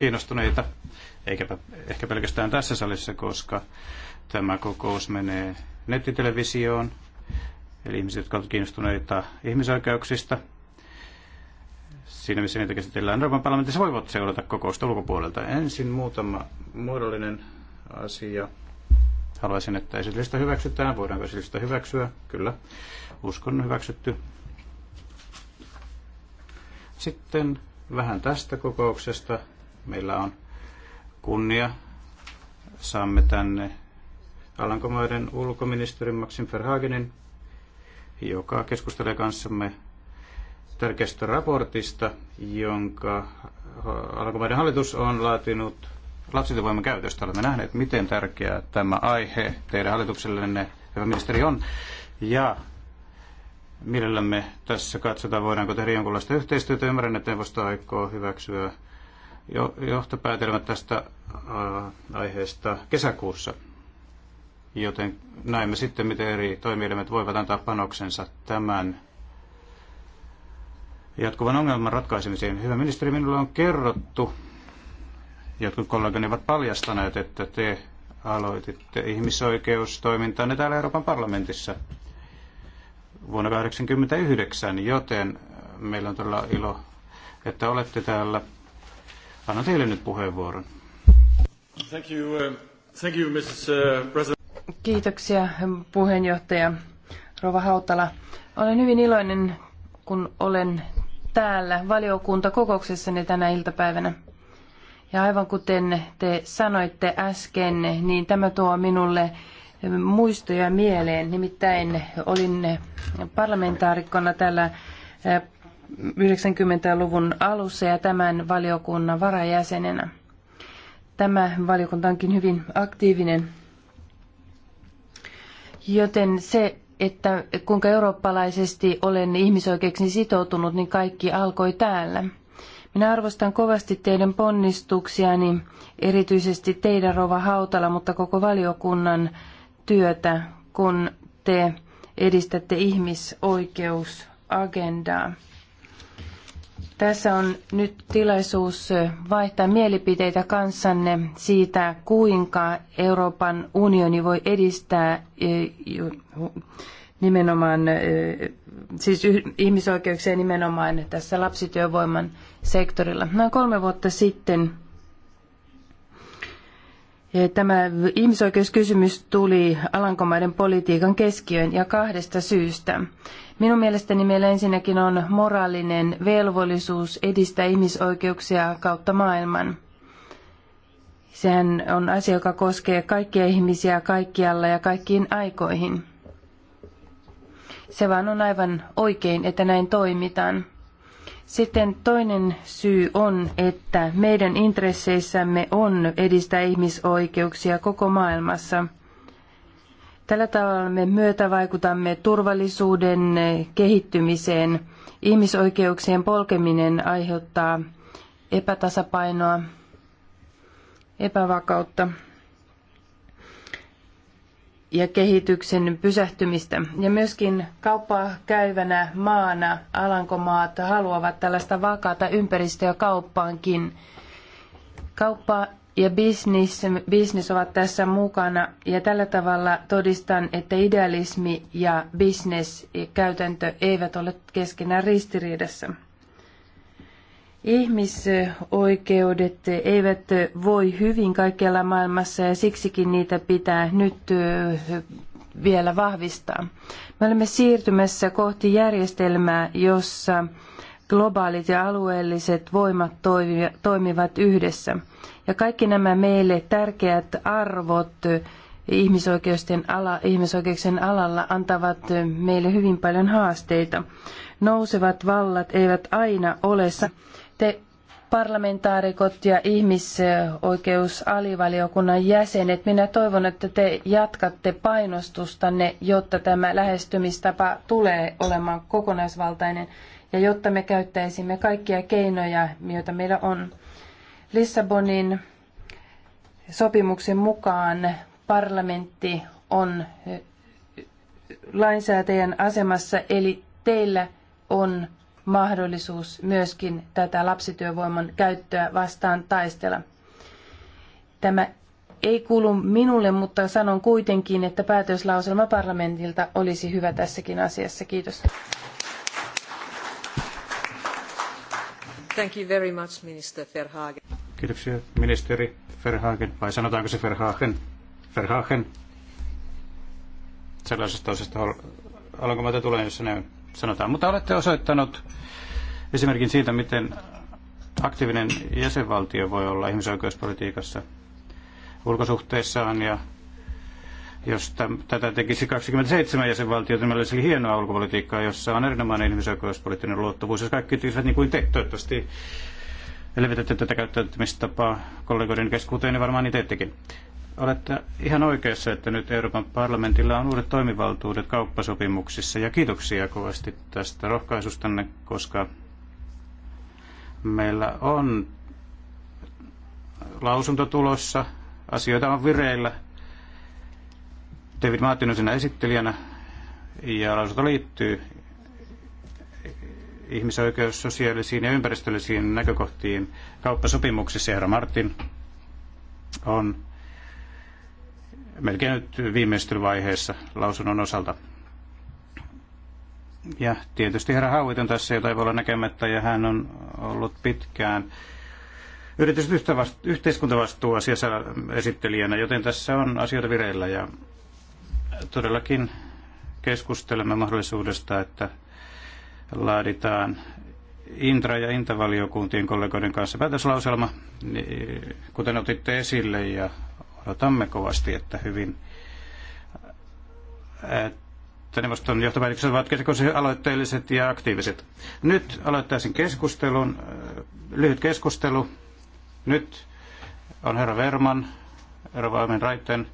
kiinnostuneita, eikä ehkä pelkästään tässä salissa, koska tämä kokous menee nettitelevisioon, eli ihmiset, jotka ovat kiinnostuneita ihmisoikeuksista. Siinä missä niitä käsitellään Euroopan parlamentissa, voivat seurata kokousta ulkopuolelta. Ensin muutama muodollinen asia. Haluaisin, että esitystä hyväksytään. Voidaanko esitystä hyväksyä? Kyllä. Uskon hyväksytty. Sitten vähän tästä kokouksesta. Meillä on kunnia. Saamme tänne Alankomaiden ulkoministeri Maxim Verhagenin, joka keskustelee kanssamme tärkeästä raportista, jonka Alankomaiden hallitus on laatinut lapsityövoiman käytöstä. Olemme nähneet, miten tärkeä tämä aihe teidän hallituksellenne, hyvä ministeri, on. Ja mielellämme tässä katsotaan, voidaanko tehdä jonkunlaista yhteistyötä. Ymmärrän, että neuvosto aikoo hyväksyä johtopäätelmät tästä äh, aiheesta kesäkuussa. Joten näemme sitten, miten eri toimielimet voivat antaa panoksensa tämän jatkuvan ongelman ratkaisemiseen. Hyvä ministeri, minulle on kerrottu, jotkut kollegani ovat paljastaneet, että te aloititte ihmisoikeustoimintaanne täällä Euroopan parlamentissa vuonna 1989, joten meillä on todella ilo, että olette täällä Annan teille nyt puheenvuoron. Thank you, um, thank you, Mrs. Uh, President. Kiitoksia um, puheenjohtaja Rova Hautala. Olen hyvin iloinen, kun olen täällä valiokuntakokouksessani tänä iltapäivänä. Ja aivan kuten te sanoitte äsken, niin tämä tuo minulle um, muistoja mieleen. Nimittäin olin parlamentaarikkona täällä uh, 90-luvun alussa ja tämän valiokunnan varajäsenenä. Tämä valiokunta onkin hyvin aktiivinen, joten se, että kuinka eurooppalaisesti olen ihmisoikeuksiin sitoutunut, niin kaikki alkoi täällä. Minä arvostan kovasti teidän ponnistuksiani, erityisesti teidän Rova Hautala, mutta koko valiokunnan työtä, kun te edistätte ihmisoikeusagendaa. Tässä on nyt tilaisuus vaihtaa mielipiteitä kanssanne siitä, kuinka Euroopan unioni voi edistää e, nimenomaan, e, siis ihmisoikeuksia nimenomaan tässä lapsityövoiman sektorilla. Noin kolme vuotta sitten Tämä ihmisoikeuskysymys tuli Alankomaiden politiikan keskiöön ja kahdesta syystä. Minun mielestäni meillä ensinnäkin on moraalinen velvollisuus edistää ihmisoikeuksia kautta maailman. Sehän on asia, joka koskee kaikkia ihmisiä kaikkialla ja kaikkiin aikoihin. Se vaan on aivan oikein, että näin toimitaan. Sitten toinen syy on, että meidän intresseissämme on edistää ihmisoikeuksia koko maailmassa. Tällä tavalla me myötävaikutamme turvallisuuden kehittymiseen. Ihmisoikeuksien polkeminen aiheuttaa epätasapainoa, epävakautta ja kehityksen pysähtymistä. Ja myöskin kauppaa käyvänä maana Alankomaat haluavat tällaista vakaata ympäristöä kauppaankin. Kauppa ja business business ovat tässä mukana ja tällä tavalla todistan, että idealismi ja bisneskäytäntö eivät ole keskenään ristiriidassa. Ihmisoikeudet eivät voi hyvin kaikkialla maailmassa ja siksikin niitä pitää nyt vielä vahvistaa. Me olemme siirtymässä kohti järjestelmää, jossa globaalit ja alueelliset voimat toimivat yhdessä. Ja kaikki nämä meille tärkeät arvot ihmisoikeuksien, ala, ihmisoikeuksien alalla antavat meille hyvin paljon haasteita. Nousevat vallat eivät aina ole te parlamentaarikot ja ihmisoikeusalivaliokunnan jäsenet, minä toivon, että te jatkatte painostustanne, jotta tämä lähestymistapa tulee olemaan kokonaisvaltainen ja jotta me käyttäisimme kaikkia keinoja, joita meillä on. Lissabonin sopimuksen mukaan parlamentti on eh, lainsäätäjän asemassa, eli teillä on mahdollisuus myöskin tätä lapsityövoiman käyttöä vastaan taistella. Tämä ei kuulu minulle, mutta sanon kuitenkin, että päätöslauselma parlamentilta olisi hyvä tässäkin asiassa. Kiitos. Thank you very much, Minister Verhagen. Kiitoksia, ministeri Verhagen. Vai sanotaanko se Verhagen? Verhagen. Sellaisesta osasta alankomaita tulee, se näin sanotaan. Mutta olette osoittanut esimerkin siitä, miten aktiivinen jäsenvaltio voi olla ihmisoikeuspolitiikassa ulkosuhteissaan ja jos täm, tätä tekisi 27 jäsenvaltiota, niin olisi hienoa ulkopolitiikkaa, jossa on erinomainen ihmisoikeuspoliittinen luottavuus, jos kaikki tekisivät niin kuin te. Toivottavasti levitätte tätä käyttäytymistapaa kollegoiden keskuuteen, niin varmaan niin teettekin. Olette ihan oikeassa, että nyt Euroopan parlamentilla on uudet toimivaltuudet kauppasopimuksissa ja kiitoksia kovasti tästä rohkaisustanne, koska meillä on lausunto tulossa, asioita on vireillä. David siinä esittelijänä ja lausunto liittyy ihmisoikeus, sosiaalisiin ja ympäristöllisiin näkökohtiin kauppasopimuksissa. Herra Martin on melkein nyt viimeistelyvaiheessa lausunnon osalta. Ja tietysti herra Hauit on tässä, jota ei voi olla näkemättä, ja hän on ollut pitkään yhteiskuntavastuuasiassa esittelijänä, joten tässä on asioita vireillä ja todellakin keskustelemme mahdollisuudesta, että laaditaan Intra- ja Intavaliokuntien kollegoiden kanssa päätöslauselma, niin, kuten otitte esille, ja odotamme kovasti, että hyvin että neuvoston johtopäätökset ovat aloitteelliset ja aktiiviset. Nyt aloittaisin keskustelun, äh, lyhyt keskustelu. Nyt on herra Verman, herra Vaimen Raitten,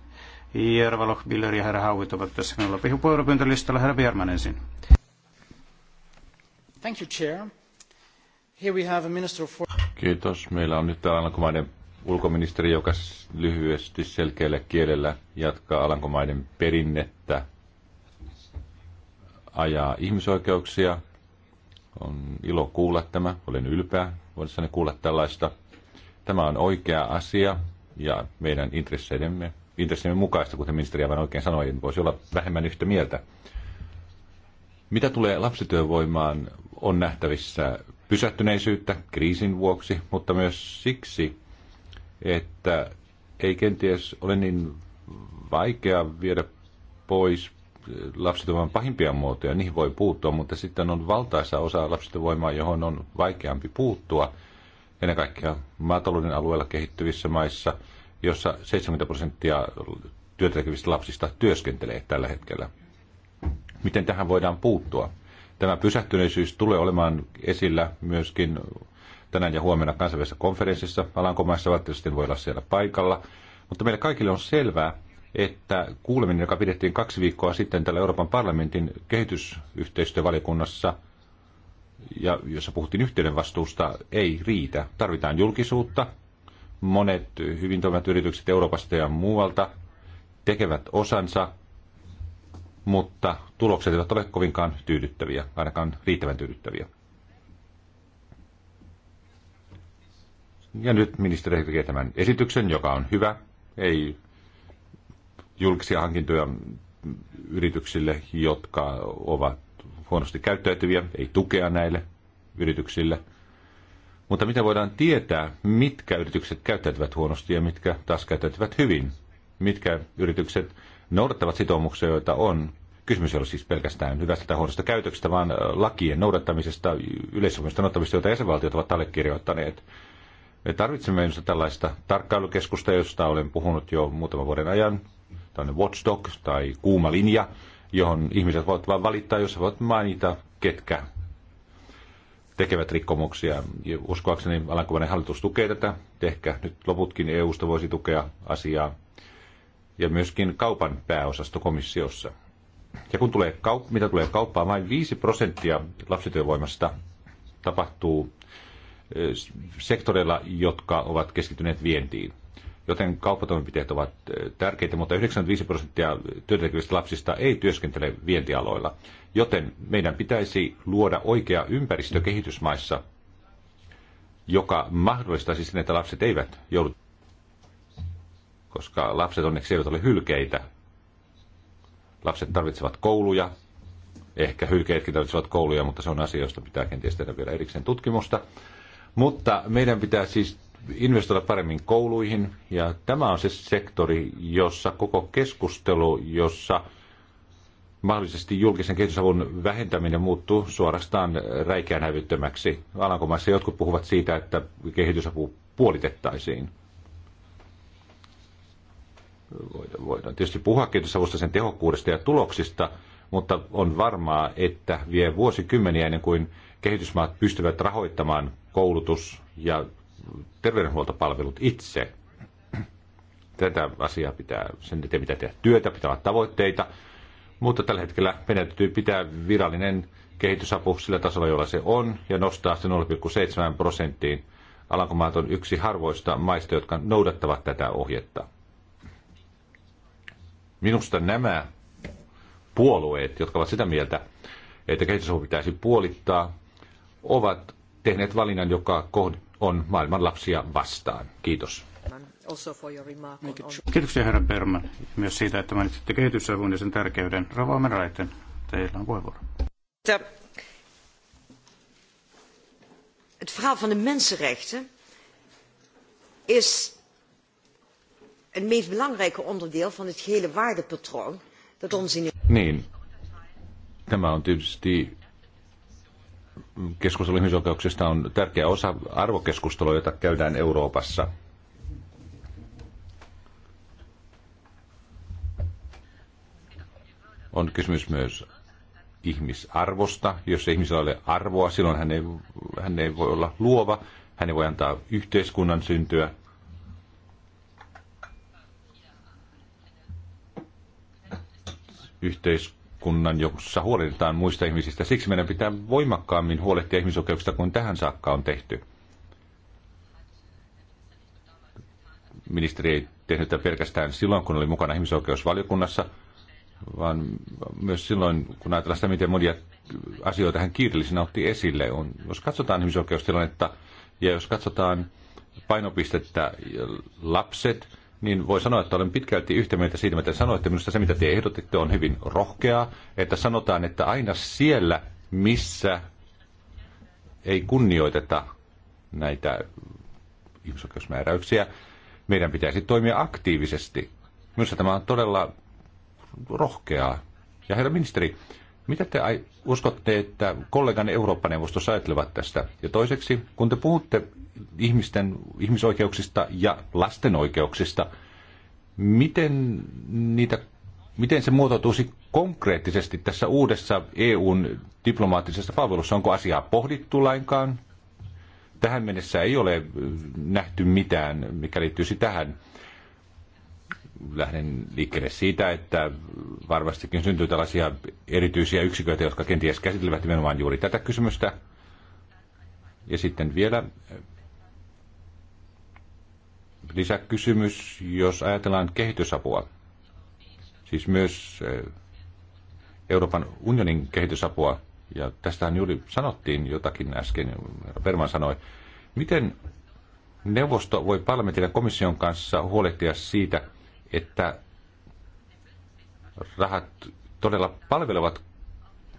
Jerva Lochbiller ja herra Hauvit ovat tässä minulla puheenvuoropyyntölistalla. Herra Verman ensin. Thank you, Chair. Here we have a minister for... Kiitos. Meillä on nyt täällä alkumainen ulkoministeri, joka lyhyesti selkeällä kielellä jatkaa Alankomaiden perinnettä, ajaa ihmisoikeuksia. On ilo kuulla tämä, olen ylpeä voidessani kuulla tällaista. Tämä on oikea asia ja meidän intresseidemme, intresseidemme mukaista, kuten ministeri aivan oikein sanoi, niin voisi olla vähemmän yhtä mieltä. Mitä tulee lapsityövoimaan, on nähtävissä pysähtyneisyyttä kriisin vuoksi, mutta myös siksi, että ei kenties ole niin vaikea viedä pois lapsituvan pahimpia muotoja, niihin voi puuttua, mutta sitten on valtaisa osa lapsityövoimaa, johon on vaikeampi puuttua. Ennen kaikkea maatalouden alueella kehittyvissä maissa, jossa 70 prosenttia työtä lapsista työskentelee tällä hetkellä. Miten tähän voidaan puuttua? Tämä pysähtyneisyys tulee olemaan esillä myöskin tänään ja huomenna kansainvälisessä konferenssissa. Alankomaissa valitettavasti voi olla siellä paikalla. Mutta meille kaikille on selvää, että kuuleminen, joka pidettiin kaksi viikkoa sitten täällä Euroopan parlamentin kehitysyhteistyövaliokunnassa, ja jossa puhuttiin yhteyden vastuusta, ei riitä. Tarvitaan julkisuutta. Monet hyvin toimivat yritykset Euroopasta ja muualta tekevät osansa, mutta tulokset eivät ole kovinkaan tyydyttäviä, ainakaan riittävän tyydyttäviä. Ja nyt ministeri tekee tämän esityksen, joka on hyvä. Ei julkisia hankintoja yrityksille, jotka ovat huonosti käyttäytyviä, ei tukea näille yrityksille. Mutta mitä voidaan tietää, mitkä yritykset käyttäytyvät huonosti ja mitkä taas käyttäytyvät hyvin? Mitkä yritykset noudattavat sitoumuksia, joita on? Kysymys ei ole siis pelkästään hyvästä tai huonosta käytöksestä, vaan lakien noudattamisesta, yleissopimusten noudattamisesta, joita jäsenvaltiot ovat allekirjoittaneet. Me tarvitsemme tällaista tarkkailukeskusta, josta olen puhunut jo muutaman vuoden ajan, tällainen watchdog tai kuuma linja, johon ihmiset voivat vain valittaa, jos voivat mainita, ketkä tekevät rikkomuksia. Ja uskoakseni Alankomainen hallitus tukee tätä. Ehkä nyt loputkin EUsta voisi tukea asiaa. Ja myöskin kaupan pääosasto komissiossa. Ja kun tulee kaup- mitä tulee kauppaan, vain 5 prosenttia lapsityövoimasta tapahtuu sektoreilla, jotka ovat keskittyneet vientiin. Joten kauppatoimenpiteet ovat tärkeitä, mutta 95 prosenttia työntekijöistä lapsista ei työskentele vientialoilla. Joten meidän pitäisi luoda oikea ympäristö kehitysmaissa, joka mahdollistaisi sen, että lapset eivät joudu, koska lapset onneksi eivät ole hylkeitä. Lapset tarvitsevat kouluja, ehkä hylkeetkin tarvitsevat kouluja, mutta se on asia, josta pitää kenties tehdä vielä erikseen tutkimusta. Mutta meidän pitää siis investoida paremmin kouluihin, ja tämä on se sektori, jossa koko keskustelu, jossa mahdollisesti julkisen kehitysavun vähentäminen muuttuu suorastaan räikeän hävyttömäksi. Alankomaissa jotkut puhuvat siitä, että kehitysapu puolitettaisiin. Voidaan, voidaan tietysti puhua kehitysavusta sen tehokkuudesta ja tuloksista, mutta on varmaa, että vie vuosikymmeniä ennen kuin kehitysmaat pystyvät rahoittamaan koulutus ja terveydenhuoltopalvelut itse. Tätä asiaa pitää, sen eteen pitää tehdä työtä, pitää olla tavoitteita, mutta tällä hetkellä meidän täytyy pitää virallinen kehitysapu sillä tasolla, jolla se on, ja nostaa se 0,7 prosenttiin. Alankomaat on yksi harvoista maista, jotka noudattavat tätä ohjetta. Minusta nämä puolueet, jotka ovat sitä mieltä, että kehitysapu pitäisi puolittaa, ovat tehneet valinnan, joka on maailman lapsia vastaan. Kiitos. Kiitoksia herra Berman myös siitä, että mainitsitte kehitysavun ja sen tärkeyden. Ravaamme Raiten, teillä on puheenvuoro. Het verhaal van de mensenrechten is het meest belangrijke onderdeel van het gehele waardepatroon dat ons in... Niin, tämä on tietysti keskustelu ihmisoikeuksista on tärkeä osa arvokeskustelua, jota käydään Euroopassa. On kysymys myös ihmisarvosta. Jos ei ihmisellä ole arvoa, silloin hän ei, hän ei voi olla luova, hän ei voi antaa yhteiskunnan syntyä. Yhteiskunnan yhteiskunnan, jossa huolehditaan muista ihmisistä. Siksi meidän pitää voimakkaammin huolehtia ihmisoikeuksista kuin tähän saakka on tehty. Ministeri ei tehnyt tätä pelkästään silloin, kun oli mukana ihmisoikeusvaliokunnassa, vaan myös silloin, kun ajatellaan sitä, miten monia asioita hän kiireellisinä otti esille. On, jos katsotaan ihmisoikeustilannetta ja jos katsotaan painopistettä lapset, niin voi sanoa, että olen pitkälti yhtä mieltä siitä, mitä sanoitte. Minusta se, mitä te ehdotitte, on hyvin rohkeaa, että sanotaan, että aina siellä, missä ei kunnioiteta näitä ihmisoikeusmääräyksiä, meidän pitäisi toimia aktiivisesti. Minusta tämä on todella rohkeaa. Ja herra ministeri, mitä te uskotte, että kollegan Eurooppa-neuvostossa ajattelevat tästä? Ja toiseksi, kun te puhutte ihmisten, ihmisoikeuksista ja lasten oikeuksista, miten, niitä, miten se muotoutuisi konkreettisesti tässä uudessa EUn diplomaattisessa palvelussa? Onko asiaa pohdittu lainkaan? Tähän mennessä ei ole nähty mitään, mikä liittyisi tähän lähden liikkeelle siitä, että varmastikin syntyy tällaisia erityisiä yksiköitä, jotka kenties käsittelevät nimenomaan juuri tätä kysymystä. Ja sitten vielä eh, lisäkysymys, jos ajatellaan kehitysapua, siis myös eh, Euroopan unionin kehitysapua, ja tästähän juuri sanottiin jotakin äsken, Berman sanoi, miten neuvosto voi parlamentin ja komission kanssa huolehtia siitä, että rahat todella palvelevat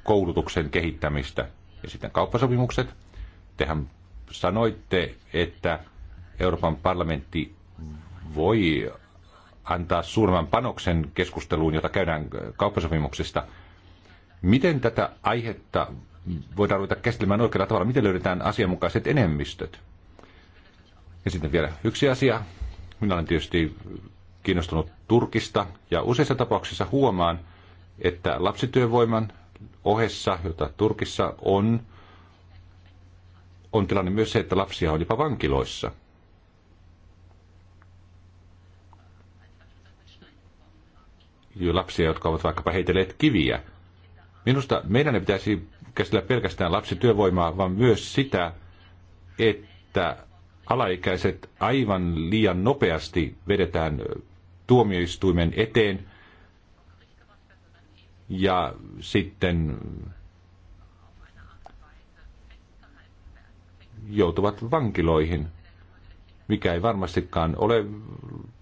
koulutuksen kehittämistä. Ja sitten kauppasopimukset. Tehän sanoitte, että Euroopan parlamentti voi antaa suurman panoksen keskusteluun, jota käydään kauppasopimuksista. Miten tätä aihetta voidaan ruveta käsittelemään oikealla tavalla? Miten löydetään asianmukaiset enemmistöt? Ja sitten vielä yksi asia. Minä olen tietysti kiinnostunut Turkista ja useissa tapauksissa huomaan, että lapsityövoiman ohessa, jota Turkissa on, on tilanne myös se, että lapsia on jopa vankiloissa. Lapsia, jotka ovat vaikkapa heitelleet kiviä. Minusta meidän ei pitäisi käsitellä pelkästään lapsityövoimaa, vaan myös sitä, että alaikäiset aivan liian nopeasti vedetään tuomioistuimen eteen ja sitten joutuvat vankiloihin, mikä ei varmastikaan ole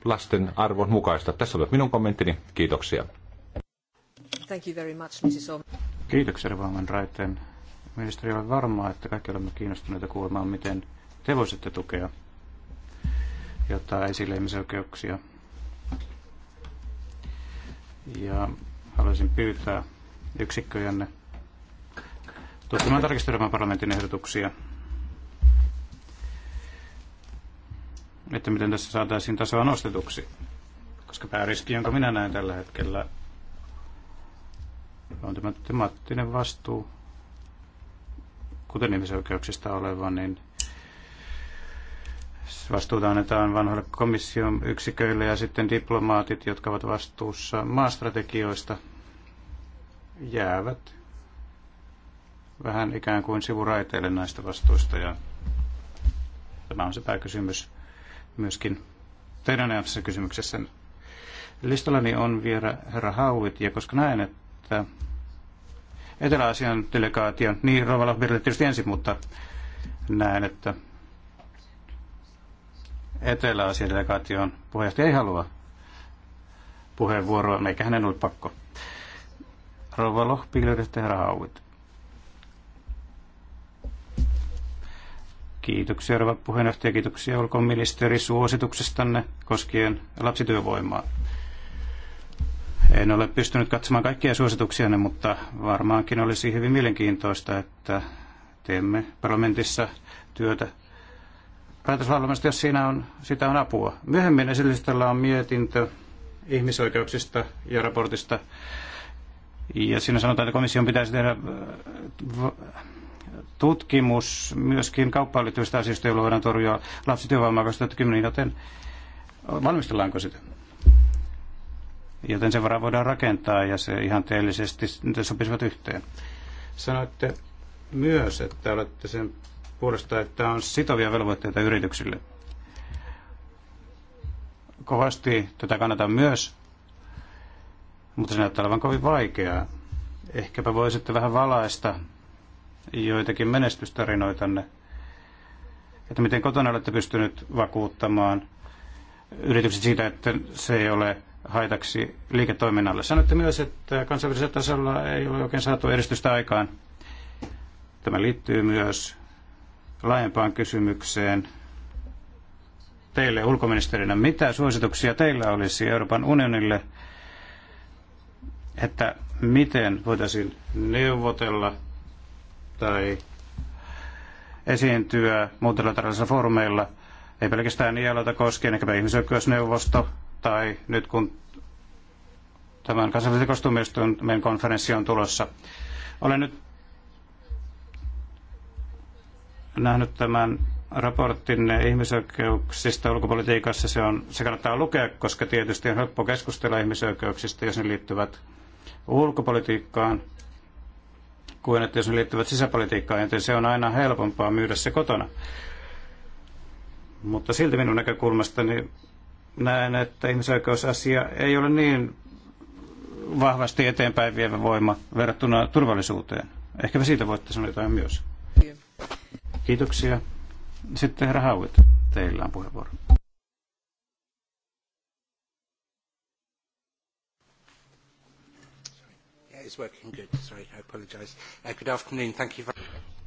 lasten arvon mukaista. Tässä oli minun kommenttini. Kiitoksia. Thank you very much, Mrs. Oman. Kiitoksia, Rivaaman Raiteen. Ministeri, olen varma, että kaikki olemme kiinnostuneita kuulemaan, miten te voisitte tukea jotta esille ihmisoikeuksia ja haluaisin pyytää yksikköjänne tutkimaan tarkistelemaan parlamentin ehdotuksia, että miten tässä saataisiin tasoa nostetuksi, koska pääriski, jonka minä näen tällä hetkellä, on tämä temaattinen vastuu, kuten ihmisoikeuksista oleva, niin – Vastuuta annetaan vanhoille komission yksiköille ja sitten diplomaatit, jotka ovat vastuussa maastrategioista, jäävät vähän ikään kuin sivuraiteille näistä vastuista. Ja tämä on se pääkysymys myöskin teidän ajassa kysymyksessä. Listallani on vielä herra Hauit, ja koska näen, että Etelä-Asian delegaation, niin Rovala Lahbirille tietysti ensin, mutta näen, että Etelä-Aasian delegaation puheenjohtaja ei halua puheenvuoroa, eikä hänen ole pakko. Rouva Lohpiilöiden herra Hauvit. Kiitoksia, rouva puheenjohtaja. Kiitoksia ulkoministeri suosituksestanne koskien lapsityövoimaa. En ole pystynyt katsomaan kaikkia suosituksianne, mutta varmaankin olisi hyvin mielenkiintoista, että teemme parlamentissa työtä päätösvalmasta, jos siinä on, sitä on apua. Myöhemmin esillistöllä on mietintö ihmisoikeuksista ja raportista. Ja siinä sanotaan, että komission pitäisi tehdä äh, tutkimus myöskin kauppaan liittyvistä asioista, joilla voidaan torjua lapsityövoimaa 2010, joten valmistellaanko sitä? Joten sen varaa voidaan rakentaa ja se ihan teellisesti sopisivat yhteen. Sanoitte myös, että olette sen puolesta, että on sitovia velvoitteita yrityksille. Kovasti tätä kannatan myös, mutta se näyttää olevan kovin vaikeaa. Ehkäpä voisitte vähän valaista joitakin menestystarinoitanne, että miten kotona olette pystynyt vakuuttamaan yritykset siitä, että se ei ole haitaksi liiketoiminnalle. Sanoitte myös, että kansainvälisellä tasolla ei ole oikein saatu edistystä aikaan. Tämä liittyy myös laajempaan kysymykseen teille ulkoministerinä. Mitä suosituksia teillä olisi Euroopan unionille, että miten voitaisiin neuvotella tai esiintyä multilateraalisilla foorumeilla, ei pelkästään ILOta koskien, ehkäpä ihmisoikeusneuvosto, tai nyt kun tämän kansainvälisen kostumistuimen konferenssi on tulossa. Olen nyt nähnyt tämän raportin ihmisoikeuksista ulkopolitiikassa. Se, on, se kannattaa lukea, koska tietysti on helppo keskustella ihmisoikeuksista, jos ne liittyvät ulkopolitiikkaan kuin että jos ne liittyvät sisäpolitiikkaan, joten se on aina helpompaa myydä se kotona. Mutta silti minun näkökulmastani näen, että ihmisoikeusasia ei ole niin vahvasti eteenpäin vievä voima verrattuna turvallisuuteen. me siitä voitte sanoa jotain myös. Kiitoksia. Sitten herra Hauit, teillä on puheenvuoro. Uh,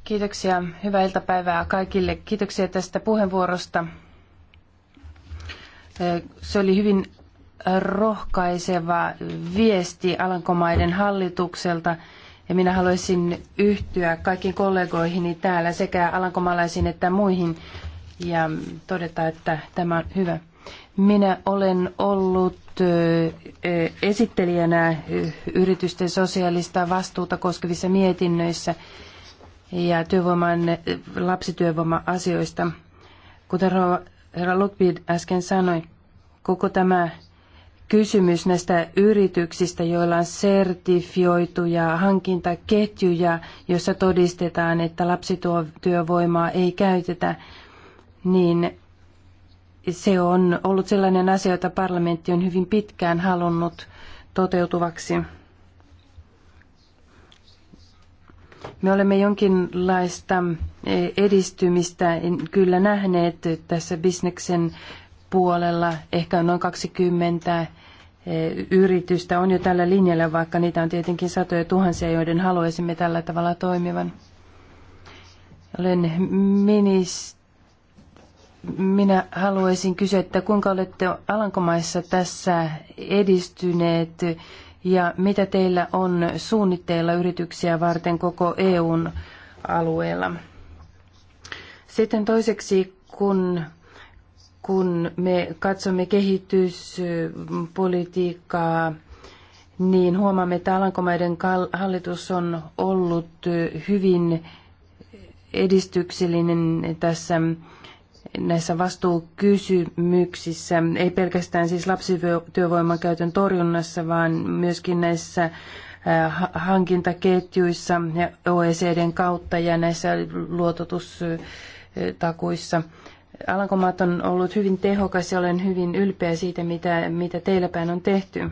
Kiitoksia. Hyvää iltapäivää kaikille. Kiitoksia tästä puheenvuorosta. Se oli hyvin rohkaiseva viesti Alankomaiden hallitukselta ja minä haluaisin yhtyä kaikkiin kollegoihini täällä sekä alankomalaisiin että muihin ja todeta, että tämä on hyvä. Minä olen ollut esittelijänä yritysten sosiaalista vastuuta koskevissa mietinnöissä ja työvoiman, lapsityövoima-asioista. Kuten herra Lutbid äsken sanoi, koko tämä kysymys näistä yrityksistä, joilla on sertifioituja hankintaketjuja, jossa todistetaan, että lapsityövoimaa ei käytetä, niin se on ollut sellainen asia, jota parlamentti on hyvin pitkään halunnut toteutuvaksi. Me olemme jonkinlaista edistymistä kyllä nähneet tässä bisneksen puolella ehkä noin 20 eh, yritystä on jo tällä linjalla, vaikka niitä on tietenkin satoja tuhansia, joiden haluaisimme tällä tavalla toimivan. Olen minis... Minä haluaisin kysyä, että kuinka olette Alankomaissa tässä edistyneet ja mitä teillä on suunnitteilla yrityksiä varten koko EUn alueella? Sitten toiseksi, kun kun me katsomme kehityspolitiikkaa, niin huomaamme, että Alankomaiden hallitus on ollut hyvin edistyksellinen tässä näissä vastuukysymyksissä, ei pelkästään siis lapsityövoiman käytön torjunnassa, vaan myöskin näissä hankintaketjuissa ja OECDn kautta ja näissä luototustakuissa – Alankomaat on ollut hyvin tehokas ja olen hyvin ylpeä siitä, mitä, mitä teillä päin on tehty.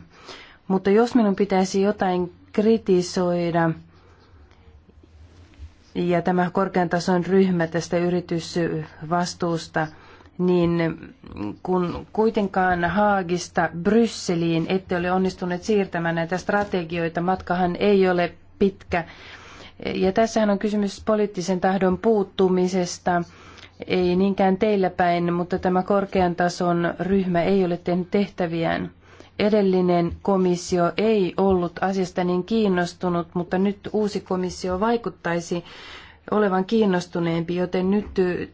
Mutta jos minun pitäisi jotain kritisoida, ja tämä korkean tason ryhmä tästä yritysvastuusta, niin kun kuitenkaan Haagista Brysseliin ette ole onnistuneet siirtämään näitä strategioita, matkahan ei ole pitkä. Ja tässähän on kysymys poliittisen tahdon puuttumisesta ei niinkään teillä päin, mutta tämä korkean tason ryhmä ei ole tehnyt tehtäviään. Edellinen komissio ei ollut asiasta niin kiinnostunut, mutta nyt uusi komissio vaikuttaisi olevan kiinnostuneempi, joten nyt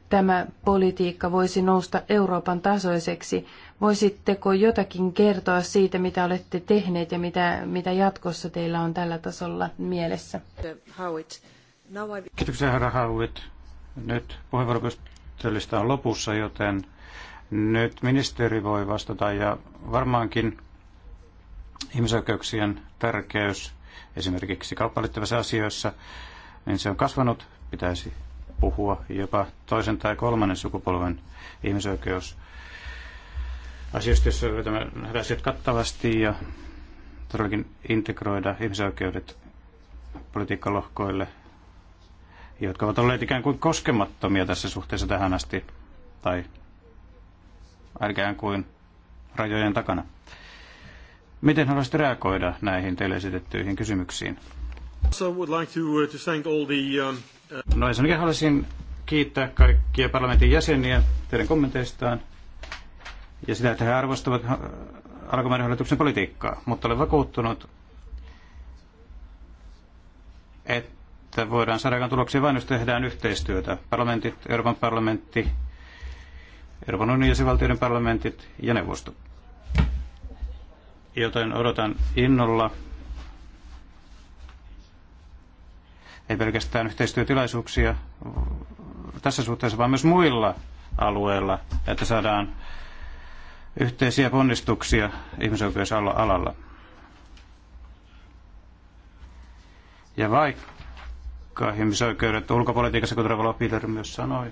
tämä politiikka voisi nousta Euroopan tasoiseksi. Voisitteko jotakin kertoa siitä, mitä olette tehneet ja mitä, mitä jatkossa teillä on tällä tasolla mielessä? Kiitoksia herra Howitt. Nyt puheenvuoro esityslista on lopussa, joten nyt ministeri voi vastata ja varmaankin ihmisoikeuksien tärkeys esimerkiksi kauppaliittyvissä asioissa, niin se on kasvanut, pitäisi puhua jopa toisen tai kolmannen sukupolven ihmisoikeus asioista, jos yritämme asiat kattavasti ja todellakin integroida ihmisoikeudet politiikkalohkoille jotka ovat olleet ikään kuin koskemattomia tässä suhteessa tähän asti, tai ikään kuin rajojen takana. Miten haluaisit reagoida näihin teille esitettyihin kysymyksiin? No ensinnäkin haluaisin kiittää kaikkia parlamentin jäseniä teidän kommenteistaan ja sitä, että he arvostavat uh, alkuperäisen hallituksen politiikkaa, mutta olen vakuuttunut, että että voidaan saada aikaan tuloksia vain, jos tehdään yhteistyötä. Parlamentit, Euroopan parlamentti, Euroopan unionin jäsenvaltioiden parlamentit ja neuvosto. Joten odotan innolla ei pelkästään yhteistyötilaisuuksia tässä suhteessa, vaan myös muilla alueilla, että saadaan yhteisiä ponnistuksia ihmisoikeusalalla. Ja vaikka uhkaa ihmisoikeudet ulkopolitiikassa, kuten Revalo Peter myös sanoi.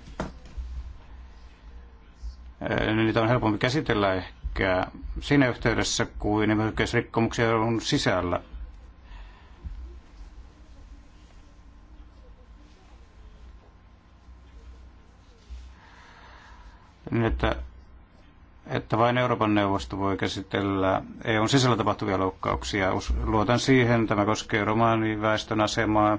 Niin niitä on helpompi käsitellä ehkä siinä yhteydessä kuin ihmisoikeusrikkomuksia on sisällä. Niin, että, että vain Euroopan neuvosto voi käsitellä EUn sisällä tapahtuvia loukkauksia. Luotan siihen, tämä koskee romaaniväestön asemaa,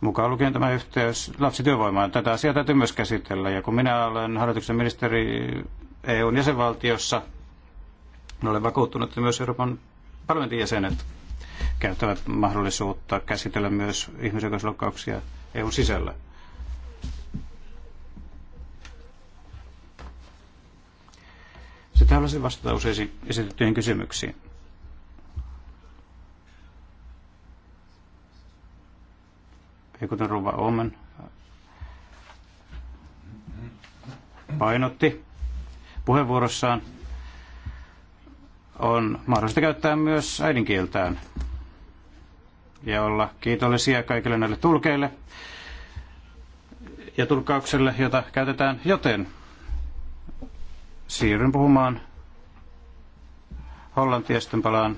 mukaan lukien tämä yhteys lapsityövoimaan. Tätä asiaa täytyy myös käsitellä. Ja kun minä olen hallituksen ministeri EUn jäsenvaltiossa, olen vakuuttunut, että myös Euroopan parlamentin jäsenet käyttävät mahdollisuutta käsitellä myös ihmisoikeuslokkauksia EUn sisällä. Sitten haluaisin vastata useisiin esitettyihin kysymyksiin. ja niin kuten Ruva Omen painotti puheenvuorossaan, on mahdollista käyttää myös äidinkieltään ja olla kiitollisia kaikille näille tulkeille ja tulkaukselle, jota käytetään, joten siirryn puhumaan hollantiesten palaan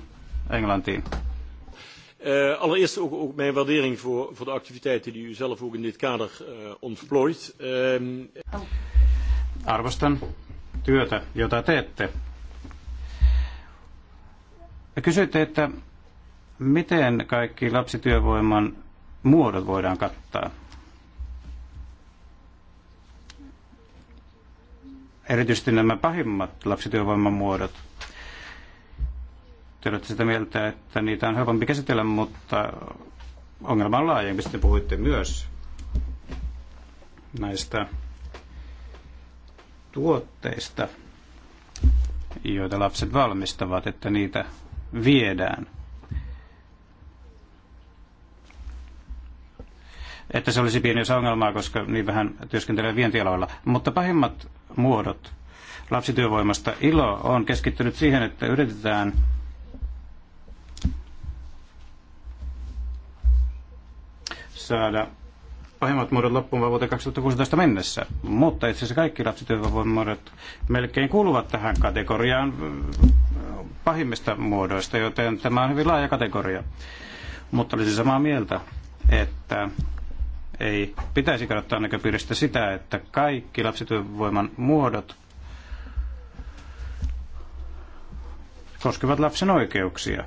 Englantiin. Eh, allereerst ook, ook mijn waardering voor, voor de activiteiten die u zelf ook in dit kader uh, ontplooit. Uh... Arvostan työtä, jota teette. Kysyitte, että miten kaikki lapsityövoiman muodot voidaan kattaa? Erityisesti nämä pahimmat lapsityövoiman muodot – te olette sitä mieltä, että niitä on helpompi käsitellä, mutta ongelma on laajempi. Sitten puhuitte myös näistä tuotteista, joita lapset valmistavat, että niitä viedään. Että se olisi pieni osa ongelmaa, koska niin vähän työskentelee vientialoilla. Mutta pahimmat muodot lapsityövoimasta. ILO on keskittynyt siihen, että yritetään saada pahimmat muodot loppumaan vuoteen 2016 mennessä. Mutta itse asiassa kaikki lapsityövoimamuodot melkein kuuluvat tähän kategoriaan äh, pahimmista muodoista, joten tämä on hyvin laaja kategoria. Mutta olisin samaa mieltä, että ei pitäisi kannattaa näköpiiristä sitä, että kaikki lapsityövoiman muodot koskevat lapsen oikeuksia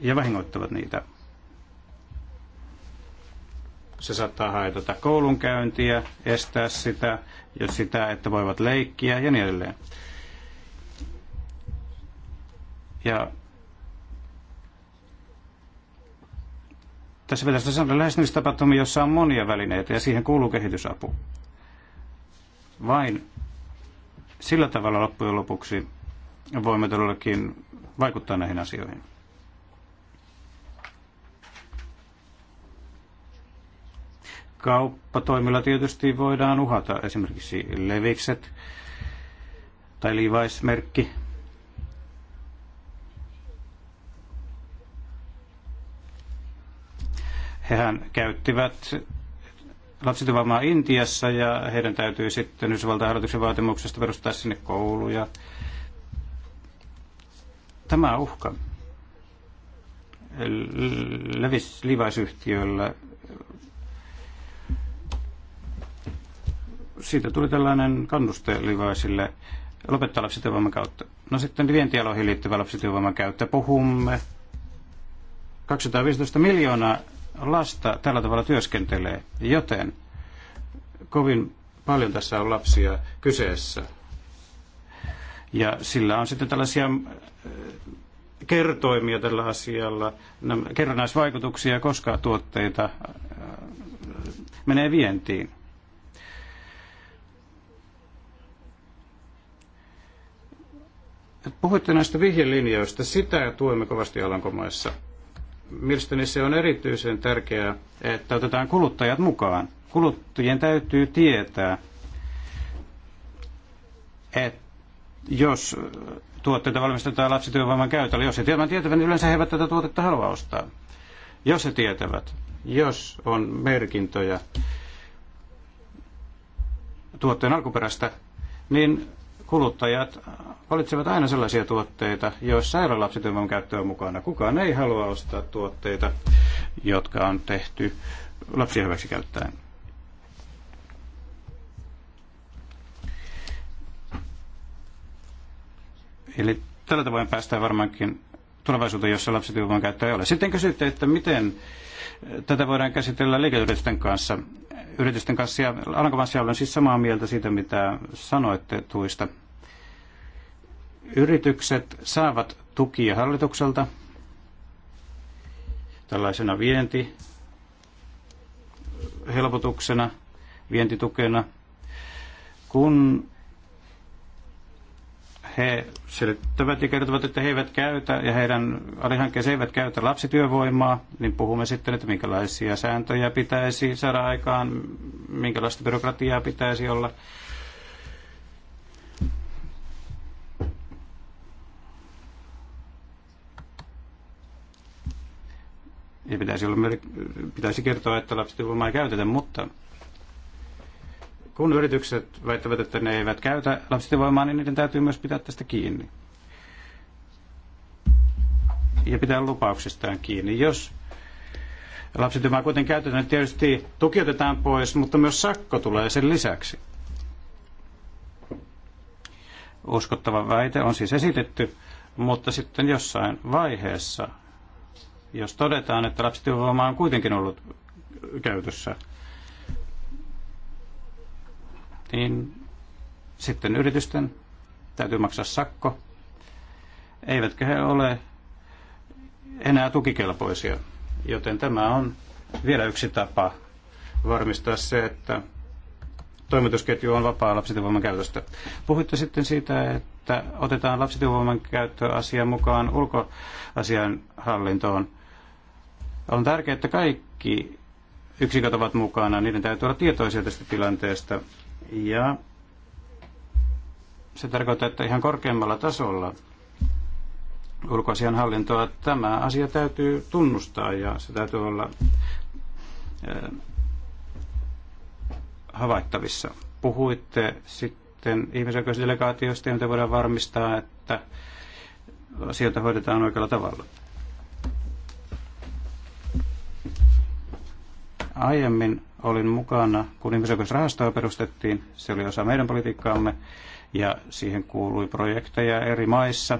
ja vahingoittavat niitä se saattaa haitata koulunkäyntiä, estää sitä, jos sitä, että voivat leikkiä ja niin edelleen. Ja tässä pitäisi saada lähestymistapahtumia, jossa on monia välineitä ja siihen kuuluu kehitysapu. Vain sillä tavalla loppujen lopuksi voimme todellakin vaikuttaa näihin asioihin. kauppatoimilla tietysti voidaan uhata esimerkiksi levikset tai liivaismerkki. Hehän käyttivät lapsityövoimaa Intiassa ja heidän täytyy sitten Yhdysvaltain hallituksen vaatimuksesta perustaa sinne kouluja. Tämä uhka levis, liivaisyhtiöllä siitä tuli tällainen kannuste livaisille lopettaa lapsityövoiman kautta. No sitten vientialoihin liittyvä lapsityövoiman käyttö. Puhumme 215 miljoonaa lasta tällä tavalla työskentelee, joten kovin paljon tässä on lapsia kyseessä. Ja sillä on sitten tällaisia äh, kertoimia tällä asialla, kerrannaisvaikutuksia, koska tuotteita äh, menee vientiin. Puhuitte näistä vihjelinjoista, sitä tuemme kovasti Alankomaissa. Mielestäni se on erityisen tärkeää, että otetaan kuluttajat mukaan. Kuluttajien täytyy tietää, että jos tuotteita valmistetaan lapsityövoiman käytöllä, jos he tietävät niin yleensä he eivät tätä tuotetta halua ostaa. Jos he tietävät, jos on merkintöjä tuotteen alkuperästä, niin kuluttajat valitsevat aina sellaisia tuotteita, joissa ei ole lapsityövoiman käyttöä mukana. Kukaan ei halua ostaa tuotteita, jotka on tehty lapsia hyväksi käyttäen. Eli tällä tavoin päästään varmaankin tulevaisuuteen, jossa lapsityövoiman käyttöä ei ole. Sitten kysytte, että miten tätä voidaan käsitellä liikeyritysten kanssa. Yritysten kanssa ja Alankomaissa olen siis samaa mieltä siitä, mitä sanoitte tuista Yritykset saavat tukia hallitukselta tällaisena vienti helpotuksena, vientitukena, kun he selittävät ja kertovat, että he eivät käytä ja heidän alihankkeensa eivät käytä lapsityövoimaa, niin puhumme sitten, että minkälaisia sääntöjä pitäisi saada aikaan, minkälaista byrokratiaa pitäisi olla Ei pitäisi, olla, pitäisi kertoa, että lapsityövoimaa ei käytetä, mutta kun yritykset väittävät, että ne eivät käytä lapsityövoimaa, niin niiden täytyy myös pitää tästä kiinni. Ja pitää lupauksistaan kiinni. Jos lapsityövoimaa kuitenkin käytetään, niin tietysti tuki otetaan pois, mutta myös sakko tulee sen lisäksi. Uskottava väite on siis esitetty, mutta sitten jossain vaiheessa jos todetaan, että lapsityövoima on kuitenkin ollut käytössä, niin sitten yritysten täytyy maksaa sakko, eivätkä he ole enää tukikelpoisia. Joten tämä on vielä yksi tapa varmistaa se, että toimitusketju on vapaa lapsityövoiman käytöstä. Puhuitte sitten siitä, että otetaan lapsityövoiman käyttöasia mukaan ulkoasian hallintoon. On tärkeää, että kaikki yksiköt ovat mukana, niiden täytyy olla tietoisia tästä tilanteesta. Ja se tarkoittaa, että ihan korkeammalla tasolla ulkoasianhallintoa tämä asia täytyy tunnustaa ja se täytyy olla havaittavissa. Puhuitte sitten ihmisoikeusdelegaatiosta, mitä voidaan varmistaa, että asioita hoidetaan oikealla tavalla. Aiemmin olin mukana, kun ihmisoikeusrahastoa perustettiin. Se oli osa meidän politiikkaamme ja siihen kuului projekteja eri maissa,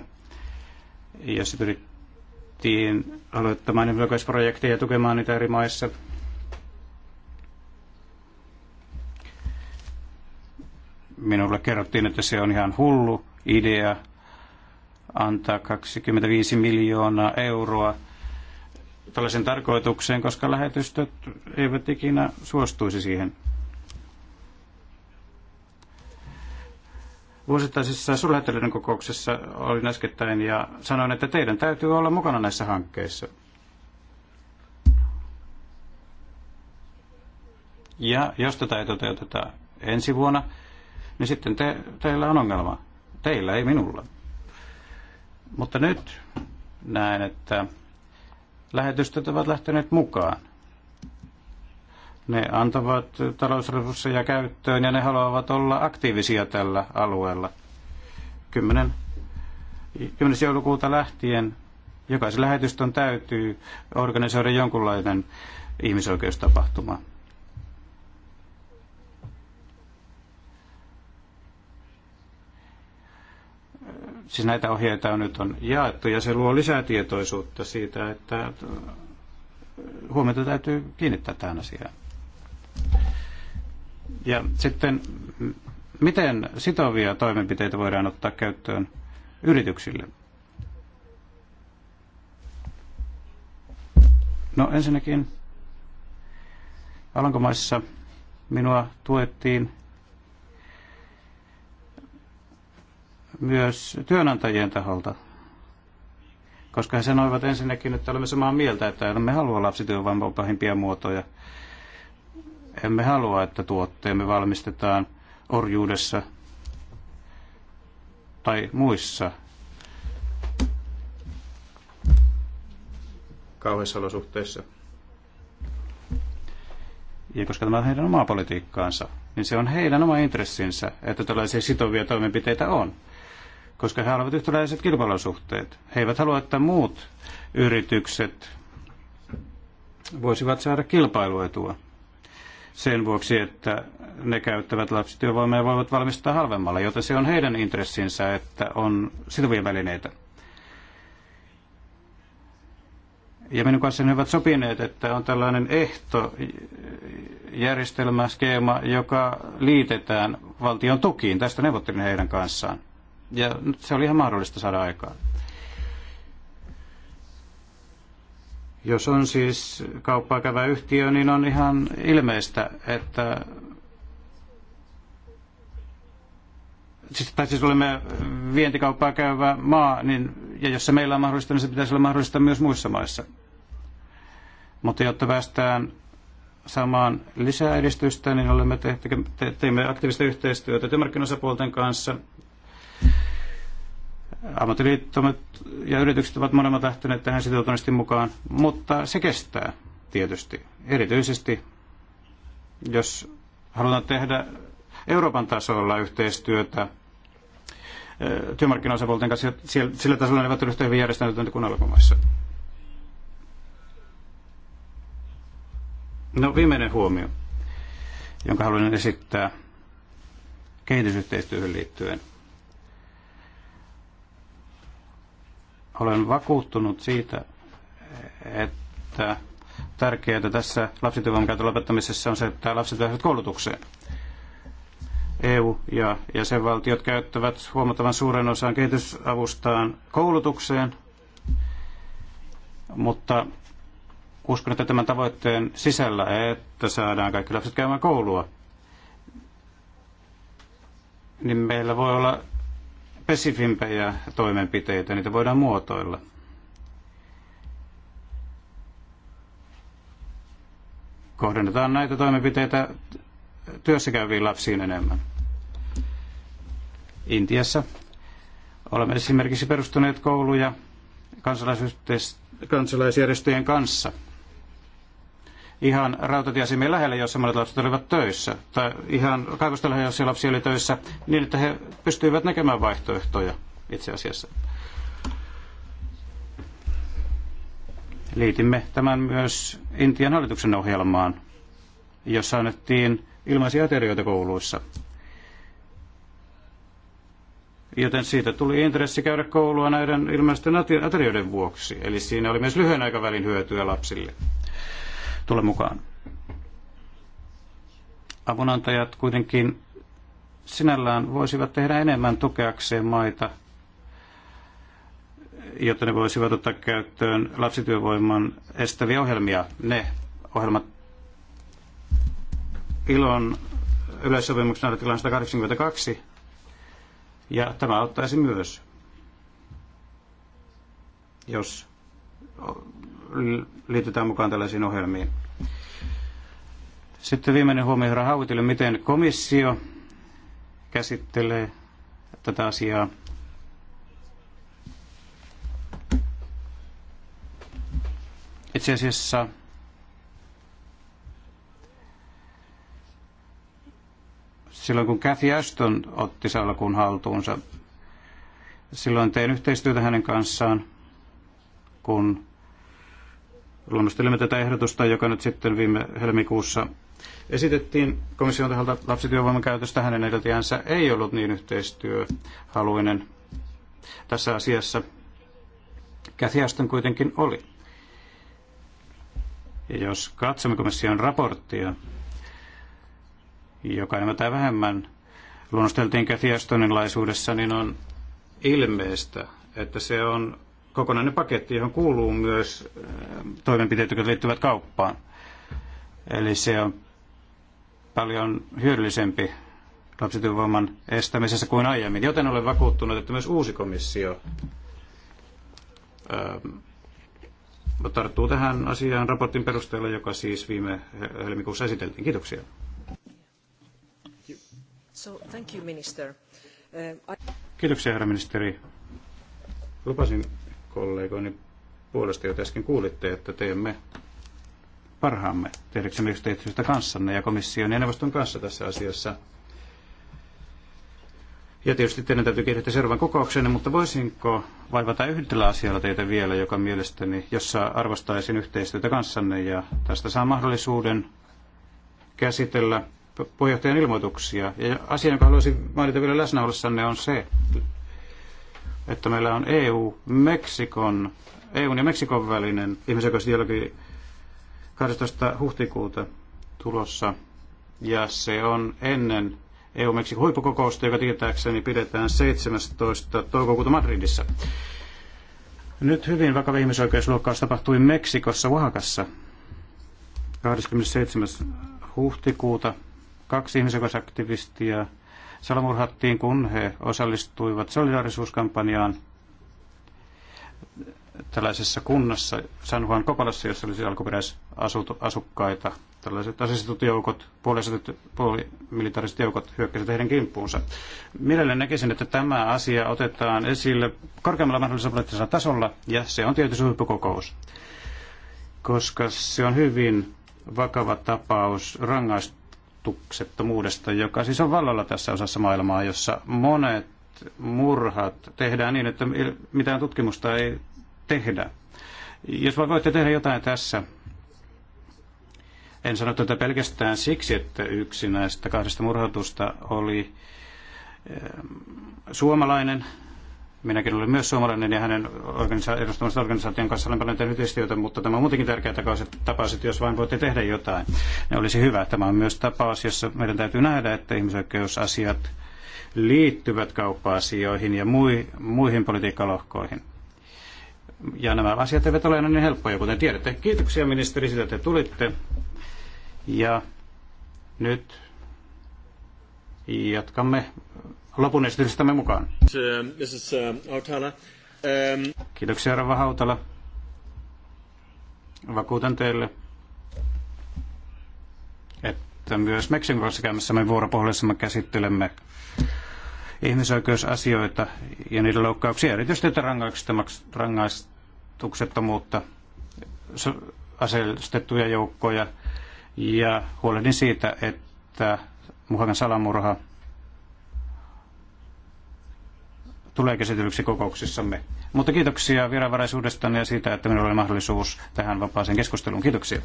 joissa pyrittiin aloittamaan ihmisoikeusprojekteja ja tukemaan niitä eri maissa. Minulle kerrottiin, että se on ihan hullu idea antaa 25 miljoonaa euroa tällaisen tarkoitukseen, koska lähetystöt eivät ikinä suostuisi siihen. Vuosittaisessa suurlähettöiden kokouksessa olin äskettäin ja sanoin, että teidän täytyy olla mukana näissä hankkeissa. Ja jos tätä ei toteuteta ensi vuonna, niin sitten te, teillä on ongelma. Teillä, ei minulla. Mutta nyt näen, että lähetystöt ovat lähteneet mukaan. Ne antavat talousresursseja käyttöön ja ne haluavat olla aktiivisia tällä alueella. 10. 10. joulukuuta lähtien jokaisen lähetystön täytyy organisoida jonkunlainen ihmisoikeustapahtuma. siis näitä ohjeita on nyt on jaettu ja se luo lisää tietoisuutta siitä, että äh, huomiota täytyy kiinnittää tähän asiaan. Ja sitten, miten sitovia toimenpiteitä voidaan ottaa käyttöön yrityksille? No ensinnäkin Alankomaissa minua tuettiin myös työnantajien taholta, koska he sanoivat ensinnäkin, että olemme samaa mieltä, että emme halua lapsityövoiman pahimpia muotoja. Emme halua, että tuotteemme valmistetaan orjuudessa tai muissa kauheissa olosuhteissa. Ja koska tämä on heidän omaa politiikkaansa, niin se on heidän oma intressinsä, että tällaisia sitovia toimenpiteitä on koska he haluavat yhtäläiset kilpailusuhteet. He eivät halua, että muut yritykset voisivat saada kilpailuetua sen vuoksi, että ne käyttävät lapsityövoimaa ja voivat valmistaa halvemmalla, joten se on heidän intressinsä, että on sitovia välineitä. Ja minun kanssani he ovat sopineet, että on tällainen ehto, järjestelmä, skeema, joka liitetään valtion tukiin. Tästä neuvottelin heidän kanssaan. Ja se oli ihan mahdollista saada aikaan. Jos on siis kauppaa käyvä yhtiö, niin on ihan ilmeistä, että siis, tai siis olemme vientikauppaa käyvä maa, niin, ja jos se meillä on mahdollista, niin se pitäisi olla mahdollista myös muissa maissa. Mutta jotta päästään saamaan lisää edistystä, niin olemme tehty, te, teimme aktiivista yhteistyötä työmarkkinosapuolten kanssa Ammattiliittomat ja yritykset ovat molemmat lähteneet tähän sitoutuneesti mukaan, mutta se kestää tietysti. Erityisesti, jos halutaan tehdä Euroopan tasolla yhteistyötä työmarkkinaosapuolten kanssa, sillä tasolla ne ovat yhtä hyvin järjestäneet kuin alkumaissa. No viimeinen huomio, jonka haluan esittää kehitysyhteistyöhön liittyen – Olen vakuuttunut siitä, että tärkeää tässä käytön lopettamisessa on se, että lapset pääsevät koulutukseen. EU ja jäsenvaltiot käyttävät huomattavan suuren osan kehitysavustaan koulutukseen, mutta uskon, että tämän tavoitteen sisällä, että saadaan kaikki lapset käymään koulua, niin meillä voi olla spesifimpejä toimenpiteitä, niitä voidaan muotoilla. Kohdennetaan näitä toimenpiteitä työssäkäyviin lapsiin enemmän. Intiassa olemme esimerkiksi perustuneet kouluja kansalaisjärjestöjen kanssa – ihan rautatieasemien lähellä, jossa monet lapset olivat töissä, tai ihan kaivosten lähellä, jossa lapsi oli töissä, niin että he pystyivät näkemään vaihtoehtoja itse asiassa. Liitimme tämän myös Intian hallituksen ohjelmaan, jossa annettiin ilmaisia aterioita kouluissa. Joten siitä tuli intressi käydä koulua näiden ilmaisten aterioiden vuoksi. Eli siinä oli myös lyhyen aikavälin hyötyä lapsille tule mukaan. Avunantajat kuitenkin sinällään voisivat tehdä enemmän tukeakseen maita, jotta ne voisivat ottaa käyttöön lapsityövoiman estäviä ohjelmia. Ne ohjelmat ilon yleissopimuksen artiklan 182, ja tämä auttaisi myös, jos liitetään mukaan tällaisiin ohjelmiin. Sitten viimeinen huomio herra Hautille, miten komissio käsittelee tätä asiaa. Itse asiassa silloin kun Kathy Ashton otti salkun haltuunsa, silloin tein yhteistyötä hänen kanssaan, kun luonnostelimme tätä ehdotusta, joka nyt sitten viime helmikuussa esitettiin komission taholta lapsityövoiman käytöstä. Hänen edeltäjänsä ei ollut niin yhteistyöhaluinen tässä asiassa. Cathy kuitenkin oli. Jos katsomme komission raporttia, joka enemmän tai vähemmän luonnosteltiin Cathy laisuudessa niin on ilmeistä, että se on kokonainen paketti, johon kuuluu myös äh, toimenpiteet, jotka liittyvät kauppaan. Eli se on paljon hyödyllisempi lapsityövoiman estämisessä kuin aiemmin. Joten olen vakuuttunut, että myös uusi komissio ähm, tarttuu tähän asiaan raportin perusteella, joka siis viime äh, helmikuussa esiteltiin. Kiitoksia. So, thank you, minister. Äh, Kiitoksia, herra ministeri. Lupasin kollegoni puolesta, joita äsken kuulitte, että teemme parhaamme tehdäksemme yhteistyötä kanssanne ja komission ja neuvoston kanssa tässä asiassa. Ja tietysti teidän täytyy kehittää seuraavan kokouksenne, mutta voisinko vaivata yhdellä asialla teitä vielä, joka mielestäni, jossa arvostaisin yhteistyötä kanssanne ja tästä saa mahdollisuuden käsitellä puheenjohtajan ilmoituksia. Ja asia, jonka haluaisin mainita vielä läsnäolossanne, on se että meillä on EU, Meksikon, EUn ja Meksikon välinen ihmisoikeusdialogi 12. huhtikuuta tulossa. Ja se on ennen EU-Meksikon huippukokousta, joka tietääkseni pidetään 17. toukokuuta Madridissa. Nyt hyvin vakava ihmisoikeusluokkaus tapahtui Meksikossa, Oaxacassa 27. huhtikuuta. Kaksi ihmisoikeusaktivistia salamurhattiin, kun he osallistuivat solidaarisuuskampanjaan tällaisessa kunnassa San Juan Kopalassa, jossa olisi alkuperäisasukkaita. Tällaiset asistetut joukot, puolimilitaariset joukot hyökkäsivät heidän kimppuunsa. Mielelläni näkisin, että tämä asia otetaan esille korkeammalla mahdollisella poliittisella tasolla, ja se on tietysti huippukokous, koska se on hyvin vakava tapaus rangaist- rangaistuksettomuudesta, joka siis on vallalla tässä osassa maailmaa, jossa monet murhat tehdään niin, että mitään tutkimusta ei tehdä. Jos vaan voitte tehdä jotain tässä, en sano tätä pelkästään siksi, että yksi näistä kahdesta murhatusta oli eh, suomalainen, Minäkin olen myös suomalainen ja hänen organisa- edustamansa organisaation kanssa olen paljon tehnyt yhteistyötä, mutta tämä on muutenkin tärkeä tapaus, että jos vain voitte tehdä jotain, niin olisi hyvä. Tämä on myös tapaus, jossa meidän täytyy nähdä, että ihmisoikeusasiat liittyvät kauppa-asioihin ja muihin politiikkalohkoihin. Ja nämä asiat eivät ole aina niin helppoja, kuten tiedätte. Kiitoksia ministeri siitä, että te tulitte. Ja nyt jatkamme lopun esitystämme mukaan. Uh, uh, um, Kiitoksia, Rava Hautala. Vakuutan teille, että myös Meksikon kanssa käymässämme vuoropuhelussa me käsittelemme ihmisoikeusasioita ja niiden loukkauksia, erityisesti että rangaistuksettomuutta, aseistettuja joukkoja ja huolehdin siitä, että Muhammed Salamurha tulee käsitellyksi kokouksissamme. Mutta kiitoksia vieraanvaraisuudestanne ja siitä, että minulla oli mahdollisuus tähän vapaaseen keskusteluun. Kiitoksia.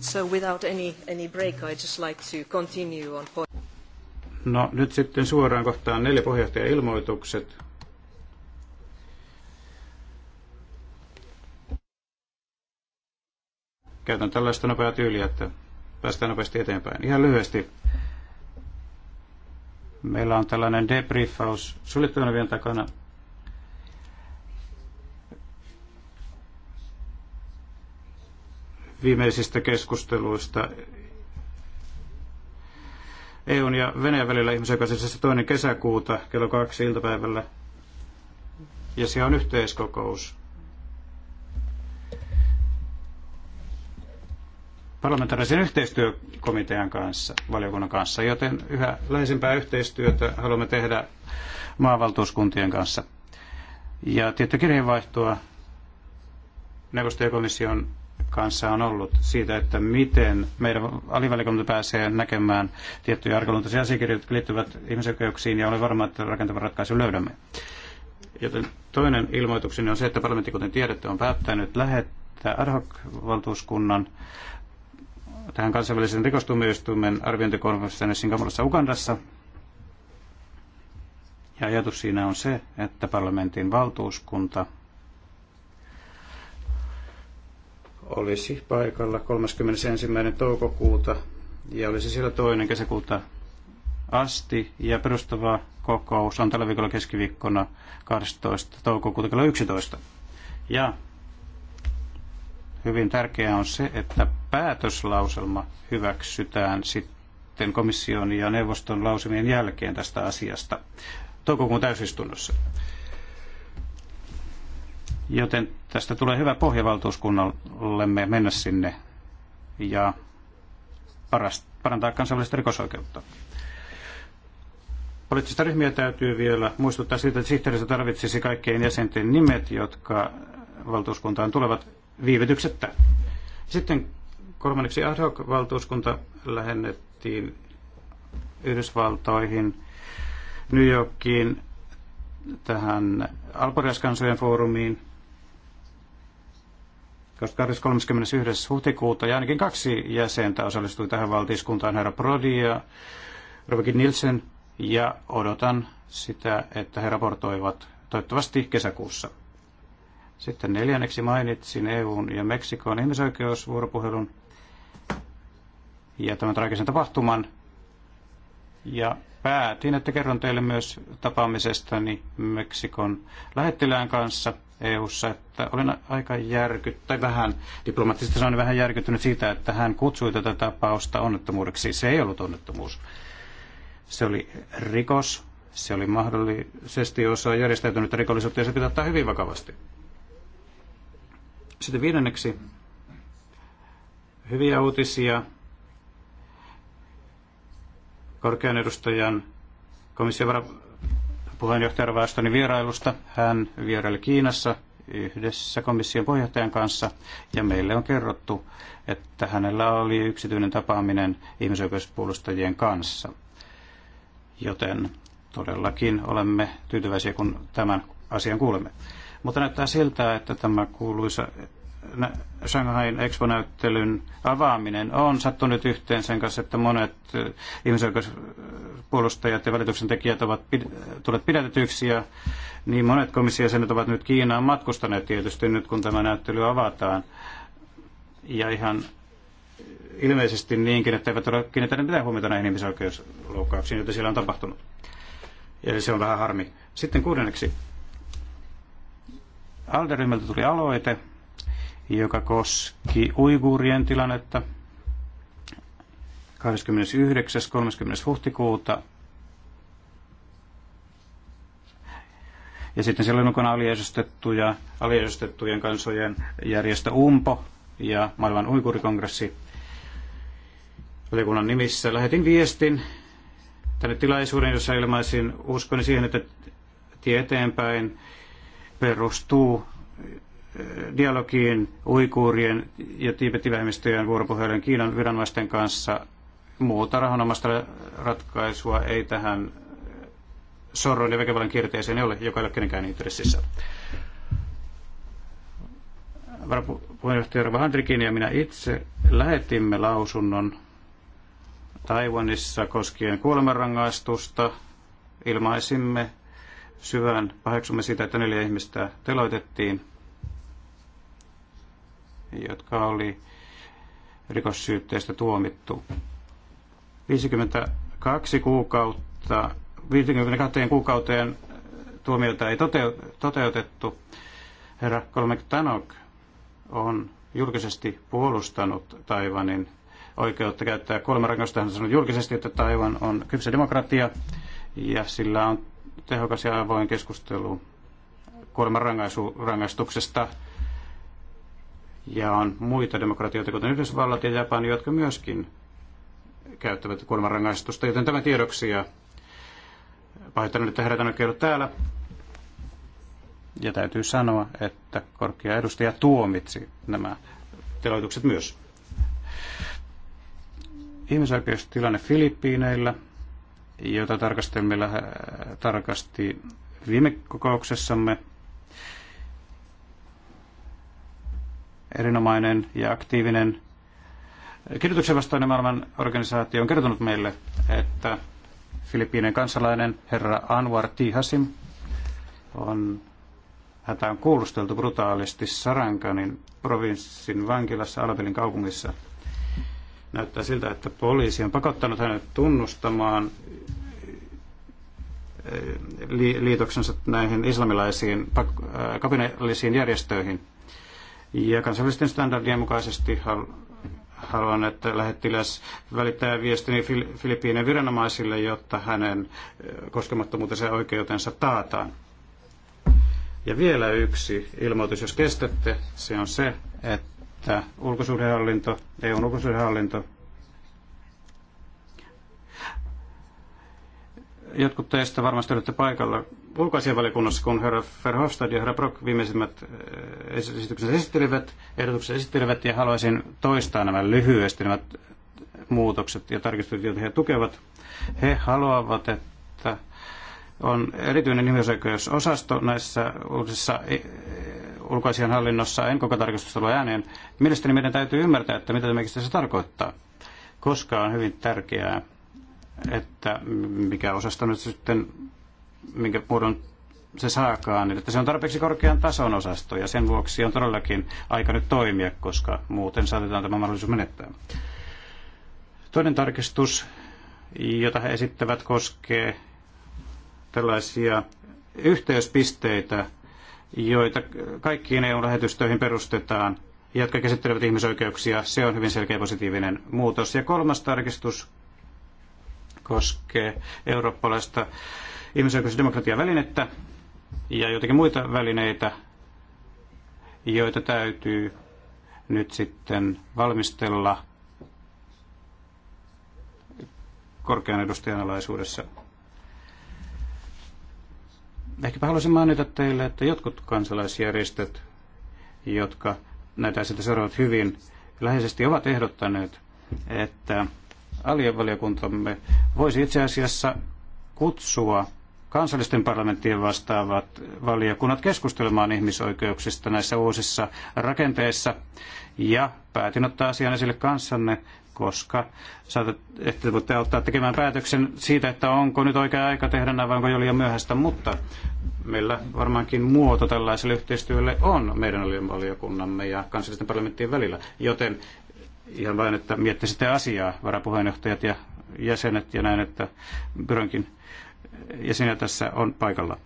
So without any, any break, I just like to continue on point. No nyt sitten suoraan kohtaan neljä puheenjohtajan ilmoitukset. Käytän tällaista nopeaa tyyliä, että päästään nopeasti eteenpäin. Ihan lyhyesti. Meillä on tällainen debriefaus suljettujen ovien takana. viimeisistä keskusteluista EUn ja Venäjän välillä ihmisoikeusisessa toinen kesäkuuta kello kaksi iltapäivällä. Ja siellä on yhteiskokous parlamentaarisen yhteistyökomitean kanssa, valiokunnan kanssa, joten yhä läheisempää yhteistyötä haluamme tehdä maavaltuuskuntien kanssa. Ja tietty kirjeenvaihtoa neuvostokomission kanssa on ollut siitä, että miten meidän alivalikunta pääsee näkemään tiettyjä arkaluontoisia asiakirjoja, jotka liittyvät ihmisoikeuksiin, ja olen varma, että rakentava ratkaisu löydämme. Joten toinen ilmoitukseni on se, että parlamentti, kuten tiedätte, on päättänyt lähettää ad hoc-valtuuskunnan tähän kansainvälisen rikostuomioistuimen arviointikonferenssiin Singaporessa Ugandassa. Ja ajatus siinä on se, että parlamentin valtuuskunta olisi paikalla 31. toukokuuta ja olisi siellä toinen kesäkuuta asti. Ja perustava kokous on tällä viikolla keskiviikkona 12. toukokuuta kello 11. Ja hyvin tärkeää on se, että päätöslauselma hyväksytään sitten komission ja neuvoston lausumien jälkeen tästä asiasta toukokuun täysistunnossa. Joten tästä tulee hyvä pohja valtuuskunnallemme mennä sinne ja parantaa kansainvälistä rikosoikeutta. Poliittista ryhmiä täytyy vielä muistuttaa siitä, että sihteeristö tarvitsisi kaikkien jäsenten nimet, jotka valtuuskuntaan tulevat viivytyksettä. Sitten kolmanneksi ad hoc-valtuuskunta lähennettiin Yhdysvaltoihin, New Yorkiin, tähän alkuperäiskansojen foorumiin 31. huhtikuuta ja ainakin kaksi jäsentä osallistui tähän valtuuskuntaan, herra Prodi ja Robert Nielsen, ja odotan sitä, että he raportoivat toivottavasti kesäkuussa. Sitten neljänneksi mainitsin EUn ja Meksikon ihmisoikeusvuoropuhelun ja tämän traagisen tapahtuman. Ja päätin, että kerron teille myös tapaamisestani Meksikon lähettilään kanssa EUssa, että olin aika järkyttynyt, tai vähän diplomaattisesti sanoin vähän järkyttynyt siitä, että hän kutsui tätä tapausta onnettomuudeksi. Se ei ollut onnettomuus. Se oli rikos, se oli mahdollisesti osa järjestäytynyttä rikollisuutta ja se pitää ottaa hyvin vakavasti. Sitten viidenneksi hyviä uutisia korkean edustajan komission puheenjohtajan Vastonin vierailusta. Hän vieraili Kiinassa yhdessä komission puheenjohtajan kanssa ja meille on kerrottu, että hänellä oli yksityinen tapaaminen ihmisoikeuspuolustajien kanssa. Joten todellakin olemme tyytyväisiä, kun tämän asian kuulemme. Mutta näyttää siltä, että tämä kuuluisa Shanghain Expo-näyttelyn avaaminen on sattunut yhteen sen kanssa, että monet ihmisoikeuspuolustajat ja valituksen tekijät ovat pid- tulleet pidätetyksi ja niin monet komissiojäsenet ovat nyt Kiinaan matkustaneet tietysti nyt, kun tämä näyttely avataan. Ja ihan ilmeisesti niinkin, että eivät ole kiinnittäneet mitään huomiota näihin ihmisoikeusloukkauksiin, joita siellä on tapahtunut. Eli se on vähän harmi. Sitten kuudenneksi Alderyhmältä tuli aloite, joka koski uiguurien tilannetta 29.30. huhtikuuta. Ja sitten siellä oli mukana aliedustettuja, aliedustettujen kansojen järjestö UMPO ja maailman uiguurikongressi valiokunnan nimissä. Lähetin viestin tänne tilaisuuden, jossa ilmaisin uskoni siihen, että tie eteenpäin perustuu eh, dialogiin uikuurien ja tiibetivähemmistöjen vuoropuhelun Kiinan viranomaisten kanssa. Muuta rahonomasta ratkaisua ei tähän sorron ja väkivallan kierteeseen ole, joka ei ole kenenkään intressissä. Varapuheenjohtaja Rava Andrikin ja minä itse lähetimme lausunnon Taiwanissa koskien kuolemanrangaistusta. Ilmaisimme syvään paheksumme sitä, että neljä ihmistä teloitettiin, jotka oli rikossyytteestä tuomittu. 52 kuukautta, 52 kuukauteen tuomiota ei toteutettu. Herra Kolmek Tanok on julkisesti puolustanut Taivanin oikeutta käyttää kolme rangaistusta. Hän on sanonut julkisesti, että Taivan on kypsä demokratia ja sillä on tehokas ja avoin keskustelu kuolemanrangaistuksesta. Ja on muita demokratioita, kuten Yhdysvallat ja Japani, jotka myöskin käyttävät kuolemanrangaistusta, joten tämä tiedoksi ja pahoittelen, että herätän oikeudet täällä. Ja täytyy sanoa, että korkea edustaja tuomitsi nämä teloitukset myös. Ihmisoikeustilanne Filippiineillä – jota tarkastelimme tarkasti viime kokouksessamme. Erinomainen ja aktiivinen kidutuksen vastainen maailman organisaatio on kertonut meille, että Filippiinen kansalainen herra Anwar T. Hasim on hätään kuulusteltu brutaalisti Sarankanin provinssin vankilassa Alabelin kaupungissa – Näyttää siltä, että poliisi on pakottanut hänet tunnustamaan eh, liitoksensa näihin islamilaisiin eh, kapinallisiin järjestöihin. Ja kansainvälisten standardien mukaisesti haluan, että lähettiläs välittää viestini Filippiinen viranomaisille, jotta hänen eh, koskemattomuutensa oikeutensa taataan. Ja vielä yksi ilmoitus, jos kestätte, se on se, että että ulkosuhdehallinto, EUn ulkosuhdehallinto, jotkut teistä varmasti olette paikalla ulkoasianvaliokunnassa, kun herra Verhofstadt ja herra Brock viimeisimmät eh, esitykset esittelivät, ehdotukset esittelivät, ja haluaisin toistaa nämä lyhyesti, nämä muutokset ja tarkistukset, joita he tukevat. He haluavat, että on erityinen ihmisoikeusosasto näissä uusissa eh, ulkoasian hallinnossa, en koko tarkistusta ääneen. Mielestäni meidän täytyy ymmärtää, että mitä tämä se tarkoittaa, koska on hyvin tärkeää, että mikä osasto nyt sitten, minkä muodon se saakaan, niin että se on tarpeeksi korkean tason osasto ja sen vuoksi on todellakin aika nyt toimia, koska muuten saatetaan tämä mahdollisuus menettää. Toinen tarkistus, jota he esittävät, koskee tällaisia yhteyspisteitä joita kaikkiin EU-lähetystöihin perustetaan, jotka käsittelevät ihmisoikeuksia. Se on hyvin selkeä positiivinen muutos. Ja kolmas tarkistus koskee eurooppalaista ihmisoikeus- ja demokratiavälinettä ja jotakin muita välineitä, joita täytyy nyt sitten valmistella korkean edustajan alaisuudessa. Ehkäpä haluaisin mainita teille, että jotkut kansalaisjärjestöt, jotka näitä asioita seuraavat hyvin, läheisesti ovat ehdottaneet, että alievaliokuntamme voisi itse asiassa kutsua kansallisten parlamenttien vastaavat valiokunnat keskustelemaan ihmisoikeuksista näissä uusissa rakenteissa. Ja päätin ottaa asian esille kanssanne koska saatat, ette voitte auttaa tekemään päätöksen siitä, että onko nyt oikea aika tehdä näin vai onko jo liian myöhäistä, mutta meillä varmaankin muoto tällaiselle yhteistyölle on meidän valiokunnamme ja kansallisten parlamenttien välillä, joten ihan vain, että miettisitte asiaa, varapuheenjohtajat ja jäsenet ja näin, että Byronkin jäseniä tässä on paikalla.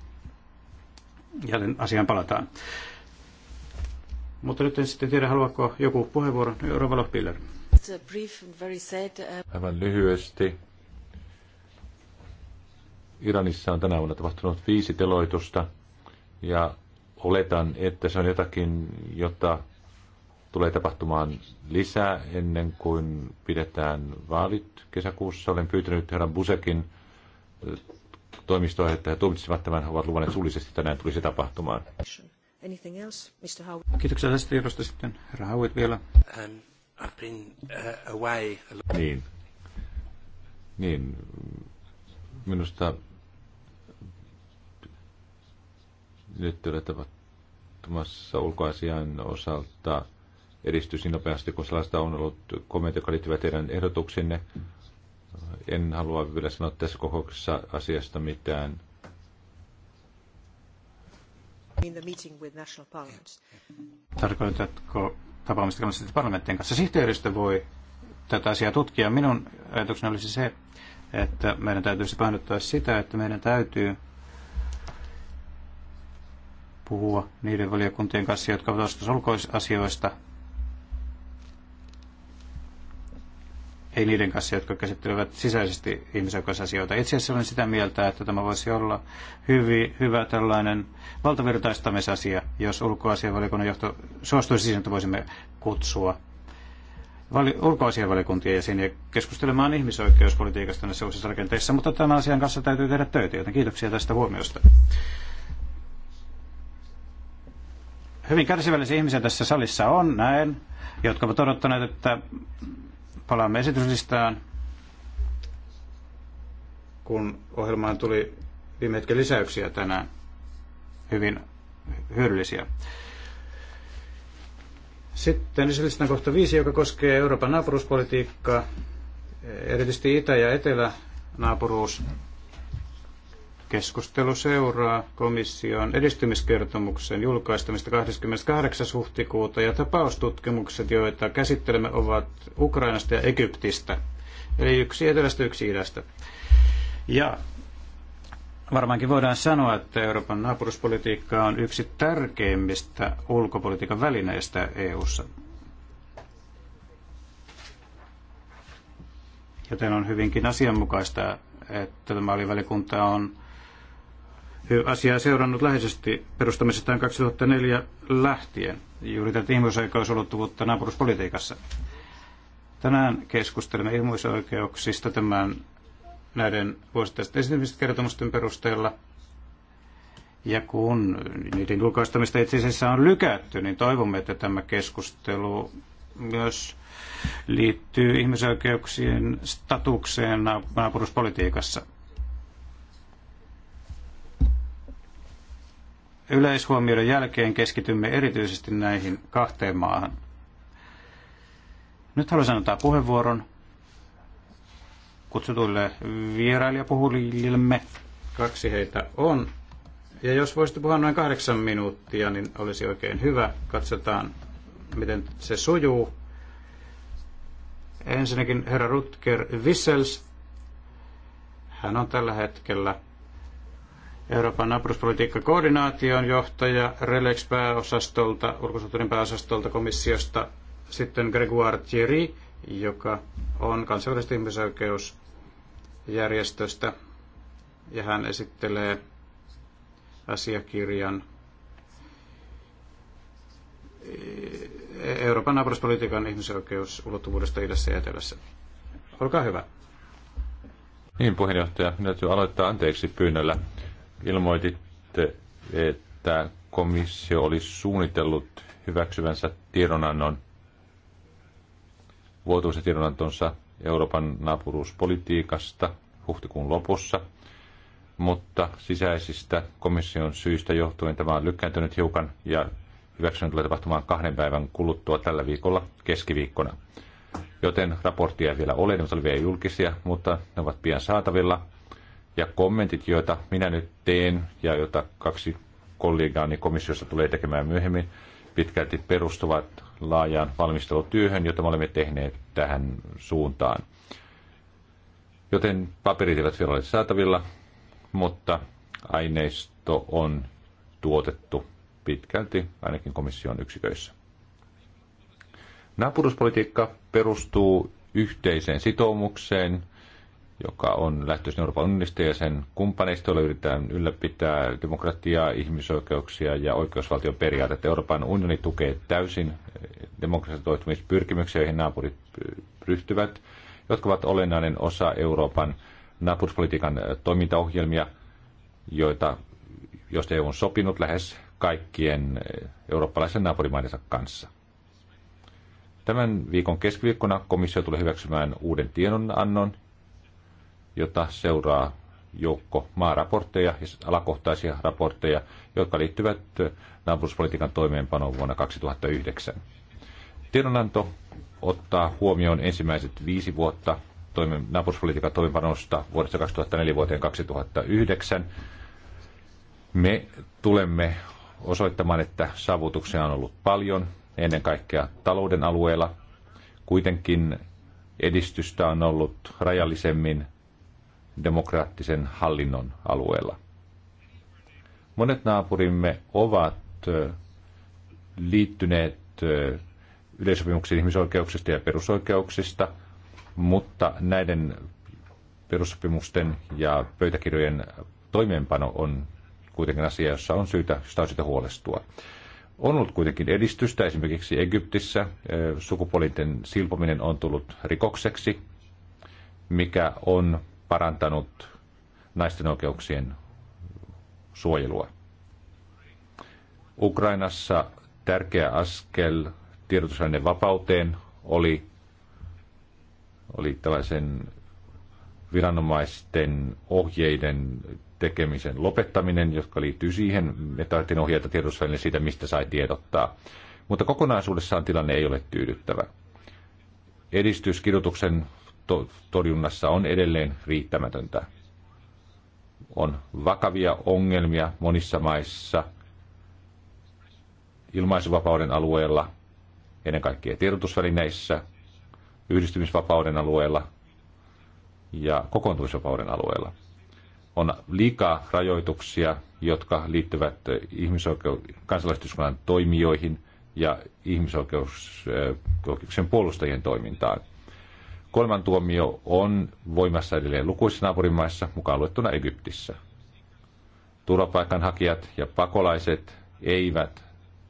Joten asiaan palataan. Mutta nyt en sitten tiedä, haluaako joku puheenvuoron. Rova Lohpiller. Uh, Aivan lyhyesti. Iranissa on tänä vuonna tapahtunut viisi teloitusta ja oletan, että se on jotakin, jota tulee tapahtumaan lisää ennen kuin pidetään vaalit kesäkuussa. Olen pyytänyt herran Busekin äh, toimistoa, että he tuomitsivat tämän, he ovat luvanneet suullisesti tänään tulisi tapahtumaan. Kiitoksia tästä tiedosta sitten. Herra Hauit vielä. I've been uh, away. Niin. Niin. Minusta nyt tapahtumassa ulkoasian osalta edistys niin nopeasti, kun sellaista on ollut kommentti, joka liittyvät teidän ehdotuksenne. En halua vielä sanoa tässä kokouksessa asiasta mitään. Tarkoitatko tapaamista parlamenttien kanssa. Sihteeristö voi tätä asiaa tutkia. Minun ajatukseni olisi se, että meidän täytyisi painottaa sitä, että meidän täytyy puhua niiden valiokuntien kanssa, jotka ovat ulkoisasioista, ei niiden kanssa, jotka käsittelevät sisäisesti ihmisoikeusasioita. Itse asiassa olen sitä mieltä, että tämä voisi olla hyvin, hyvä tällainen valtavirtaistamisasia, jos ulkoasianvalikunnan johto suostuisi siihen, että voisimme kutsua vali- ja sinne keskustelemaan ihmisoikeuspolitiikasta näissä uusissa rakenteissa, mutta tämän asian kanssa täytyy tehdä töitä, joten kiitoksia tästä huomiosta. Hyvin kärsivällisiä ihmisiä tässä salissa on, näen, jotka ovat odottaneet, että Palaamme esityslistaan. Kun ohjelmaan tuli viime hetken lisäyksiä tänään, hyvin hyödyllisiä. Sitten esityslistan kohta viisi, joka koskee Euroopan naapuruuspolitiikkaa, erityisesti Itä- ja Etelä-naapuruus. Keskustelu seuraa komission edistymiskertomuksen julkaistamista 28. huhtikuuta ja tapaustutkimukset, joita käsittelemme, ovat Ukrainasta ja Egyptistä. Eli yksi etelästä, yksi idästä. Ja varmaankin voidaan sanoa, että Euroopan naapuruspolitiikka on yksi tärkeimmistä ulkopolitiikan välineistä EU:ssa. Joten on hyvinkin asianmukaista, että tämä alivälikunta on asiaa seurannut läheisesti perustamisestaan 2004 lähtien juuri tätä ihmisoikeusulottuvuutta naapuruspolitiikassa. Tänään keskustelemme ihmisoikeuksista tämän näiden vuosittaisten kertomusten perusteella. Ja kun niiden julkaistamista itse asiassa on lykätty, niin toivomme, että tämä keskustelu myös liittyy ihmisoikeuksien statukseen naapuruspolitiikassa. Yleishuomioiden jälkeen keskitymme erityisesti näihin kahteen maahan. Nyt haluaisin antaa puheenvuoron kutsutuille vierailijapuhujillemme. Kaksi heitä on. Ja jos voisitte puhua noin kahdeksan minuuttia, niin olisi oikein hyvä. Katsotaan, miten se sujuu. Ensinnäkin herra Rutger Wissels. Hän on tällä hetkellä Euroopan naapuruspolitiikkakoordinaation johtaja Relex-pääosastolta, ulkosuhteiden pääosastolta komissiosta, sitten Gregoire Thierry, joka on kansainvälisestä ihmisoikeusjärjestöstä, ja hän esittelee asiakirjan Euroopan naapuruspolitiikan ihmisoikeusulottuvuudesta idässä ja etelässä. Olkaa hyvä. Niin, puheenjohtaja. Minä täytyy aloittaa anteeksi pyynnöllä ilmoititte, että komissio oli suunnitellut hyväksyvänsä tiedonannon, vuotuisen tiedonantonsa Euroopan naapuruuspolitiikasta huhtikuun lopussa, mutta sisäisistä komission syistä johtuen tämä on lykkääntynyt hiukan ja hyväksynyt tulee tapahtumaan kahden päivän kuluttua tällä viikolla keskiviikkona. Joten raporttia ei vielä ole, ne ovat vielä julkisia, mutta ne ovat pian saatavilla – ja kommentit, joita minä nyt teen ja joita kaksi kollegaani komissiossa tulee tekemään myöhemmin, pitkälti perustuvat laajaan valmistelutyöhön, jota me olemme tehneet tähän suuntaan. Joten paperit eivät vielä ole saatavilla, mutta aineisto on tuotettu pitkälti ainakin komission yksiköissä. Naapuruspolitiikka perustuu yhteiseen sitoumukseen – joka on lähtöisin Euroopan unionista ja sen kumppaneista, yritetään ylläpitää demokratiaa, ihmisoikeuksia ja oikeusvaltion periaatetta. Euroopan unioni tukee täysin demokratisoitumispyrkimyksiä, joihin naapurit ryhtyvät, jotka ovat olennainen osa Euroopan naapuruspolitiikan toimintaohjelmia, joita, joista EU on sopinut lähes kaikkien eurooppalaisen naapurimaidensa kanssa. Tämän viikon keskiviikkona komissio tulee hyväksymään uuden tiedonannon, jota seuraa joukko maaraportteja ja alakohtaisia raportteja, jotka liittyvät naapuruspolitiikan toimeenpanoon vuonna 2009. Tiedonanto ottaa huomioon ensimmäiset viisi vuotta naapuruspolitiikan toimeenpanosta vuodesta 2004 vuoteen 2009. Me tulemme osoittamaan, että saavutuksia on ollut paljon, ennen kaikkea talouden alueella. Kuitenkin edistystä on ollut rajallisemmin demokraattisen hallinnon alueella. Monet naapurimme ovat liittyneet yleisopimuksiin ihmisoikeuksista ja perusoikeuksista, mutta näiden perussopimusten ja pöytäkirjojen toimeenpano on kuitenkin asia, jossa on syytä, josta on syytä huolestua. On ollut kuitenkin edistystä esimerkiksi Egyptissä. Sukupuolinten silpominen on tullut rikokseksi, mikä on parantanut naisten oikeuksien suojelua. Ukrainassa tärkeä askel tiedotusaineen vapauteen oli, oli tällaisen viranomaisten ohjeiden tekemisen lopettaminen, jotka liittyy siihen, me tarvittiin ohjeita tiedotusvälineille siitä, mistä sai tiedottaa. Mutta kokonaisuudessaan tilanne ei ole tyydyttävä. Edistys kidutuksen to- torjunnassa on edelleen riittämätöntä. On vakavia ongelmia monissa maissa, ilmaisuvapauden alueella, ennen kaikkea tiedotusvälineissä, yhdistymisvapauden alueella ja kokoontumisvapauden alueella. On liikaa rajoituksia, jotka liittyvät ihmisoikeu- kansalaisyhteiskunnan toimijoihin ja ihmisoikeuksien puolustajien toimintaan – Kolmantuomio on voimassa edelleen lukuisissa naapurimaissa, mukaan luettuna Egyptissä. Turvapaikanhakijat ja pakolaiset eivät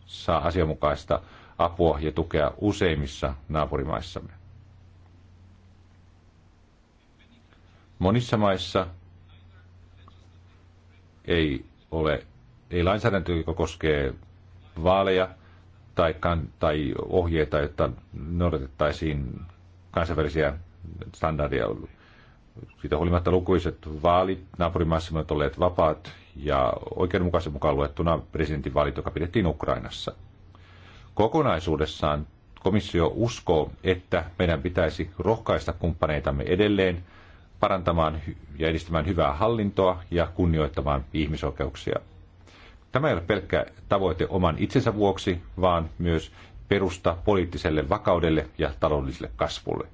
saa asianmukaista apua ja tukea useimmissa naapurimaissamme. Monissa maissa ei ole ei lainsäädäntö, joka koskee vaaleja tai, tai ohjeita, jotta noudatettaisiin kansainvälisiä standardeja ollut. Siitä huolimatta lukuiset vaalit naapurimaassamme ovat olleet vapaat ja oikeudenmukaisen mukaan luettuna presidentinvaalit, joka pidettiin Ukrainassa. Kokonaisuudessaan komissio uskoo, että meidän pitäisi rohkaista kumppaneitamme edelleen parantamaan ja edistämään hyvää hallintoa ja kunnioittamaan ihmisoikeuksia. Tämä ei ole pelkkä tavoite oman itsensä vuoksi, vaan myös perusta poliittiselle vakaudelle ja taloudelliselle kasvulle.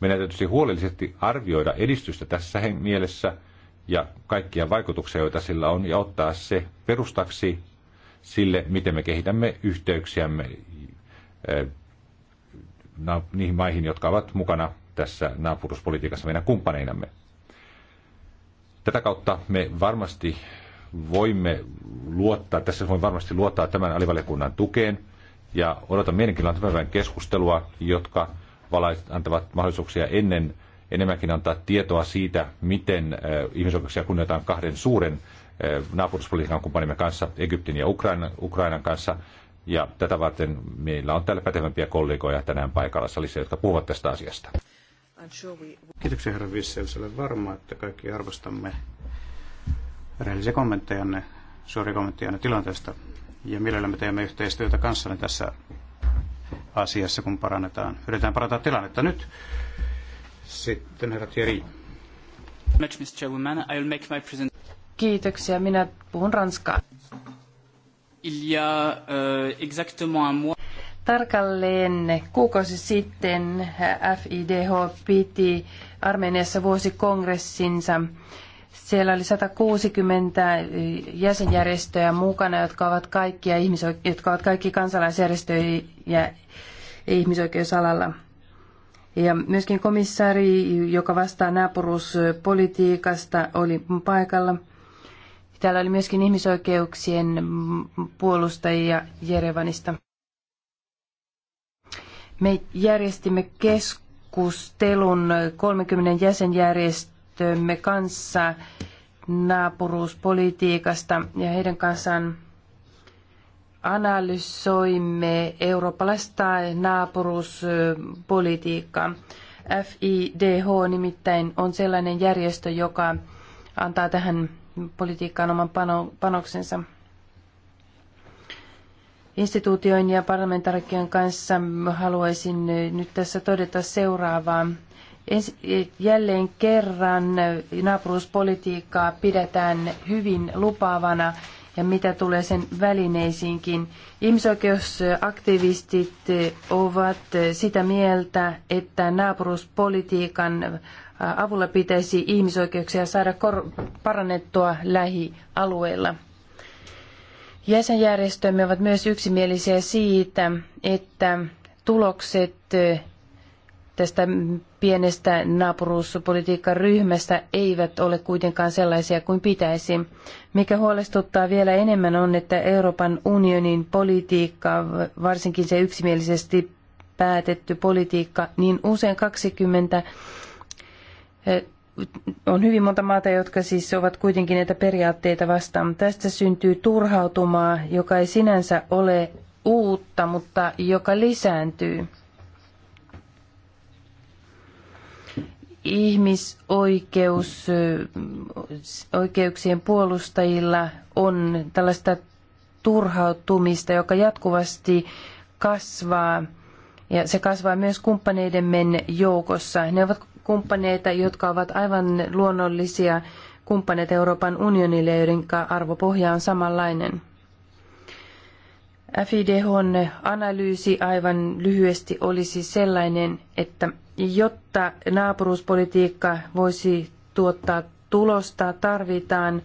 Meidän täytyisi huolellisesti arvioida edistystä tässä mielessä ja kaikkia vaikutuksia, joita sillä on, ja ottaa se perustaksi sille, miten me kehitämme yhteyksiämme niihin maihin, jotka ovat mukana tässä naapuruspolitiikassa meidän kumppaneinamme. Tätä kautta me varmasti voimme luottaa, tässä voimme varmasti luottaa tämän alivaliokunnan tukeen – ja odotan mielenkiinnolla tämän päivän keskustelua, jotka antavat mahdollisuuksia ennen enemmänkin antaa tietoa siitä, miten ihmisoikeuksia kunnioitetaan kahden suuren naapuruspolitiikan kumppanimme kanssa, Egyptin ja Ukrainan, Ukrainan kanssa. Ja tätä varten meillä on täällä pätevämpiä kollegoja tänään paikalla salissa, jotka puhuvat tästä asiasta. Kiitoksia herra Vissels. Olen varma, että kaikki arvostamme rehellisiä kommenttejanne, suoria kommenttejanne tilanteesta ja mielellämme teemme yhteistyötä kanssanne tässä asiassa, kun parannetaan, yritetään parata tilannetta nyt. Sitten herra Thierry. Kiitoksia, minä puhun ranskaa. Il y a, euh, exactement un mois. Tarkalleen kuukausi sitten FIDH piti Armeniassa vuosikongressinsa siellä oli 160 jäsenjärjestöä mukana, jotka ovat, kaikki ihmisoike- jotka ovat kaikki kansalaisjärjestöjä ja ihmisoikeusalalla. Ja myöskin komissaari, joka vastaa naapuruuspolitiikasta, oli paikalla. Täällä oli myöskin ihmisoikeuksien puolustajia Jerevanista. Me järjestimme keskustelun 30 jäsenjärjestöä järjestömme kanssa naapuruuspolitiikasta ja heidän kanssaan analysoimme eurooppalaista naapuruuspolitiikkaa. FIDH nimittäin on sellainen järjestö, joka antaa tähän politiikkaan oman panoksensa. Instituutioin ja parlamentarikkojen kanssa haluaisin nyt tässä todeta seuraavaa jälleen kerran naapuruuspolitiikkaa pidetään hyvin lupaavana ja mitä tulee sen välineisiinkin. Ihmisoikeusaktivistit ovat sitä mieltä, että naapuruuspolitiikan avulla pitäisi ihmisoikeuksia saada parannettua lähialueilla. Jäsenjärjestömme ovat myös yksimielisiä siitä, että tulokset tästä pienestä naapuruuspolitiikkaryhmästä eivät ole kuitenkaan sellaisia kuin pitäisi. Mikä huolestuttaa vielä enemmän on, että Euroopan unionin politiikka, varsinkin se yksimielisesti päätetty politiikka, niin usein 20 eh, on hyvin monta maata, jotka siis ovat kuitenkin näitä periaatteita vastaan. Tästä syntyy turhautumaa, joka ei sinänsä ole uutta, mutta joka lisääntyy. ihmisoikeuksien puolustajilla on tällaista turhautumista, joka jatkuvasti kasvaa. Ja se kasvaa myös kumppaneidemme joukossa. Ne ovat kumppaneita, jotka ovat aivan luonnollisia kumppaneita Euroopan unionille, joiden arvopohja on samanlainen. FIDHn analyysi aivan lyhyesti olisi sellainen, että jotta naapuruuspolitiikka voisi tuottaa tulosta, tarvitaan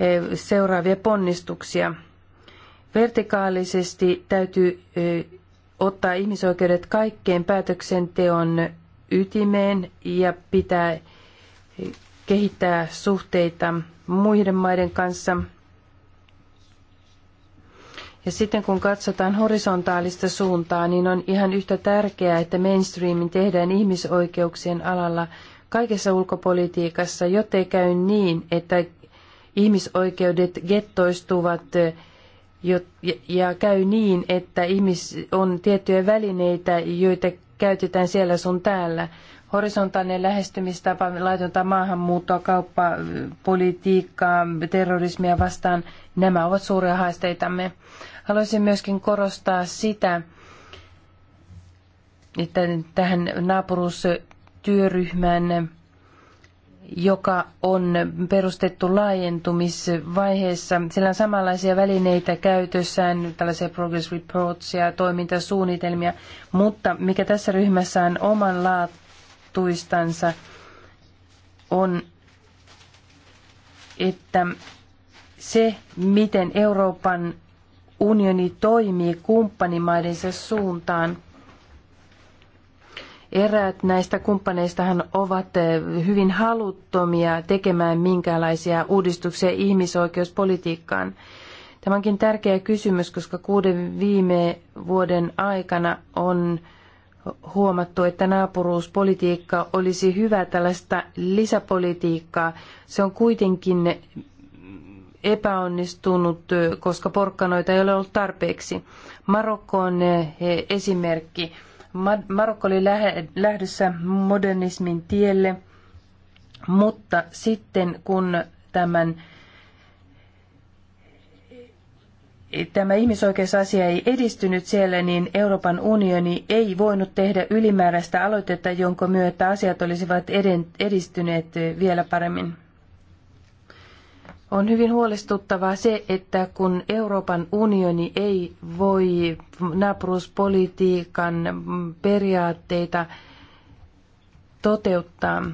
eh, seuraavia ponnistuksia. Vertikaalisesti täytyy eh, ottaa ihmisoikeudet kaikkeen päätöksenteon ytimeen ja pitää eh, kehittää suhteita muiden maiden kanssa – ja sitten kun katsotaan horisontaalista suuntaa, niin on ihan yhtä tärkeää, että mainstreamin tehdään ihmisoikeuksien alalla kaikessa ulkopolitiikassa, jottei käy niin, että ihmisoikeudet gettoistuvat ja käy niin, että ihmis on tiettyjä välineitä, joita käytetään siellä sun täällä. Horisontaalinen lähestymistapa, laitonta maahanmuuttoa, kauppapolitiikkaa, terrorismia vastaan, nämä ovat suuria haasteitamme. Haluaisin myöskin korostaa sitä, että tähän naapuruustyöryhmään, joka on perustettu laajentumisvaiheessa, sillä on samanlaisia välineitä käytössään, tällaisia progress reports ja toimintasuunnitelmia, mutta mikä tässä ryhmässä on omanlaatuistansa, on, että se, miten Euroopan unioni toimii kumppanimaidensa suuntaan. Eräät näistä kumppaneistahan ovat eh, hyvin haluttomia tekemään minkäänlaisia uudistuksia ihmisoikeuspolitiikkaan. Tämä onkin tärkeä kysymys, koska kuuden viime vuoden aikana on huomattu, että naapuruuspolitiikka olisi hyvä tällaista lisäpolitiikkaa. Se on kuitenkin epäonnistunut, koska porkkanoita ei ole ollut tarpeeksi. Marokko on esimerkki. Marokko oli lähdössä modernismin tielle, mutta sitten kun tämän tämä ihmisoikeusasia ei edistynyt siellä, niin Euroopan unioni ei voinut tehdä ylimääräistä aloitetta, jonka myötä asiat olisivat edistyneet vielä paremmin. On hyvin huolestuttavaa se, että kun Euroopan unioni ei voi naapuruuspolitiikan periaatteita toteuttaa,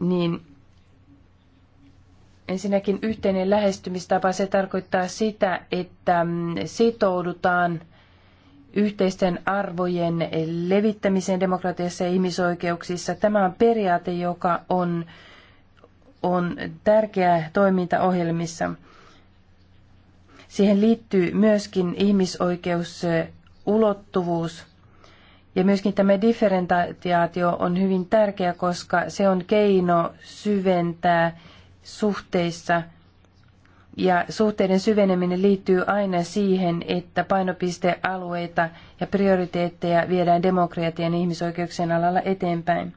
niin ensinnäkin yhteinen lähestymistapa, se tarkoittaa sitä, että sitoudutaan yhteisten arvojen levittämiseen demokratiassa ja ihmisoikeuksissa. Tämä on periaate, joka on on tärkeää toimintaohjelmissa. Siihen liittyy myöskin ihmisoikeusulottuvuus. Ja myöskin tämä differentiaatio on hyvin tärkeä, koska se on keino syventää suhteissa. Ja suhteiden syveneminen liittyy aina siihen, että painopistealueita ja prioriteetteja viedään demokratian ja ihmisoikeuksien alalla eteenpäin.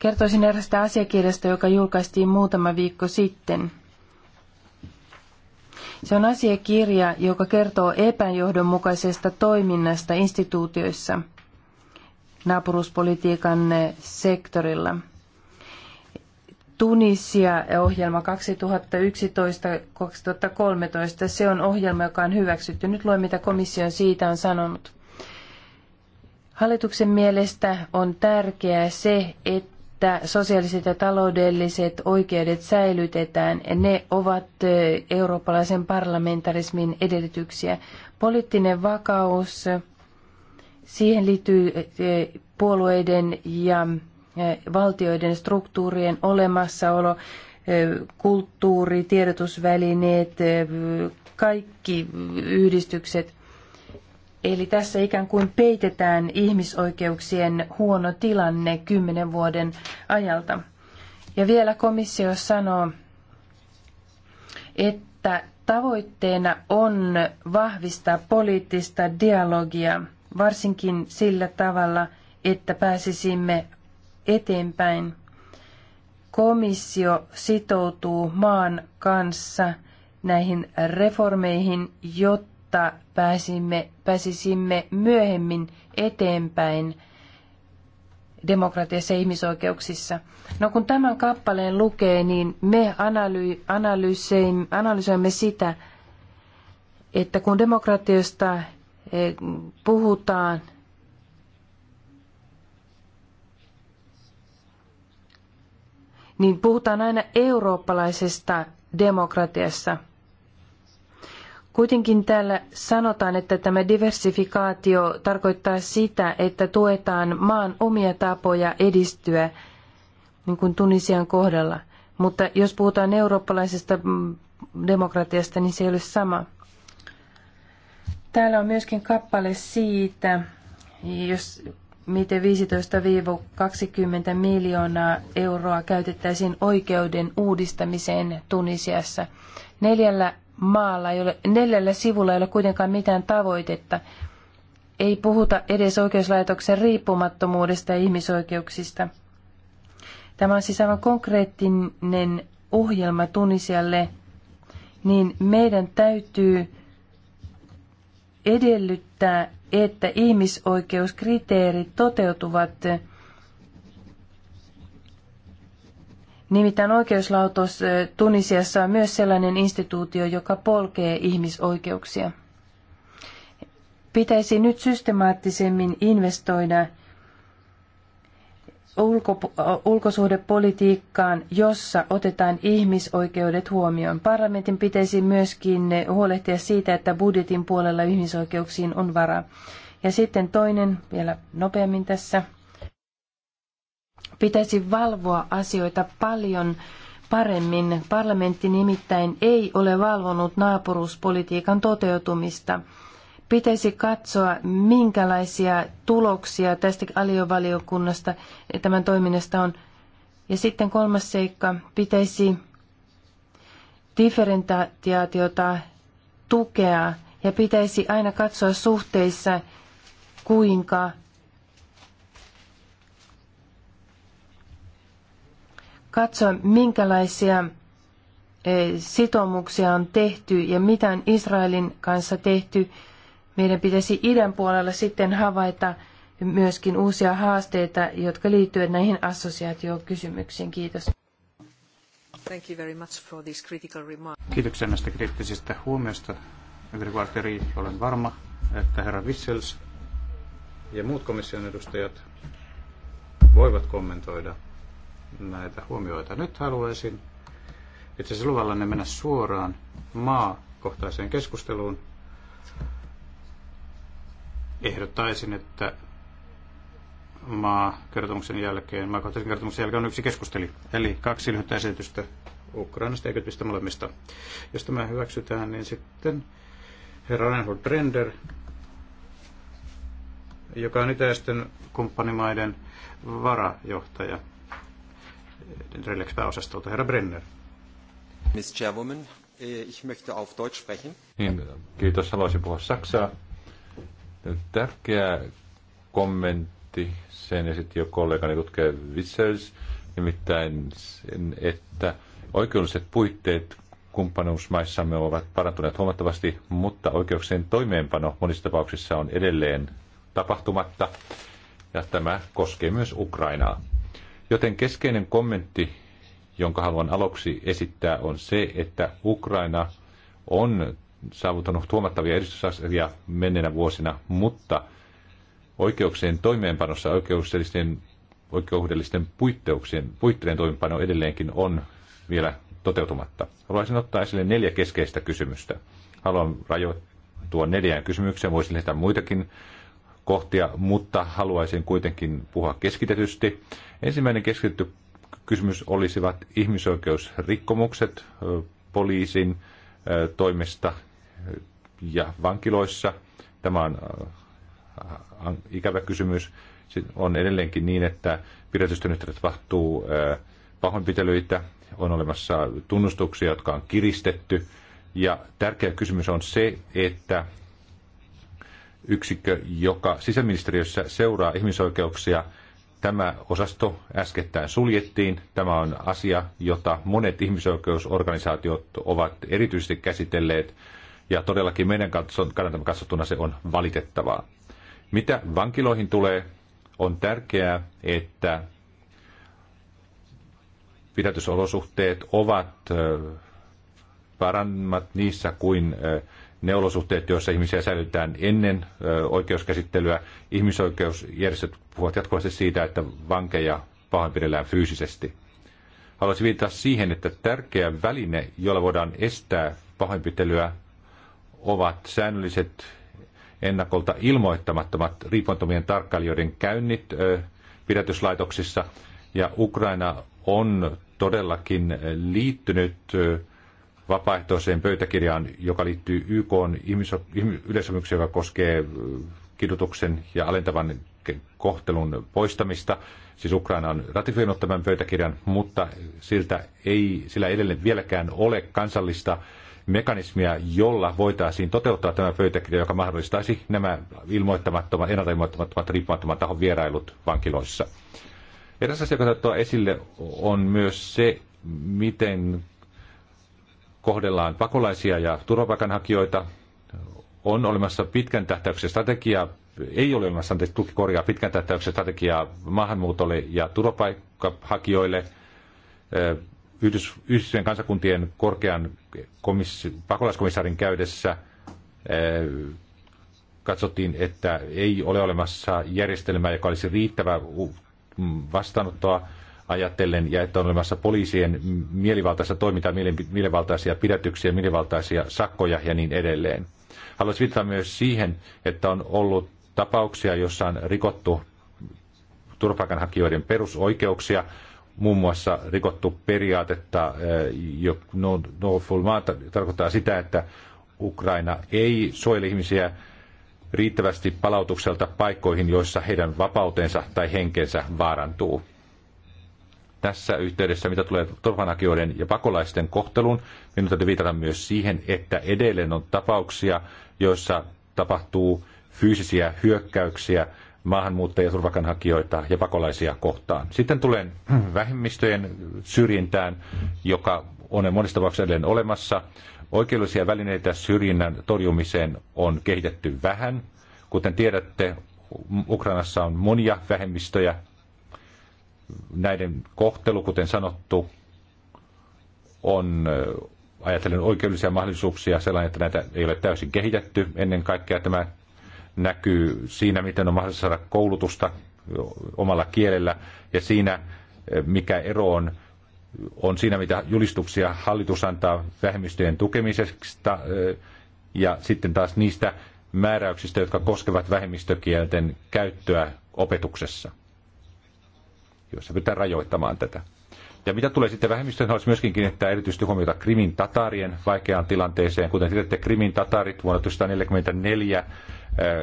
Kertoisin erästä asiakirjasta, joka julkaistiin muutama viikko sitten. Se on asiakirja, joka kertoo epäjohdonmukaisesta toiminnasta instituutioissa naapuruspolitiikan sektorilla. Tunisia-ohjelma 2011-2013, se on ohjelma, joka on hyväksytty. Nyt luen, mitä komissio siitä on sanonut. Hallituksen mielestä on tärkeää se, että että sosiaaliset ja taloudelliset oikeudet säilytetään. Ne ovat eurooppalaisen parlamentarismin edellytyksiä. Poliittinen vakaus, siihen liittyy puolueiden ja valtioiden struktuurien olemassaolo, kulttuuri, tiedotusvälineet, kaikki yhdistykset. Eli tässä ikään kuin peitetään ihmisoikeuksien huono tilanne kymmenen vuoden ajalta. Ja vielä komissio sanoo, että tavoitteena on vahvistaa poliittista dialogia, varsinkin sillä tavalla, että pääsisimme eteenpäin. Komissio sitoutuu maan kanssa näihin reformeihin, jotta jotta pääsimme, pääsisimme myöhemmin eteenpäin demokratiassa ja ihmisoikeuksissa. No kun tämän kappaleen lukee, niin me analysoimme sitä, että kun demokratiasta eh, puhutaan, niin puhutaan aina eurooppalaisesta demokratiasta – Kuitenkin täällä sanotaan, että tämä diversifikaatio tarkoittaa sitä, että tuetaan maan omia tapoja edistyä, niin kuin Tunisian kohdalla. Mutta jos puhutaan eurooppalaisesta mm, demokratiasta, niin se ei ole sama. Täällä on myöskin kappale siitä, jos miten 15-20 miljoonaa euroa käytettäisiin oikeuden uudistamiseen Tunisiassa. Neljällä maalla, ei ole, neljällä sivulla ei ole kuitenkaan mitään tavoitetta. Ei puhuta edes oikeuslaitoksen riippumattomuudesta ja ihmisoikeuksista. Tämä on siis aivan konkreettinen ohjelma Tunisialle, niin meidän täytyy edellyttää, että ihmisoikeuskriteerit toteutuvat Nimittäin oikeuslautos Tunisiassa on myös sellainen instituutio, joka polkee ihmisoikeuksia. Pitäisi nyt systemaattisemmin investoida ulko, ulkosuhdepolitiikkaan, jossa otetaan ihmisoikeudet huomioon. Parlamentin pitäisi myöskin huolehtia siitä, että budjetin puolella ihmisoikeuksiin on varaa. Ja sitten toinen vielä nopeammin tässä pitäisi valvoa asioita paljon paremmin. Parlamentti nimittäin ei ole valvonut naapuruuspolitiikan toteutumista. Pitäisi katsoa, minkälaisia tuloksia tästä aliovaliokunnasta tämän toiminnasta on. Ja sitten kolmas seikka, pitäisi differentiaatiota tukea ja pitäisi aina katsoa suhteissa, kuinka katsoa, minkälaisia eh, sitoumuksia on tehty ja mitä on Israelin kanssa tehty. Meidän pitäisi idän puolella sitten havaita myöskin uusia haasteita, jotka liittyvät näihin assosiaatiokysymyksiin. Kiitos. Thank you very much for these critical remarks. Kiitoksia näistä kriittisistä huomioista. Gregor Walteri, olen varma, että herra Wissels ja muut komission edustajat voivat kommentoida näitä huomioita. Nyt haluaisin itse asiassa ne mennä suoraan maakohtaiseen keskusteluun. Ehdottaisin, että maakertomuksen jälkeen, maakohtaisen kertomuksen jälkeen on yksi keskusteli. Eli kaksi lyhyttä esitystä Ukrainasta ja Egyptistä molemmista. Jos tämä hyväksytään, niin sitten herra Reinhold Brender, joka on itäisten kumppanimaiden varajohtaja, Relax-pääosastolta. Herra Brenner. Miss Chairwoman, eh, ich möchte auf Deutsch sprechen. Niin, kiitos, haluaisin puhua saksaa. Tärkeä kommentti, sen esitti jo kollegani tutkija Wissels, nimittäin sen, että oikeudelliset puitteet kumppanuusmaissamme ovat parantuneet huomattavasti, mutta oikeuksien toimeenpano monissa tapauksissa on edelleen tapahtumatta, ja tämä koskee myös Ukrainaa. Joten keskeinen kommentti, jonka haluan aluksi esittää, on se, että Ukraina on saavuttanut huomattavia edistysasioita menneenä vuosina, mutta oikeuksien toimeenpanossa oikeudellisten, oikeudellisten puitteuksien, puitteiden toimeenpano edelleenkin on vielä toteutumatta. Haluaisin ottaa esille neljä keskeistä kysymystä. Haluan rajoittua neljään kysymykseen, voisin lähettää muitakin kohtia, mutta haluaisin kuitenkin puhua keskitetysti. Ensimmäinen keskitetty kysymys olisivat ihmisoikeusrikkomukset poliisin toimesta ja vankiloissa. Tämä on ikävä kysymys. On edelleenkin niin, että pidätysten yhteydessä tapahtuu pahoinpitelyitä, on olemassa tunnustuksia, jotka on kiristetty. Ja tärkeä kysymys on se, että yksikkö, joka sisäministeriössä seuraa ihmisoikeuksia. Tämä osasto äskettäin suljettiin. Tämä on asia, jota monet ihmisoikeusorganisaatiot ovat erityisesti käsitelleet, ja todellakin meidän kannaltamme katsottuna se on valitettavaa. Mitä vankiloihin tulee, on tärkeää, että pidätysolosuhteet ovat paremmat niissä kuin ne olosuhteet, joissa ihmisiä säilytetään ennen oikeuskäsittelyä. Ihmisoikeusjärjestöt puhuvat jatkuvasti siitä, että vankeja pahoinpidellään fyysisesti. Haluaisin viitata siihen, että tärkeä väline, jolla voidaan estää pahoinpitelyä, ovat säännölliset ennakolta ilmoittamattomat riippumattomien tarkkailijoiden käynnit pidätyslaitoksissa. Ja Ukraina on todellakin liittynyt vapaaehtoiseen pöytäkirjaan, joka liittyy YK yleisomikseen, joka koskee kidutuksen ja alentavan kohtelun poistamista. Siis Ukraina on ratifioinut tämän pöytäkirjan, mutta siltä ei, sillä ei edelleen vieläkään ole kansallista mekanismia, jolla voitaisiin toteuttaa tämä pöytäkirja, joka mahdollistaisi nämä ilmoittamattomat, ennalta ilmoittamattomat, riippumattoman tahon vierailut vankiloissa. Eräs asia, joka esille, on myös se, miten kohdellaan pakolaisia ja turvapaikanhakijoita. On olemassa pitkän tähtäyksen strategia, ei ole olemassa tuki korjaa pitkän tähtäyksen strategiaa maahanmuutolle ja turvapaikanhakijoille. Yhdys, kansakuntien korkean komissi, pakolaiskomissaarin käydessä katsottiin, että ei ole olemassa järjestelmää, joka olisi riittävä vastaanottoa ajatellen ja että on olemassa poliisien mielivaltaista toimintaa, mielivaltaisia pidätyksiä, mielivaltaisia sakkoja ja niin edelleen. Haluaisin viittaa myös siihen, että on ollut tapauksia, joissa on rikottu turvapaikanhakijoiden perusoikeuksia, muun muassa rikottu periaatetta, eh, no, no full maa, tarkoittaa sitä, että Ukraina ei suojele ihmisiä riittävästi palautukselta paikkoihin, joissa heidän vapautensa tai henkensä vaarantuu tässä yhteydessä, mitä tulee turvanhakijoiden ja pakolaisten kohteluun, minun täytyy viitata myös siihen, että edelleen on tapauksia, joissa tapahtuu fyysisiä hyökkäyksiä maahanmuuttajia, turvakanhakijoita ja pakolaisia kohtaan. Sitten tulee vähemmistöjen syrjintään, joka on monissa tapauksissa edelleen olemassa. Oikeudellisia välineitä syrjinnän torjumiseen on kehitetty vähän. Kuten tiedätte, Ukrainassa on monia vähemmistöjä, näiden kohtelu, kuten sanottu, on äh, ajatellen oikeudellisia mahdollisuuksia sellainen, että näitä ei ole täysin kehitetty. Ennen kaikkea tämä näkyy siinä, miten on mahdollista saada koulutusta omalla kielellä ja siinä, äh, mikä ero on, on siinä, mitä julistuksia hallitus antaa vähemmistöjen tukemisesta äh, ja sitten taas niistä määräyksistä, jotka koskevat vähemmistökielten käyttöä opetuksessa joissa pyritään rajoittamaan tätä. Ja mitä tulee sitten vähemmistöön, haluaisin myöskin kiinnittää erityisesti huomiota Krimin tatarien vaikeaan tilanteeseen. Kuten tiedätte, Krimin tatarit vuonna 1944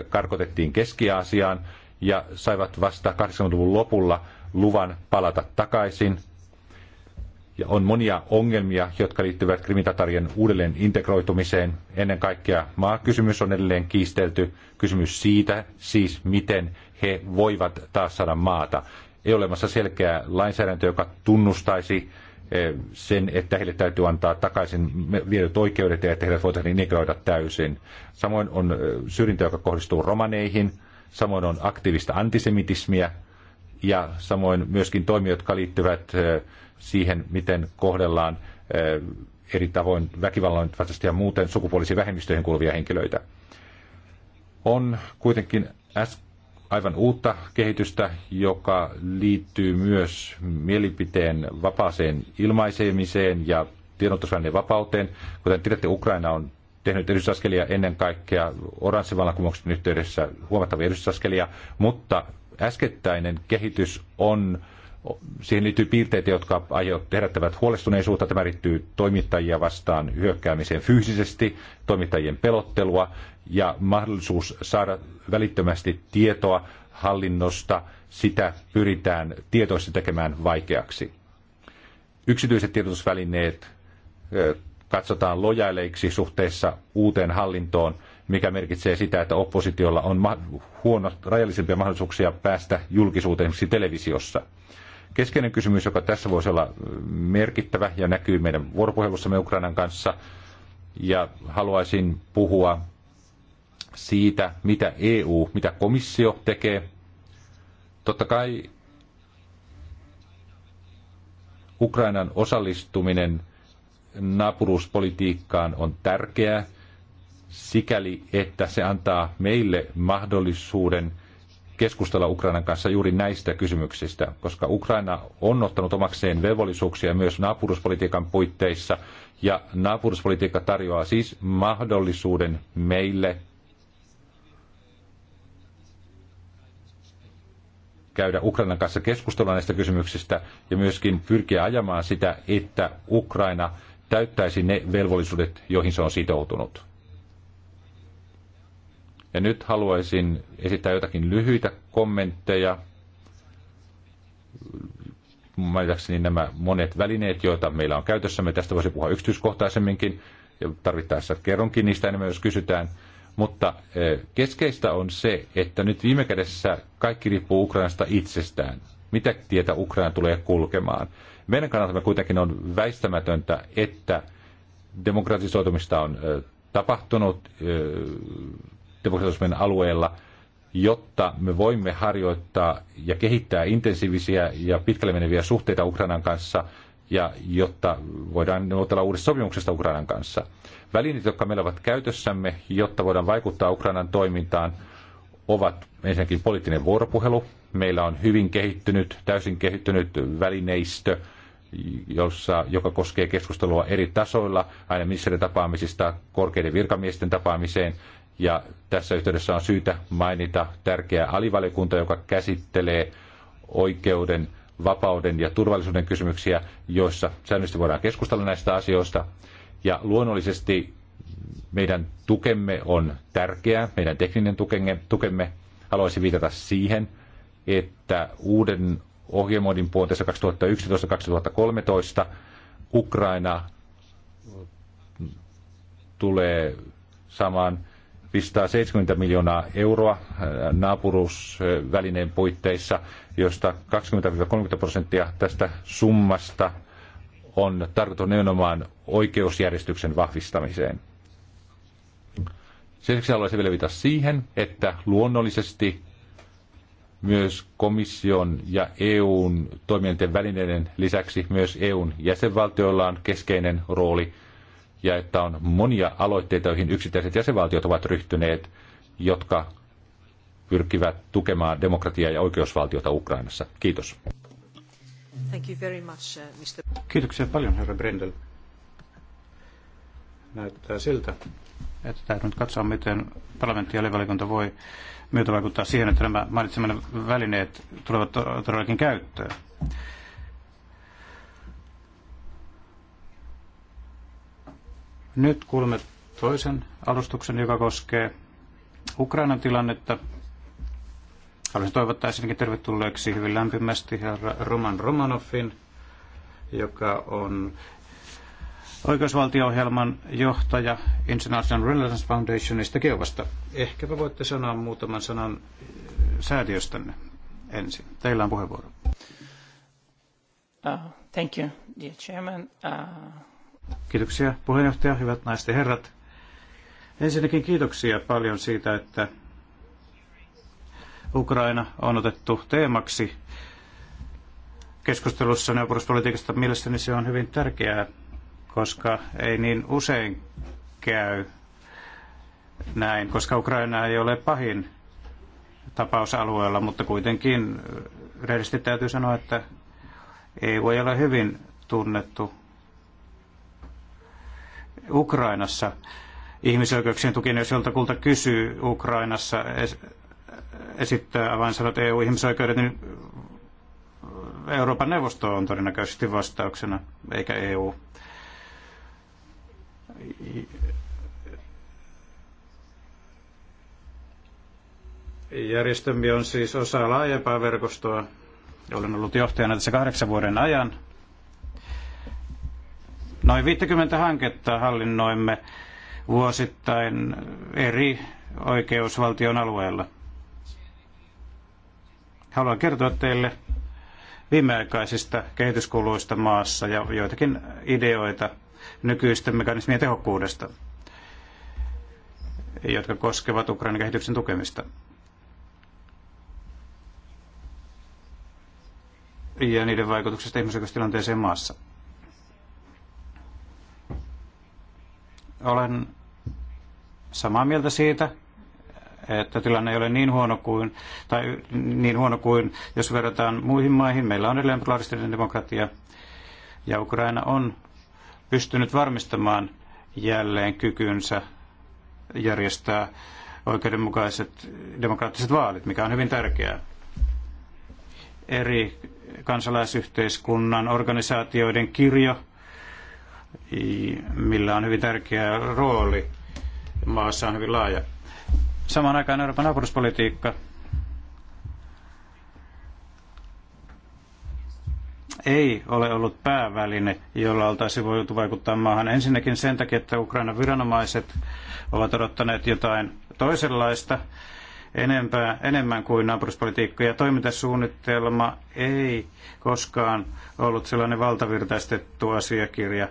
karkotettiin Keski-Aasiaan ja saivat vasta 80-luvun lopulla luvan palata takaisin. Ja on monia ongelmia, jotka liittyvät krimitatarien uudelleen integroitumiseen. Ennen kaikkea maakysymys on edelleen kiistelty. Kysymys siitä, siis miten he voivat taas saada maata ei ole olemassa selkeää lainsäädäntöä, joka tunnustaisi eh, sen, että heille täytyy antaa takaisin viedyt oikeudet ja että heidät voitaisiin integroida täysin. Samoin on eh, syrjintä, joka kohdistuu romaneihin, samoin on aktiivista antisemitismiä ja samoin myöskin toimia, jotka liittyvät eh, siihen, miten kohdellaan eri tavoin väkivallan ja muuten sukupuolisiin vähemmistöihin kuuluvia henkilöitä. On kuitenkin äsken aivan uutta kehitystä, joka liittyy myös mielipiteen vapaaseen ilmaisemiseen ja tiedotusvälineen vapauteen. Kuten tiedätte, Ukraina on tehnyt edistysaskelia ennen kaikkea oranssivallankumouksen yhteydessä huomattavia edistysaskelia, mutta äskettäinen kehitys on Siihen liittyy piirteitä, jotka herättävät huolestuneisuutta. Tämä liittyy toimittajia vastaan hyökkäämiseen fyysisesti, toimittajien pelottelua ja mahdollisuus saada välittömästi tietoa hallinnosta, sitä pyritään tietoisesti tekemään vaikeaksi. Yksityiset tiedotusvälineet katsotaan lojaileiksi suhteessa uuteen hallintoon, mikä merkitsee sitä, että oppositiolla on huono, rajallisempia mahdollisuuksia päästä julkisuuteen televisiossa. Keskeinen kysymys, joka tässä voisi olla merkittävä ja näkyy meidän vuoropuhelussamme Ukrainan kanssa, ja haluaisin puhua siitä, mitä EU, mitä komissio tekee. Totta kai Ukrainan osallistuminen naapuruuspolitiikkaan on tärkeää sikäli, että se antaa meille mahdollisuuden keskustella Ukrainan kanssa juuri näistä kysymyksistä, koska Ukraina on ottanut omakseen velvollisuuksia myös naapuruuspolitiikan puitteissa, ja naapuruuspolitiikka tarjoaa siis mahdollisuuden meille käydä Ukrainan kanssa keskustelua näistä kysymyksistä ja myöskin pyrkiä ajamaan sitä, että Ukraina täyttäisi ne velvollisuudet, joihin se on sitoutunut. Ja nyt haluaisin esittää jotakin lyhyitä kommentteja. Mainitakseni nämä monet välineet, joita meillä on käytössämme. Tästä voisi puhua yksityiskohtaisemminkin ja tarvittaessa kerronkin niistä enemmän, jos kysytään – mutta e, keskeistä on se, että nyt viime kädessä kaikki riippuu Ukrainasta itsestään. Mitä tietä Ukraina tulee kulkemaan? Meidän kannaltamme kuitenkin on väistämätöntä, että demokratisoitumista on e, tapahtunut e, demokratisoitumisen alueella, jotta me voimme harjoittaa ja kehittää intensiivisiä ja pitkälle meneviä suhteita Ukrainan kanssa ja jotta voidaan neuvotella uudesta sopimuksesta Ukrainan kanssa – välineet, jotka meillä ovat käytössämme, jotta voidaan vaikuttaa Ukrainan toimintaan, ovat ensinnäkin poliittinen vuoropuhelu. Meillä on hyvin kehittynyt, täysin kehittynyt välineistö, jossa, joka koskee keskustelua eri tasoilla, aina ministerin tapaamisista korkeiden virkamiesten tapaamiseen. Ja tässä yhteydessä on syytä mainita tärkeä alivaliokunta, joka käsittelee oikeuden, vapauden ja turvallisuuden kysymyksiä, joissa säännöllisesti voidaan keskustella näistä asioista. Ja luonnollisesti meidän tukemme on tärkeää, meidän tekninen tukemme, tukemme haluaisin viitata siihen, että uuden ohjelmoinnin vuoteessa 2011-2013 Ukraina tulee saamaan 570 miljoonaa euroa äh, naapuruusvälineen puitteissa, josta 20-30 prosenttia tästä summasta on tarkoitus nimenomaan oikeusjärjestyksen vahvistamiseen. Sen lisäksi haluaisin vielä viitata siihen, että luonnollisesti myös komission ja EUn toimijoiden välineiden lisäksi myös EUn jäsenvaltioilla on keskeinen rooli ja että on monia aloitteita, joihin yksittäiset jäsenvaltiot ovat ryhtyneet, jotka pyrkivät tukemaan demokratiaa ja oikeusvaltiota Ukrainassa. Kiitos. Thank you very much, uh, Mr. Kiitoksia paljon, herra Brendel. Näyttää siltä, että täytyy nyt katsoa, miten parlamentti ja levalikunta voi myötävaikuttaa siihen, että nämä mainitsemani välineet tulevat todellakin käyttöön. Nyt kuulemme toisen alustuksen, joka koskee Ukrainan tilannetta Haluaisin toivottaa ensinnäkin tervetulleeksi hyvin lämpimästi herra Roman Romanoffin, joka on oikeusvaltio-ohjelman johtaja International Relations Foundationista Keuvasta. Ehkäpä voitte sanoa muutaman sanan eh, säätiöstänne ensin. Teillä on puheenvuoro. Uh, thank you, dear chairman. Uh... Kiitoksia puheenjohtaja, hyvät naiset ja herrat. Ensinnäkin kiitoksia paljon siitä, että Ukraina on otettu teemaksi keskustelussa neuvostopolitiikasta. Mielestäni se on hyvin tärkeää, koska ei niin usein käy näin, koska Ukraina ei ole pahin tapaus alueella, mutta kuitenkin rehellisesti täytyy sanoa, että EU ei ole hyvin tunnettu Ukrainassa ihmisoikeuksien tukien, jos joltakulta kysyy Ukrainassa esittää avainsanat EU-ihmisoikeudet, niin Euroopan neuvosto on todennäköisesti vastauksena, eikä EU. Järjestömme on siis osa laajempaa verkostoa. Olen ollut johtajana tässä kahdeksan vuoden ajan. Noin 50 hanketta hallinnoimme vuosittain eri oikeusvaltion alueella. Haluan kertoa teille viimeaikaisista kehityskuluista maassa ja joitakin ideoita nykyisten mekanismien tehokkuudesta, jotka koskevat Ukrainan kehityksen tukemista. ja niiden vaikutuksesta ihmisoikeustilanteeseen maassa. Olen samaa mieltä siitä, että tilanne ei ole niin huono kuin, tai niin huono kuin jos verrataan muihin maihin. Meillä on edelleen pluralistinen demokratia ja Ukraina on pystynyt varmistamaan jälleen kykynsä järjestää oikeudenmukaiset demokraattiset vaalit, mikä on hyvin tärkeää. Eri kansalaisyhteiskunnan organisaatioiden kirjo, millä on hyvin tärkeä rooli, maassa on hyvin laaja. Samaan aikaan Euroopan naapuruspolitiikka ei ole ollut pääväline, jolla oltaisiin voitu vaikuttaa maahan. Ensinnäkin sen takia, että Ukrainan viranomaiset ovat odottaneet jotain toisenlaista enempää, enemmän kuin naapuruspolitiikka. Ja toimintasuunnitelma ei koskaan ollut sellainen valtavirtaistettu asiakirja,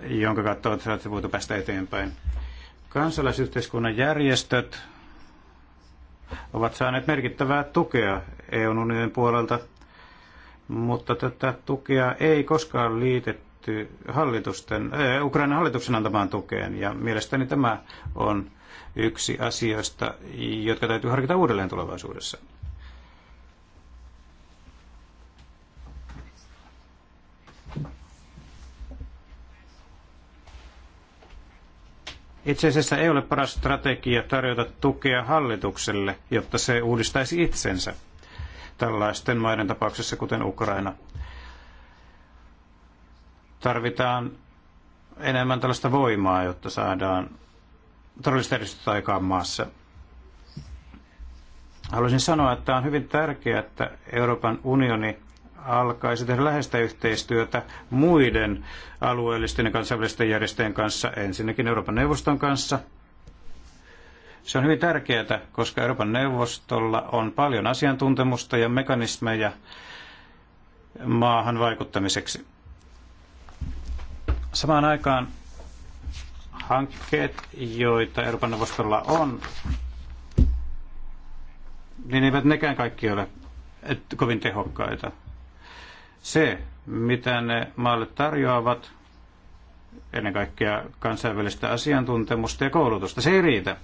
jonka kautta olisi voitu päästä eteenpäin. Kansalaisyhteiskunnan järjestöt ovat saaneet merkittävää tukea EUn unionin puolelta, mutta tätä tukea ei koskaan liitetty hallitusten, äh, Ukrainan hallituksen antamaan tukeen. Ja mielestäni tämä on yksi asioista, jotka täytyy harkita uudelleen tulevaisuudessa. Itse asiassa ei ole paras strategia tarjota tukea hallitukselle, jotta se uudistaisi itsensä tällaisten maiden tapauksessa, kuten Ukraina. Tarvitaan enemmän tällaista voimaa, jotta saadaan todellista edistystä aikaan maassa. Haluaisin sanoa, että on hyvin tärkeää, että Euroopan unioni alkaisi tehdä läheistä yhteistyötä muiden alueellisten ja kansainvälisten järjestöjen kanssa, ensinnäkin Euroopan neuvoston kanssa. Se on hyvin tärkeää, koska Euroopan neuvostolla on paljon asiantuntemusta ja mekanismeja maahan vaikuttamiseksi. Samaan aikaan hankkeet, joita Euroopan neuvostolla on, niin eivät nekään kaikki ole kovin tehokkaita. Se, mitä ne maalle tarjoavat, ennen kaikkea kansainvälistä asiantuntemusta ja koulutusta, se ei riitä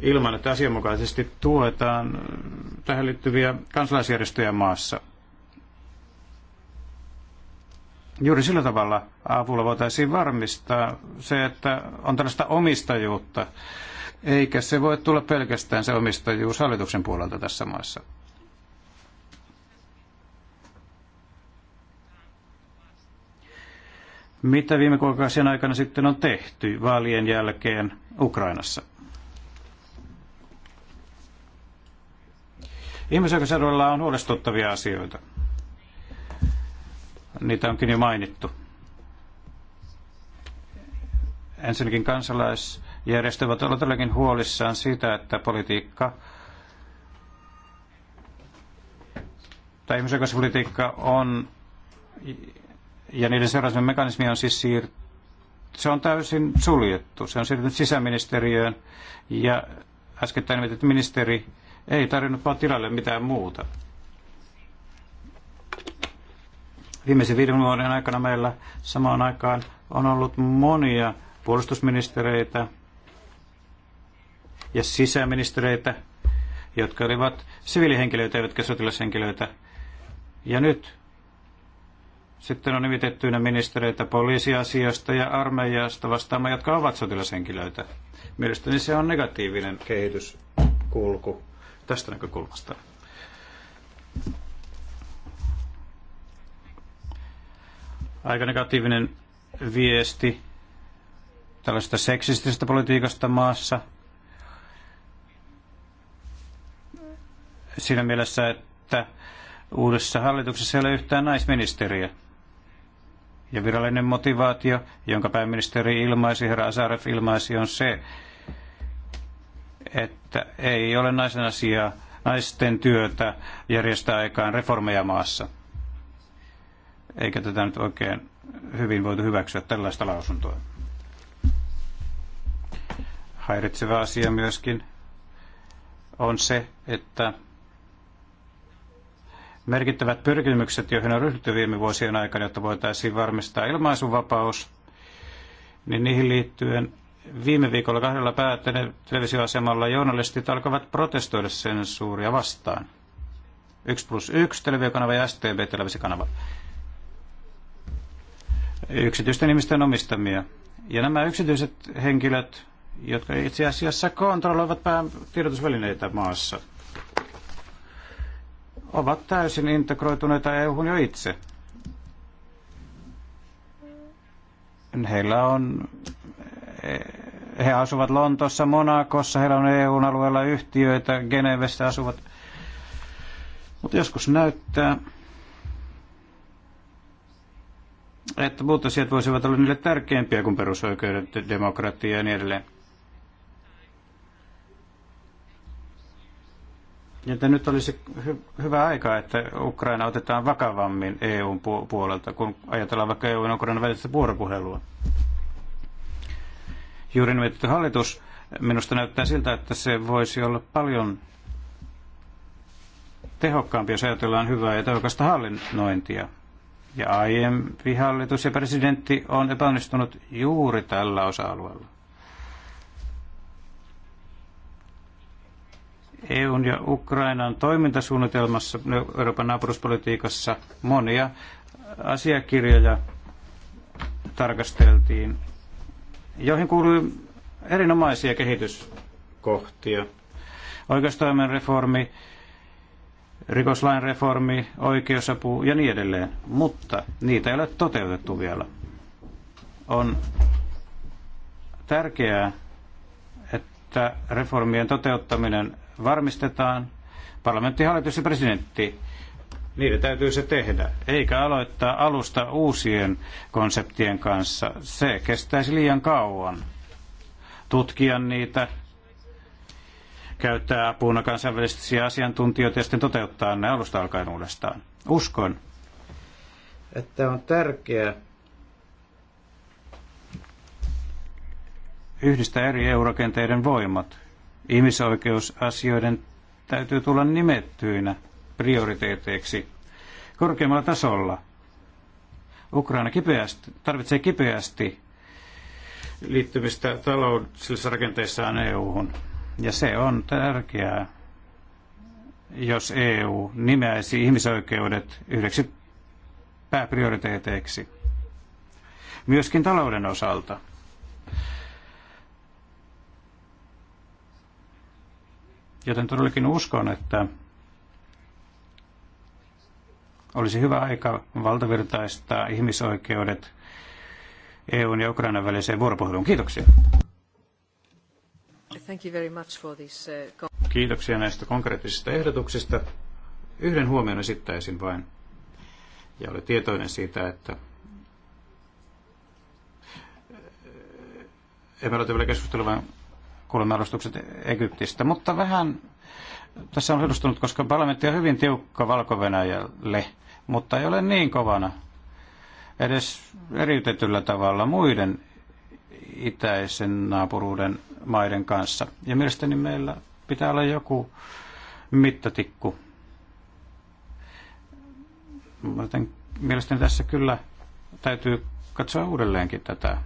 ilman, että asianmukaisesti tuetaan tähän liittyviä kansalaisjärjestöjä maassa. Juuri sillä tavalla avulla voitaisiin varmistaa se, että on tällaista omistajuutta, eikä se voi tulla pelkästään se omistajuus hallituksen puolelta tässä maassa. Mitä viime kuukausien aikana sitten on tehty vaalien jälkeen Ukrainassa? Ihmisoikeusalueella on huolestuttavia asioita. Niitä onkin jo mainittu. Ensinnäkin kansalaisjärjestöt ovat olleet todellakin huolissaan siitä, että politiikka tai ihmisoikeuspolitiikka on ja niiden seurausten mekanismi on siis siir... se on täysin suljettu. Se on siirtynyt sisäministeriöön ja äskettäin nimetetty ministeri ei tarjonnut vaan tilalle mitään muuta. Viimeisen viiden vuoden aikana meillä samaan aikaan on ollut monia puolustusministereitä ja sisäministereitä, jotka olivat siviilihenkilöitä eivätkä sotilashenkilöitä. Ja nyt sitten on nimitettyinä ministereitä poliisiasiasta ja armeijasta vastaamaan, jotka ovat sotilashenkilöitä. Mielestäni se on negatiivinen kehityskulku tästä näkökulmasta. Aika negatiivinen viesti tällaista seksistisestä politiikasta maassa. Siinä mielessä, että uudessa hallituksessa ei ole yhtään naisministeriä ja virallinen motivaatio, jonka pääministeri ilmaisi, herra Azaref ilmaisi, on se, että ei ole naisen asiaa, naisten työtä järjestää aikaan reformeja maassa. Eikä tätä nyt oikein hyvin voitu hyväksyä tällaista lausuntoa. Häiritsevä asia myöskin on se, että merkittävät pyrkimykset, joihin on ryhdytty viime vuosien aikana, jotta voitaisiin varmistaa ilmaisuvapaus, niin niihin liittyen viime viikolla kahdella päättäneet televisioasemalla journalistit alkavat protestoida sensuuria vastaan. 1 plus 1 televisiokanava ja STB televisiokanava. Yksityisten ihmisten omistamia. Ja nämä yksityiset henkilöt, jotka itse asiassa kontrolloivat päätiedotusvälineitä maassa – ovat täysin integroituneita EU-hun jo itse. Heillä on, he asuvat Lontossa, Monakossa, heillä on EU-alueella yhtiöitä, Genevessä asuvat. Mutta joskus näyttää, että muut asiat voisivat olla niille tärkeimpiä kuin perusoikeudet, demokratia ja niin edelleen. Joten nyt olisi hy- hyvä aika, että Ukraina otetaan vakavammin EUn pu- puolelta, kun ajatellaan vaikka EUn ja Ukrainan välistä vuoropuhelua. Juuri nimitetty hallitus minusta näyttää siltä, että se voisi olla paljon tehokkaampi, jos ajatellaan hyvää ja tehokasta hallinnointia. Ja aiempi hallitus ja presidentti on epäonnistunut juuri tällä osa-alueella. EUn ja Ukrainan toimintasuunnitelmassa Euroopan naapuruspolitiikassa monia asiakirjoja tarkasteltiin, joihin kuului erinomaisia kehityskohtia. Oikeustoimen reformi, rikoslain reformi, oikeusapu ja niin edelleen, mutta niitä ei ole toteutettu vielä. On tärkeää, että reformien toteuttaminen varmistetaan. Parlamentti, hallitus ja presidentti, niiden täytyy se tehdä, eikä aloittaa alusta uusien konseptien kanssa. Se kestäisi liian kauan. Tutkia niitä, käyttää apuna kansainvälisiä asiantuntijoita ja sitten toteuttaa ne alusta alkaen uudestaan. Uskon, että on tärkeää yhdistää eri eurokenteiden voimat Ihmisoikeusasioiden täytyy tulla nimettyinä prioriteeteiksi korkeammalla tasolla. Ukraina kipeästi, tarvitsee kipeästi liittymistä taloudellisissa rakenteissaan EU-hun. Ja se on tärkeää, jos EU nimeäisi ihmisoikeudet yhdeksi pääprioriteeteiksi. Myöskin talouden osalta Joten todellakin uskon, että olisi hyvä aika valtavirtaistaa ihmisoikeudet EUn ja Ukrainan väliseen vuoropuheluun. Kiitoksia. Uh, Kiitoksia näistä konkreettisista ehdotuksista. Yhden huomion esittäisin vain, ja olen tietoinen siitä, että eh, emme ole vielä keskustelua, vaan kuulemme Egyptistä, mutta vähän tässä on edustunut, koska parlamentti on hyvin tiukka valko mutta ei ole niin kovana edes eriytetyllä tavalla muiden itäisen naapuruuden maiden kanssa. Ja mielestäni meillä pitää olla joku mittatikku. Joten mielestäni tässä kyllä täytyy katsoa uudelleenkin tätä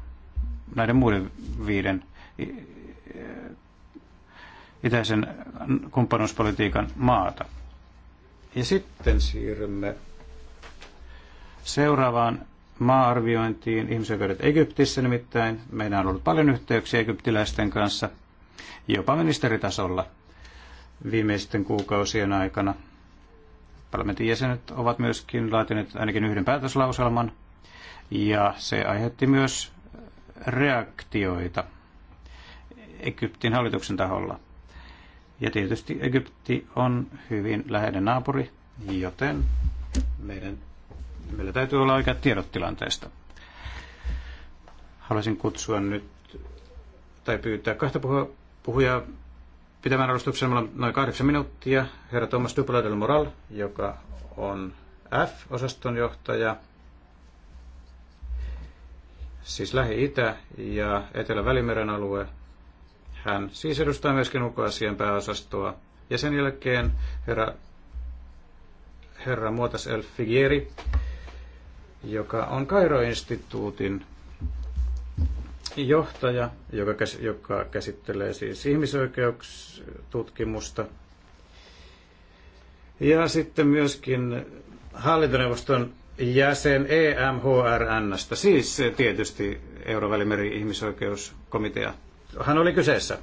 näiden muiden viiden Eh, itäisen kumppanuuspolitiikan maata. Ja sitten siirrymme seuraavaan maa-arviointiin ihmisoikeudet Egyptissä nimittäin. Meillä on ollut paljon yhteyksiä egyptiläisten kanssa, jopa ministeritasolla viimeisten kuukausien aikana. Parlamentin jäsenet ovat myöskin laatineet ainakin yhden päätöslauselman, ja se aiheutti myös reaktioita Egyptin hallituksen taholla. Ja tietysti Egypti on hyvin läheinen naapuri, joten meidän, meillä täytyy olla oikeat tiedot tilanteesta. Haluaisin kutsua nyt tai pyytää kahta puhujaa pitämään alustuksen. on noin kahdeksan minuuttia. Herra Thomas Dupla del Moral, joka on F-osaston johtaja, siis Lähi-Itä ja Etelä-Välimeren alue hän siis edustaa myöskin ulkoasian pääosastoa. Ja sen jälkeen herra, herra Muotas El Figieri, joka on Kairo-instituutin johtaja, joka, käs, joka käsittelee siis ihmisoikeustutkimusta. Ja sitten myöskin hallintoneuvoston jäsen EMHRNstä, siis tietysti Eurovälimeri ihmisoikeuskomitea hän oli kyseessä.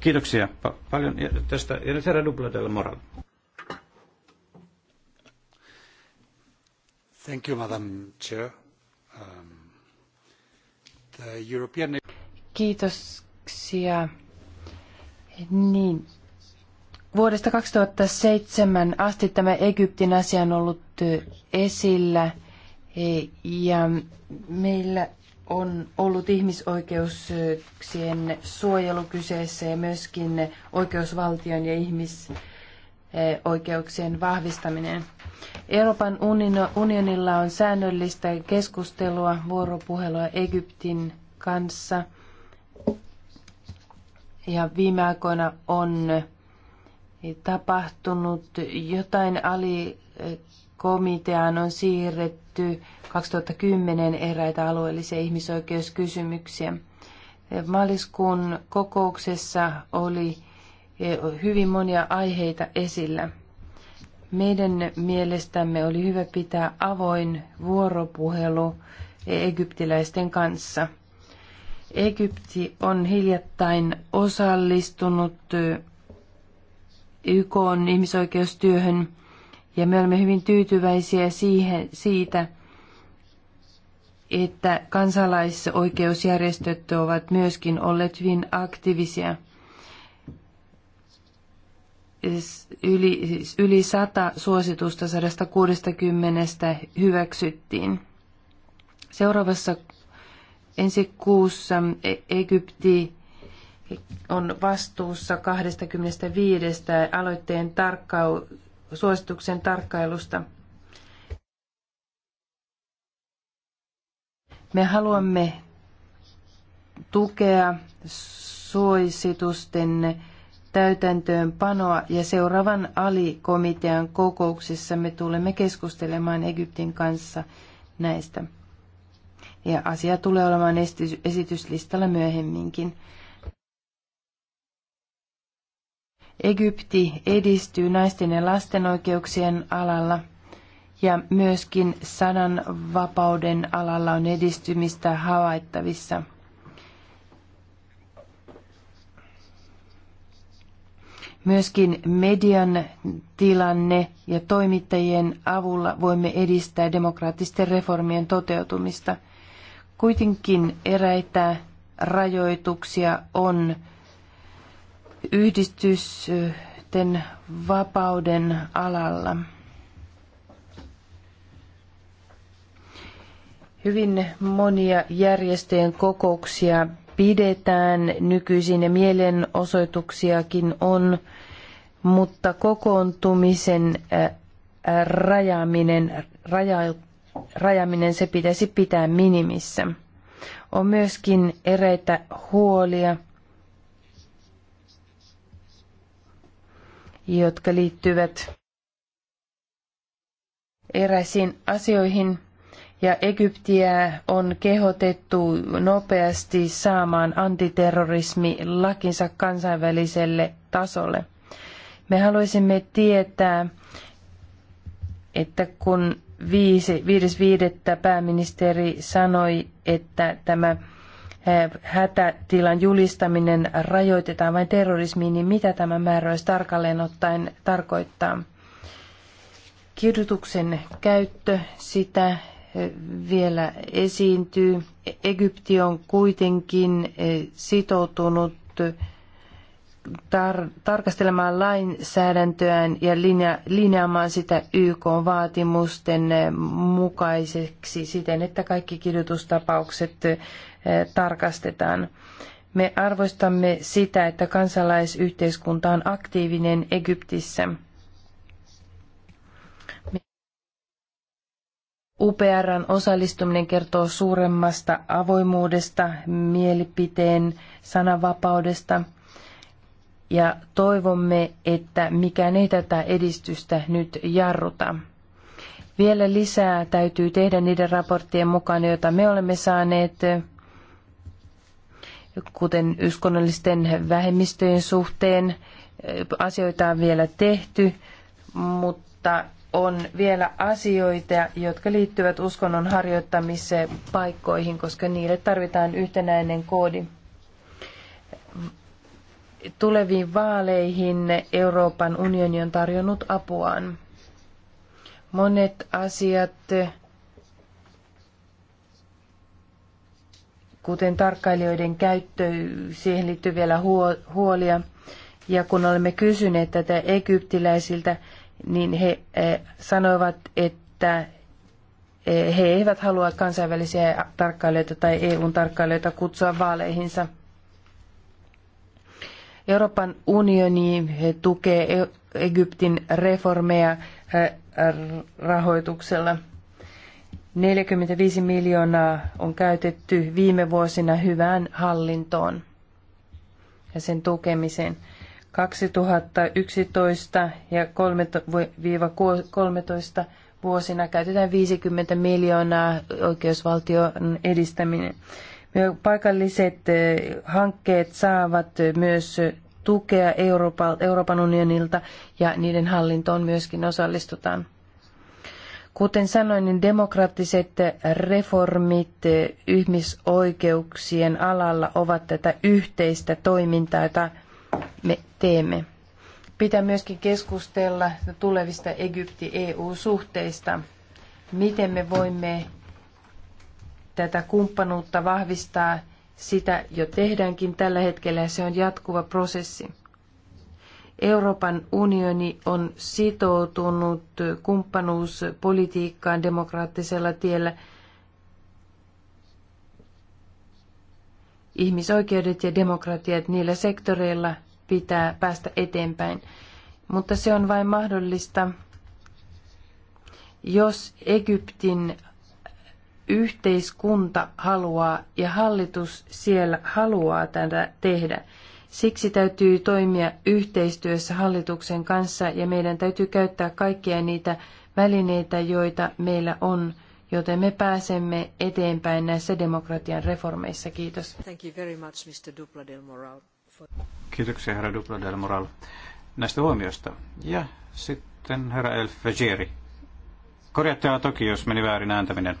Kiitoksia pa- paljon tästä. Ja nyt herra Dubladella Moral. Thank you, Madam Chair. Um, the European... Kiitoksia. Niin. Vuodesta 2007 asti tämä Egyptin asia on ollut esillä e, ja meillä on ollut ihmisoikeuksien suojelu kyseessä ja myöskin oikeusvaltion ja ihmisoikeuksien vahvistaminen. Euroopan unionilla on säännöllistä keskustelua, vuoropuhelua Egyptin kanssa. Ja viime aikoina on tapahtunut jotain alikomiteaan on siirretty 2010 eräitä alueellisia ihmisoikeuskysymyksiä. Maaliskuun kokouksessa oli eh, hyvin monia aiheita esillä. Meidän mielestämme oli hyvä pitää avoin vuoropuhelu egyptiläisten kanssa. Egypti on hiljattain osallistunut eh, YK on ihmisoikeustyöhön ja me olemme hyvin tyytyväisiä siihen, siitä, että kansalaisoikeusjärjestöt ovat myöskin olleet hyvin aktiivisia. Yli, yli sata suositusta 160 hyväksyttiin. Seuraavassa ensi kuussa Egypti on vastuussa 25 aloitteen tarkkau, suosituksen tarkkailusta. Me haluamme tukea suositusten täytäntöönpanoa ja seuraavan alikomitean kokouksessa me tulemme keskustelemaan Egyptin kanssa näistä. Ja asia tulee olemaan esityslistalla myöhemminkin. Egypti edistyy naisten ja lasten oikeuksien alalla ja myöskin sanan vapauden alalla on edistymistä havaittavissa. Myöskin median tilanne ja toimittajien avulla voimme edistää demokraattisten reformien toteutumista. Kuitenkin eräitä rajoituksia on yhdistysten vapauden alalla. Hyvin monia järjestöjen kokouksia pidetään nykyisin ja mielenosoituksiakin on, mutta kokoontumisen äh, rajaaminen, raja, rajaaminen se pitäisi pitää minimissä. On myöskin eräitä huolia jotka liittyvät eräisiin asioihin, ja Egyptiä on kehotettu nopeasti saamaan antiterrorismilakinsa kansainväliselle tasolle. Me haluaisimme tietää, että kun 5.5. pääministeri sanoi, että tämä Äh, hätätilan julistaminen rajoitetaan vain terrorismiin, niin mitä tämä määräys tarkalleen ottaen tarkoittaa? Kidutuksen käyttö, sitä äh, vielä esiintyy. Egypti on kuitenkin äh, sitoutunut tar- tarkastelemaan lainsäädäntöään ja linja- linjaamaan sitä YK-vaatimusten eh, mukaiseksi siten, että kaikki kidutustapaukset eh, tarkastetaan. Me arvostamme sitä, että kansalaisyhteiskunta on aktiivinen Egyptissä. UPRn osallistuminen kertoo suuremmasta avoimuudesta, mielipiteen, sananvapaudesta – ja toivomme, että mikään ei tätä edistystä nyt jarruta. Vielä lisää täytyy tehdä niiden raporttien mukaan, joita me olemme saaneet, kuten uskonnollisten vähemmistöjen suhteen. Asioita on vielä tehty, mutta on vielä asioita, jotka liittyvät uskonnon harjoittamiseen paikkoihin, koska niille tarvitaan yhtenäinen koodi tuleviin vaaleihin Euroopan unioni on tarjonnut apuaan. Monet asiat, kuten tarkkailijoiden käyttö, siihen liittyy vielä huolia. Ja kun olemme kysyneet tätä egyptiläisiltä, niin he eh, sanoivat, että eh, he eivät halua kansainvälisiä tarkkailijoita tai EUn tarkkailijoita kutsua vaaleihinsa – Euroopan unioni tukee e- Egyptin reformeja äh, rahoituksella. 45 miljoonaa on käytetty viime vuosina hyvään hallintoon ja sen tukemiseen. 2011 ja 2013 vuosina käytetään 50 miljoonaa oikeusvaltion edistäminen. Paikalliset eh, hankkeet saavat myös tukea Euroopan unionilta ja niiden hallintoon myöskin osallistutaan. Kuten sanoin, niin demokraattiset reformit eh, ihmisoikeuksien alalla ovat tätä yhteistä toimintaa, jota me teemme. Pitää myöskin keskustella tulevista Egypti-EU-suhteista. Miten me voimme tätä kumppanuutta vahvistaa, sitä jo tehdäänkin tällä hetkellä ja se on jatkuva prosessi. Euroopan unioni on sitoutunut kumppanuuspolitiikkaan demokraattisella tiellä. Ihmisoikeudet ja demokratiat niillä sektoreilla pitää päästä eteenpäin. Mutta se on vain mahdollista, jos Egyptin yhteiskunta haluaa ja hallitus siellä haluaa tätä tehdä. Siksi täytyy toimia yhteistyössä hallituksen kanssa ja meidän täytyy käyttää kaikkia niitä välineitä, joita meillä on, joten me pääsemme eteenpäin näissä demokratian reformeissa. Kiitos. Thank you very much, Mr. Dupla del Moral. Kiitoksia, herra Dupla del Moral, näistä huomioista. Ja sitten herra Elf Vegeri. Korjattaa toki, jos meni väärin ääntäminen.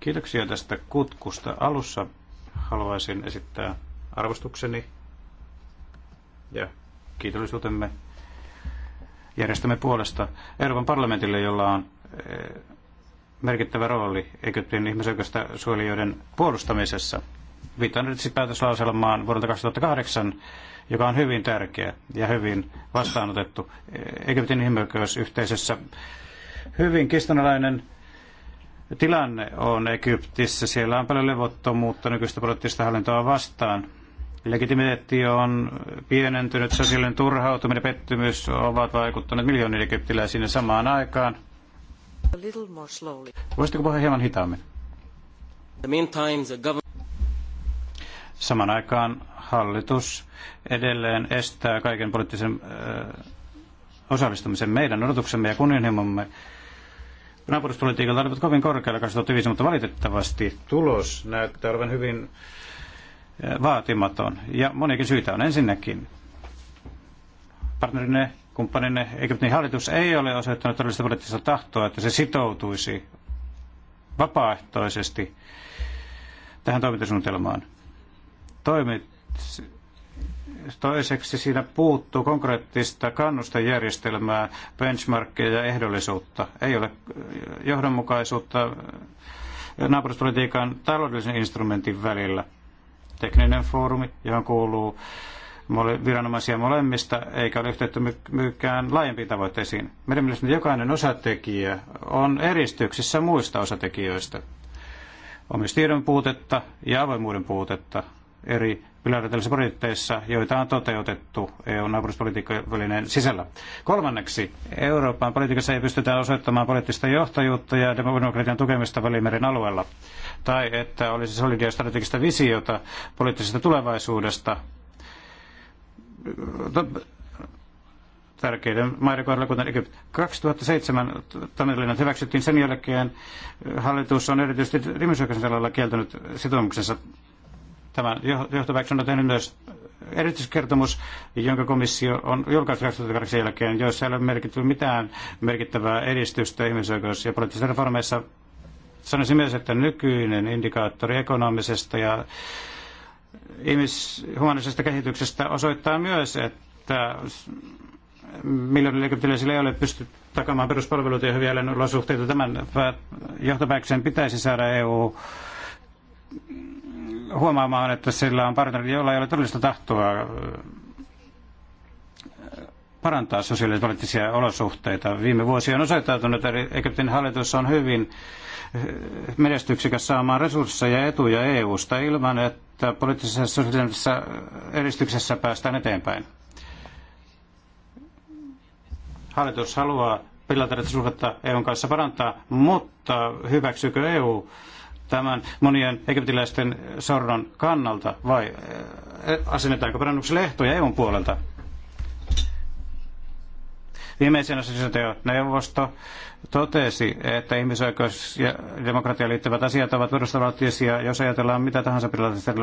Kiitoksia tästä kutkusta. Alussa haluaisin esittää arvostukseni ja kiitollisuutemme järjestämme puolesta Euroopan parlamentille, jolla on eh, merkittävä rooli Egyptin ihmisoikeusta suojelijoiden puolustamisessa. Viittaan nyt siis päätöslauselmaan vuodelta 2008, joka on hyvin tärkeä ja hyvin vastaanotettu eh, Egyptin ihmisoikeusyhteisössä. Hyvin kistanalainen tilanne on Egyptissä. Siellä on paljon levottomuutta nykyistä poliittista hallintoa vastaan. Legitimiteetti on pienentynyt, sosiaalinen turhautuminen ja pettymys ovat vaikuttaneet miljoonien egyptiläisiin samaan aikaan. Voisitko puhua hieman hitaammin? Samaan aikaan hallitus edelleen estää kaiken poliittisen ö, osallistumisen meidän odotuksemme ja kunnianhimomme naapuruspolitiikalla olivat kovin korkealla 2005, mutta valitettavasti tulos näyttää olevan hyvin eh, vaatimaton. Ja monikin syitä on ensinnäkin. Partnerinne, kumppaninne, Egyptin hallitus ei ole osoittanut todellista poliittista tahtoa, että se sitoutuisi vapaaehtoisesti tähän toimintasuunnitelmaan. Toimit, Toiseksi siinä puuttuu konkreettista kannustejärjestelmää, benchmarkkeja ja ehdollisuutta. Ei ole äh, johdonmukaisuutta äh, naapuruspolitiikan taloudellisen instrumentin välillä. Tekninen foorumi, johon kuuluu viranomaisia molemmista, eikä ole yhteyttä mykään laajempiin tavoitteisiin. Meidän mielestämme jokainen osatekijä on eristyksissä muista osatekijöistä. On myös tiedon puutetta ja avoimuuden puutetta eri bilateraalisissa projekteissa, joita on toteutettu EUn välineen sisällä. Kolmanneksi, Euroopan politiikassa ei pystytä osoittamaan poliittista johtajuutta ja demokratian tukemista Välimeren alueella, tai että olisi solidia strategista visiota poliittisesta tulevaisuudesta tärkeiden maiden kohdalla, kuten Egypt. 2007 Tamilinnat hyväksyttiin sen jälkeen. Hallitus on erityisesti alalla kieltänyt sitoumuksensa Tämän johtoväksyn on tehnyt myös erityiskertomus, jonka komissio on julkaissut 2008 jälkeen, joissa ei ole merkitty mitään merkittävää edistystä ihmisoikeus- ja poliittisissa reformeissa. Sanoisin myös, että nykyinen indikaattori ekonomisesta ja ihmishumanisesta kehityksestä osoittaa myös, että miljoonille egyptiläisille ei ole pystytty takaamaan peruspalveluita ja hyviä olosuhteita. Tämän johtopäätöksen pitäisi saada EU huomaamaan, että sillä on partneri, jolla ei ole todellista tahtoa äh, parantaa sosiaalipoliittisia olosuhteita. Viime vuosi on osoittautunut, että Egyptin hallitus on hyvin äh, menestyksikäs saamaan resursseja ja etuja EU-sta ilman, että poliittisessa sosiaalisessa äh, edistyksessä päästään eteenpäin. Hallitus haluaa bilateraalista suhdetta EUn kanssa parantaa, mutta hyväksyykö EU tämän monien egyptiläisten sorron kannalta vai eh, eh, asennetaanko parannuksille ehtoja EUn puolelta? Viimeisenä sisältöjä neuvosto totesi, että ihmisoikeus- ja demokratiaan liittyvät asiat ovat perustavanlaatuisia. Jos ajatellaan mitä tahansa privaatisten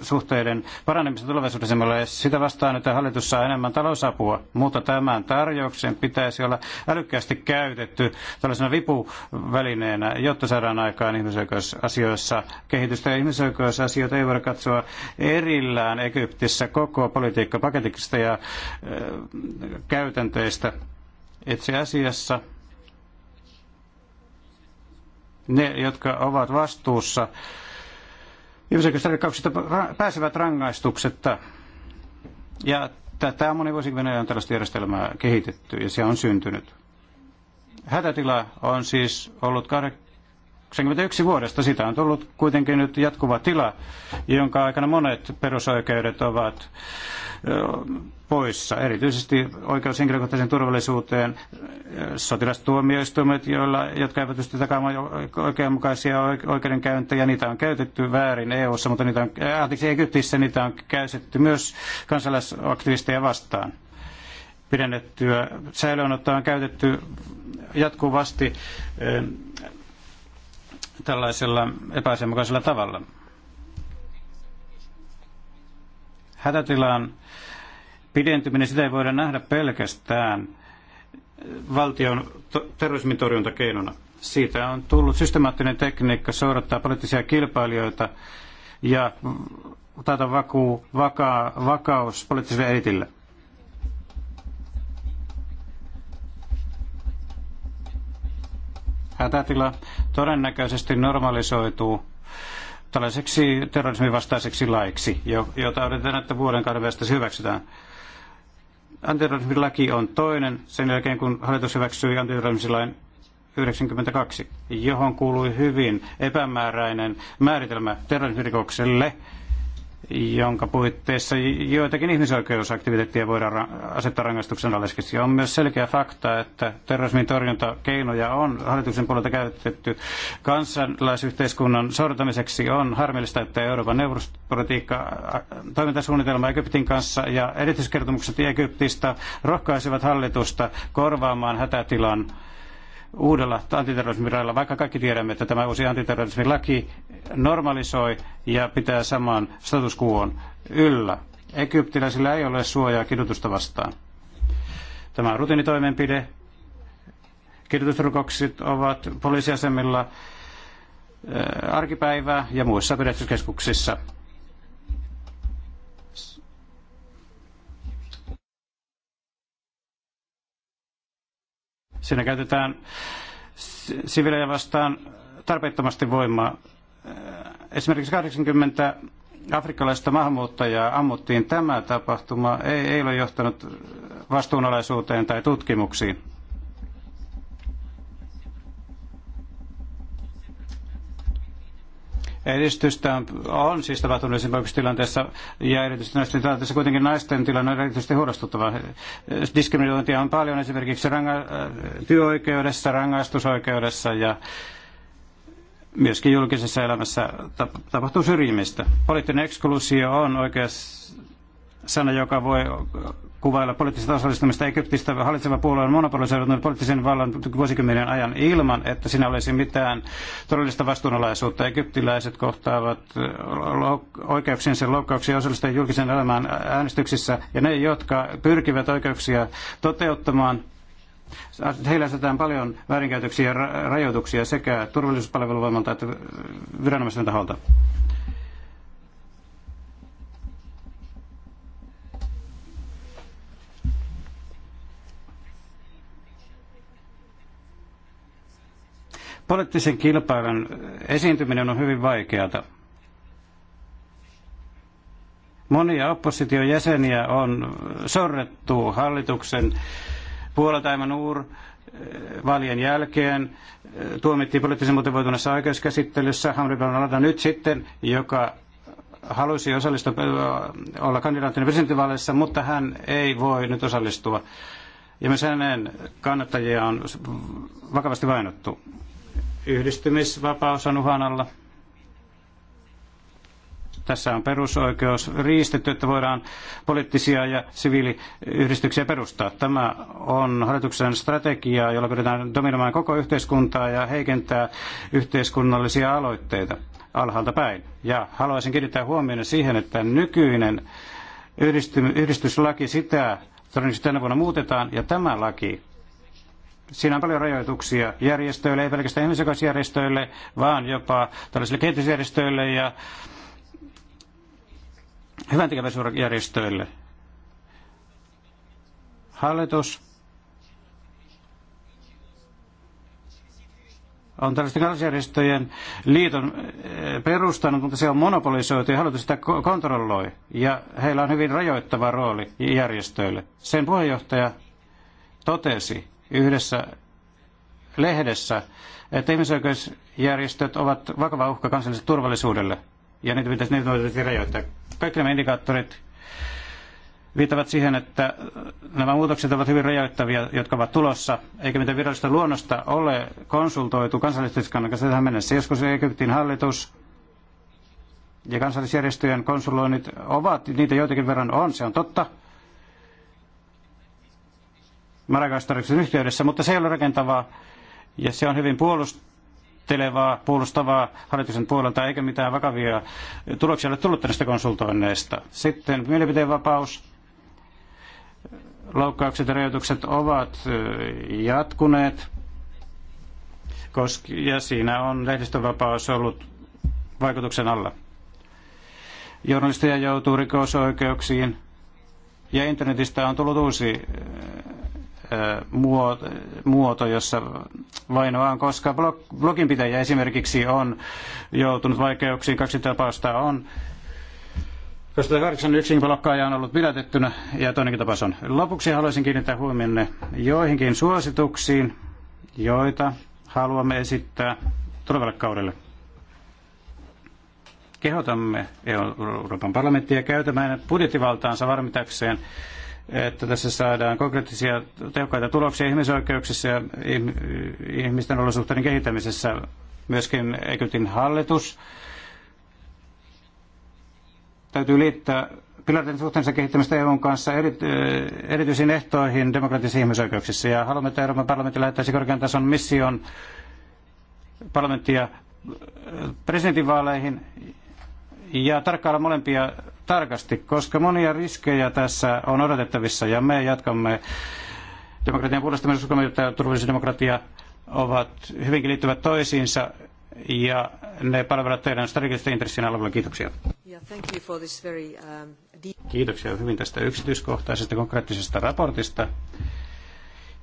suhteiden paranemista tulevaisuudessa, me ole sitä vastaan, että hallitus saa enemmän talousapua, mutta tämän tarjouksen pitäisi olla älykkäästi käytetty tällaisena vipuvälineenä, jotta saadaan aikaan ihmisoikeusasioissa kehitystä. Ja ihmisoikeusasioita ei voida katsoa erillään Egyptissä koko politiikkapaketista ja äh, käytänteistä. Itse asiassa ne, jotka ovat vastuussa ihmisoikeusrikoksista, pääsevät rangaistuksetta. Ja tätä on moni vuosikymmen ajan tällaista järjestelmää kehitetty ja se on syntynyt. Hätätila on siis ollut 1991 vuodesta sitä on tullut kuitenkin nyt jatkuva tila, jonka aikana monet perusoikeudet ovat poissa, erityisesti oikeus henkilökohtaiseen turvallisuuteen, sotilastuomioistuimet, joilla, jotka eivät pysty takaamaan oikeanmukaisia oikeudenkäyntejä, niitä on käytetty väärin EU-ssa, mutta niitä on, anteeksi, Egyptissä niitä on käytetty myös kansalaisaktivisteja vastaan pidennettyä säilöönottoa on käytetty jatkuvasti tällaisella epäasianmukaisella tavalla. Hätätilan pidentyminen, sitä ei voida nähdä pelkästään valtion terrorismin torjuntakeinona. Siitä on tullut systemaattinen tekniikka seurattaa poliittisia kilpailijoita ja taata vakuu, vakaa, vakaus poliittisille elitille. hätätila todennäköisesti normalisoituu tällaiseksi terrorismin vastaiseksi laiksi, jota odotetaan, että vuoden kahden päästä hyväksytään. Antiterrorismin laki on toinen sen jälkeen, kun hallitus hyväksyi antiterrorismilain 92, johon kuului hyvin epämääräinen määritelmä terrorismirikokselle – jonka puitteissa joitakin ihmisoikeusaktiviteetteja voidaan asettaa rangaistuksen alaiseksi. On myös selkeä fakta, että terrorismin torjuntakeinoja on hallituksen puolelta käytetty kansalaisyhteiskunnan sortamiseksi. On harmillista, että Euroopan neuvostopolitiikka toimintasuunnitelma Egyptin kanssa ja erityiskertomukset Egyptistä rohkaisevat hallitusta korvaamaan hätätilan uudella antiterrorismirailla, vaikka kaikki tiedämme, että tämä uusi antiterrorismilaki normalisoi ja pitää saman status quoon yllä. Egyptiläisillä ei ole suojaa kidutusta vastaan. Tämä on rutiinitoimenpide. Kidutusrikokset ovat poliisiasemilla arkipäivää ja muissa pidätyskeskuksissa. Siinä käytetään siviilejä vastaan tarpeettomasti voimaa. Esimerkiksi 80 afrikkalaista maahanmuuttajaa ammuttiin. Tämä tapahtuma ei, ei ole johtanut vastuunalaisuuteen tai tutkimuksiin. Edistystä on, on siis tapahtunut esimerkiksi tilanteessa ja erityisesti naisten tilanteessa kuitenkin naisten tilanne on erityisesti huolestuttava. Diskriminointia on paljon esimerkiksi ranga- työoikeudessa, rangaistusoikeudessa ja myöskin julkisessa elämässä tapahtuu syrjimistä. Poliittinen eksklusio on oikea sana, joka voi kuvailla poliittista osallistumista Egyptistä hallitseva puolue on monopolisoitunut poliittisen vallan vuosikymmenien ajan ilman, että siinä olisi mitään todellista vastuunalaisuutta. Egyptiläiset kohtaavat eh, oikeuksiensa loukkauksia osallistua julkisen elämään äänestyksissä ja ne, jotka pyrkivät oikeuksia toteuttamaan, Heillä asetetaan paljon väärinkäytöksiä ja rajoituksia sekä turvallisuuspalveluvoimalta että viranomaisten taholta. Poliittisen kilpailun esiintyminen on hyvin vaikeata. Monia opposition jäseniä on sorrettu hallituksen puolelta aivan uur eh, vaalien jälkeen. Eh, tuomittiin poliittisen motivoituneessa oikeuskäsittelyssä Hamri Bonalada nyt sitten, joka halusi osallistua eh, olla kandidaattina presidentinvaaleissa, mutta hän ei voi nyt osallistua. Ja myös hänen kannattajia on vakavasti vainottu. Yhdistymisvapaus on uhan alla. Tässä on perusoikeus riistetty, että voidaan poliittisia ja siviiliyhdistyksiä perustaa. Tämä on hallituksen strategia, jolla pyritään dominoimaan koko yhteiskuntaa ja heikentää yhteiskunnallisia aloitteita alhaalta päin. Ja haluaisin kiinnittää huomioon siihen, että nykyinen yhdisty, yhdistyslaki sitä todennäköisesti tänä vuonna muutetaan, ja tämä laki Siinä on paljon rajoituksia järjestöille, ei pelkästään ihmisoikeusjärjestöille, vaan jopa tällaisille kehitysjärjestöille ja hyvän järjestöille. Hallitus on tällaisten kansanjärjestöjen liiton eh, perustanut, mutta se on monopolisoitu ja hallitus sitä kontrolloi. Ja heillä on hyvin rajoittava rooli järjestöille. Sen puheenjohtaja totesi, yhdessä lehdessä, että ihmisoikeusjärjestöt ovat vakava uhka kansalliselle turvallisuudelle ja niitä pitäisi, niitä pitäisi rajoittaa. Kaikki nämä indikaattorit viittavat siihen, että nämä muutokset ovat hyvin rajoittavia, jotka ovat tulossa, eikä mitään virallista luonnosta ole konsultoitu kansallisyhteiskunnan kanssa tähän mennessä. Joskus Egyptin hallitus ja kansallisjärjestöjen konsuloinnit ovat, niitä joitakin verran on, se on totta, Madagaskarin yhteydessä, mutta se ei ole rakentavaa ja se on hyvin puolustelevaa, puolustavaa hallituksen puolelta, eikä mitään vakavia tuloksia ole tullut tästä konsultoinneista. Sitten mielipiteenvapaus. Loukkaukset ja rajoitukset ovat jatkuneet, koska, ja siinä on lehdistönvapaus ollut vaikutuksen alla. Journalisteja joutuu rikosoikeuksiin, ja internetistä on tullut uusi muoto, jossa vainoa on, koska bloginpitäjä esimerkiksi on joutunut vaikeuksiin, kaksi tapausta on. 2008 yksi blokkaaja on ollut pidätettynä ja toinenkin tapaus on. Lopuksi haluaisin kiinnittää huomionne joihinkin suosituksiin, joita haluamme esittää tulevalle kaudelle. Kehotamme Euroopan parlamenttia käytämään budjettivaltaansa varmitakseen että tässä saadaan konkreettisia tehokkaita tuloksia ihmisoikeuksissa ja ihmisten olosuhteiden kehittämisessä. Myöskin Egyptin hallitus täytyy liittää Pilarin suhteensa kehittämistä EUn kanssa eri, erityisiin ehtoihin demokraattisissa ihmisoikeuksissa. Ja haluamme, että Euroopan parlamentti lähettäisi korkean tason mission parlamenttia presidentinvaaleihin ja tarkkailla molempia tarkasti, koska monia riskejä tässä on odotettavissa ja me jatkamme demokratian puolesta myös uskomme, että turvallisuus ja demokratia ovat hyvinkin liittyvät toisiinsa ja ne palvelevat teidän strategista intressien alueella. Kiitoksia. Um, Kiitoksia hyvin tästä yksityiskohtaisesta konkreettisesta raportista.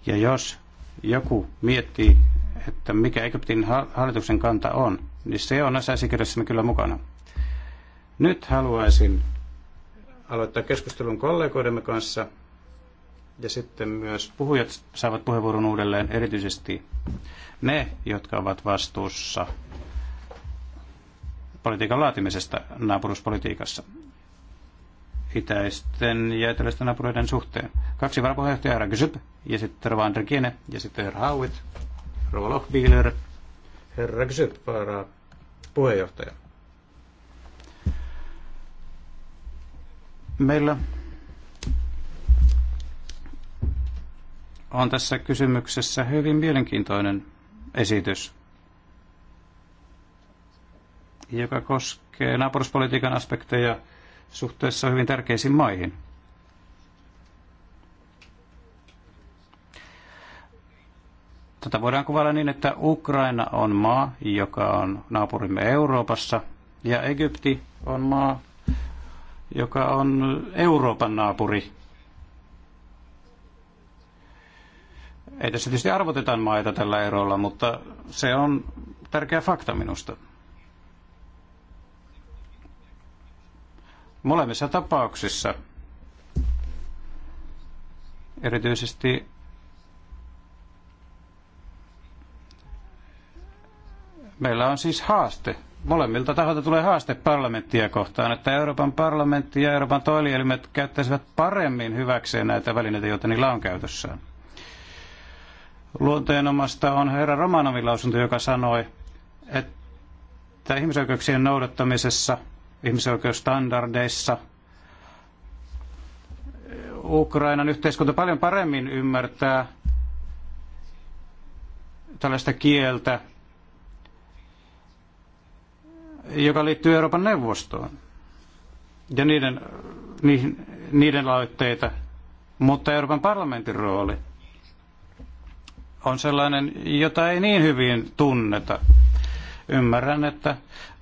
Ja jos joku miettii, että mikä Egyptin hallituksen kanta on, niin se on näissä esikirjoissamme kyllä mukana. Nyt haluaisin aloittaa keskustelun kollegoidemme kanssa ja sitten myös puhujat saavat puheenvuoron uudelleen, erityisesti ne, jotka ovat vastuussa politiikan laatimisesta naapuruspolitiikassa itäisten ja eteläisten naapureiden suhteen. Kaksi varapuheenjohtajaa, herra Gysyp, ja sitten herra Kiene, ja sitten herra Hauit, rouva Lochbieler, herra Gysyp, varapuheenjohtaja. Meillä on tässä kysymyksessä hyvin mielenkiintoinen esitys, joka koskee naapuruspolitiikan aspekteja suhteessa hyvin tärkeisiin maihin. Tätä voidaan kuvailla niin, että Ukraina on maa, joka on naapurimme Euroopassa, ja Egypti on maa, joka on Euroopan naapuri. Ei tässä tietysti arvoteta maita tällä erolla, mutta se on tärkeä fakta minusta. Molemmissa tapauksissa, erityisesti meillä on siis haaste molemmilta taholta tulee haaste parlamenttia kohtaan, että Euroopan parlamentti ja Euroopan toimielimet käyttäisivät paremmin hyväkseen näitä välineitä, joita niillä on käytössään. Luonteenomasta on herra Romanovin lausunto, joka sanoi, että ihmisoikeuksien noudattamisessa, ihmisoikeusstandardeissa, Ukrainan yhteiskunta paljon paremmin ymmärtää tällaista kieltä, joka liittyy Euroopan neuvostoon ja niiden, niihin, niiden laitteita, mutta Euroopan parlamentin rooli on sellainen, jota ei niin hyvin tunneta. Ymmärrän, että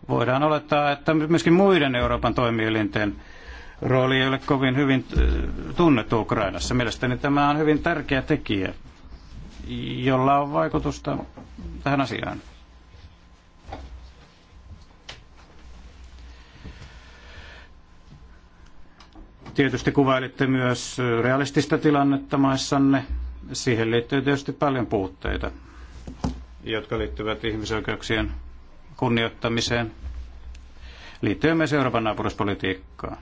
voidaan olettaa, että myöskin muiden Euroopan toimielinten rooli ei ole kovin hyvin äh, tunnettu Ukrainassa. Mielestäni tämä on hyvin tärkeä tekijä, jolla on vaikutusta tähän asiaan. Tietysti kuvailitte myös realistista tilannetta maissanne. Siihen liittyy tietysti paljon puutteita, jotka liittyvät ihmisoikeuksien kunnioittamiseen. liittyen myös Euroopan naapuruspolitiikkaan.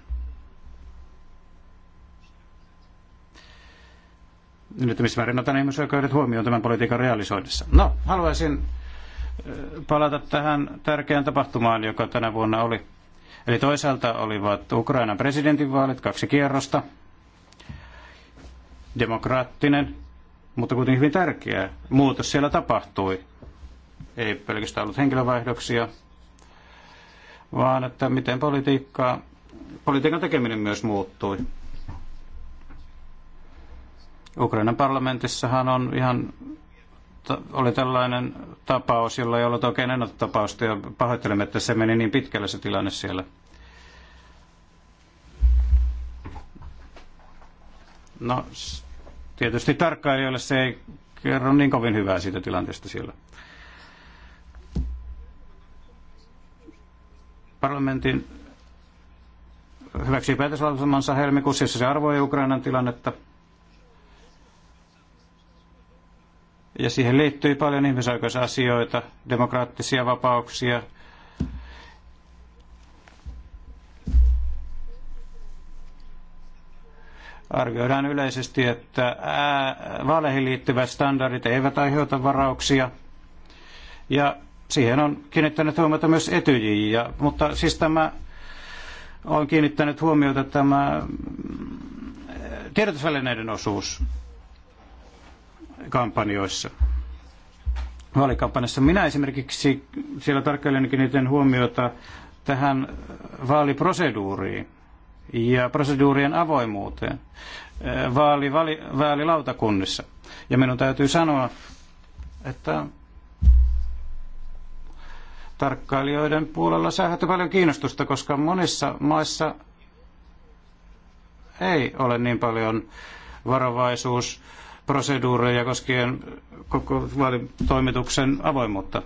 Nyt missä määrin otan ihmisoikeudet huomioon tämän politiikan realisoinnissa. No, haluaisin äh, palata tähän tärkeään tapahtumaan, joka tänä vuonna oli Eli toisaalta olivat Ukrainan presidentinvaalit, kaksi kierrosta, demokraattinen, mutta kuitenkin hyvin tärkeä muutos siellä tapahtui. Ei pelkästään ollut henkilövaihdoksia, vaan että miten politiikkaa, politiikan tekeminen myös muuttui. Ukrainan parlamentissahan on ihan oli tällainen tapaus, jolla ei ollut oikein ennaltatapausta ja pahoittelemme, että se meni niin pitkälle se tilanne siellä. No, tietysti tarkkailijoille se ei kerro niin kovin hyvää siitä tilanteesta siellä. Parlamentin hyväksyi päätöslauselmansa helmikuussa, se arvoi Ukrainan tilannetta – ja siihen liittyy paljon ihmisoikeusasioita, demokraattisia vapauksia. Arvioidaan yleisesti, että vaaleihin liittyvät standardit eivät aiheuta varauksia. Ja siihen on kiinnittänyt huomiota myös etyjiä. mutta siis tämä on kiinnittänyt huomiota tämä mm, tiedotusvälineiden osuus kampanjoissa. Vaalikampanjassa minä esimerkiksi siellä tarkkailenkin niiden huomiota tähän vaaliproseduuriin ja proseduurien avoimuuteen eh, vaali, vaali, vaalilautakunnissa. Ja minun täytyy sanoa, että tarkkailijoiden puolella sähätty paljon kiinnostusta, koska monissa maissa ei ole niin paljon varovaisuus proseduureja koskien koko vaalitoimituksen avoimuutta.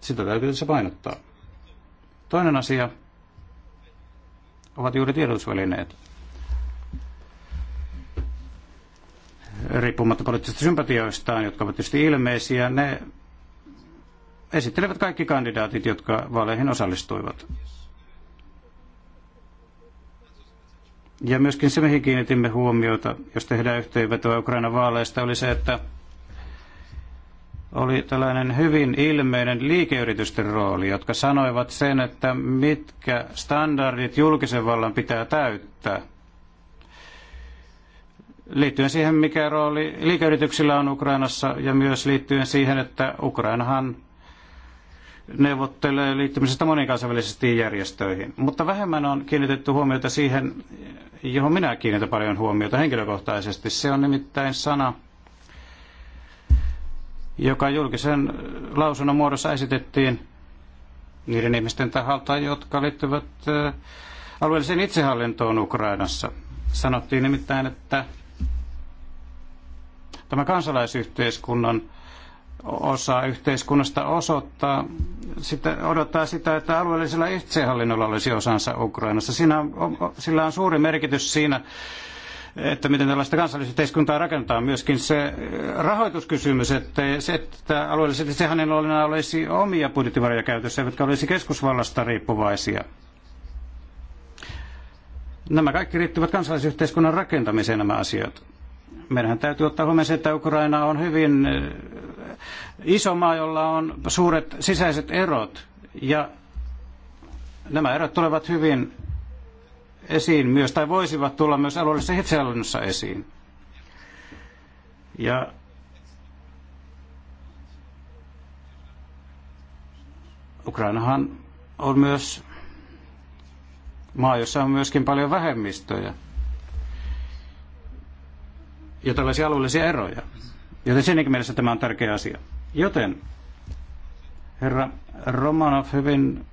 Sitä täytyy se painottaa. Toinen asia ovat juuri tiedotusvälineet. Riippumatta poliittisista sympatioistaan, jotka ovat tietysti ilmeisiä, ne esittelevät kaikki kandidaatit, jotka vaaleihin osallistuivat. Ja myöskin se, mihin kiinnitimme huomiota, jos tehdään yhteenvetoa Ukrainan vaaleista, oli se, että oli tällainen hyvin ilmeinen liikeyritysten rooli, jotka sanoivat sen, että mitkä standardit julkisen vallan pitää täyttää. Liittyen siihen, mikä rooli liikeyrityksillä on Ukrainassa ja myös liittyen siihen, että Ukrainahan neuvottelee liittymisestä moniin kansainvälisesti järjestöihin. Mutta vähemmän on kiinnitetty huomiota siihen, johon minä kiinnitän paljon huomiota henkilökohtaisesti. Se on nimittäin sana, joka julkisen lausunnon muodossa esitettiin niiden ihmisten taholta, jotka liittyvät eh, alueelliseen itsehallintoon Ukrainassa. Sanottiin nimittäin, että tämä kansalaisyhteiskunnan osa yhteiskunnasta osoittaa, sitä, odottaa sitä, että alueellisella itsehallinnolla olisi osansa Ukrainassa. Siinä on, sillä on suuri merkitys siinä, että miten tällaista kansallisyhteiskuntaa rakentaa. Myöskin se äh, rahoituskysymys, että, se, että alueelliset itsehallinnolla olisi omia budjettivaroja käytössä, jotka olisi keskusvallasta riippuvaisia. Nämä kaikki riittyvät kansallisyhteiskunnan rakentamiseen nämä asiat. Meidän täytyy ottaa huomioon se, että Ukraina on hyvin äh, iso maa, jolla on suuret sisäiset erot ja nämä erot tulevat hyvin esiin myös, tai voisivat tulla myös alueellisessa itsehallinnossa esiin. Ja Ukrainahan on myös maa, jossa on myöskin paljon vähemmistöjä ja tällaisia alueellisia eroja. Joten senkin mielessä tämä on tärkeä asia. Joten herra Romanov hyvin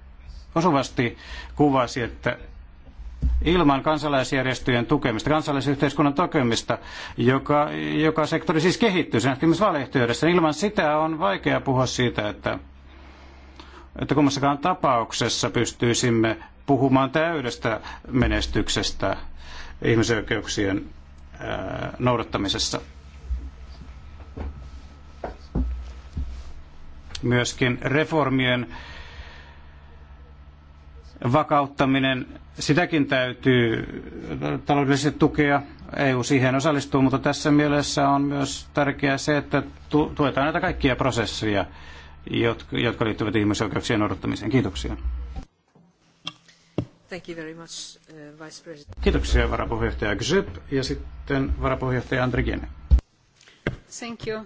osuvasti kuvasi, että ilman kansalaisjärjestöjen tukemista, kansalaisyhteiskunnan tukemista, joka, joka sektori siis kehittyy, se nähtiin myös niin ilman sitä on vaikea puhua siitä, että, että kummassakaan tapauksessa pystyisimme puhumaan täydestä menestyksestä ihmisoikeuksien noudattamisessa. myöskin reformien vakauttaminen, sitäkin täytyy taloudellisesti tukea. EU siihen osallistuu, mutta tässä mielessä on myös tärkeää se, että tuetaan näitä kaikkia prosesseja, jotka liittyvät ihmisoikeuksien odottamiseen. Kiitoksia. Thank you very much, uh, Vice President. Kiitoksia varapuheenjohtaja Gzip ja sitten varapuheenjohtaja Andrigene. Thank you.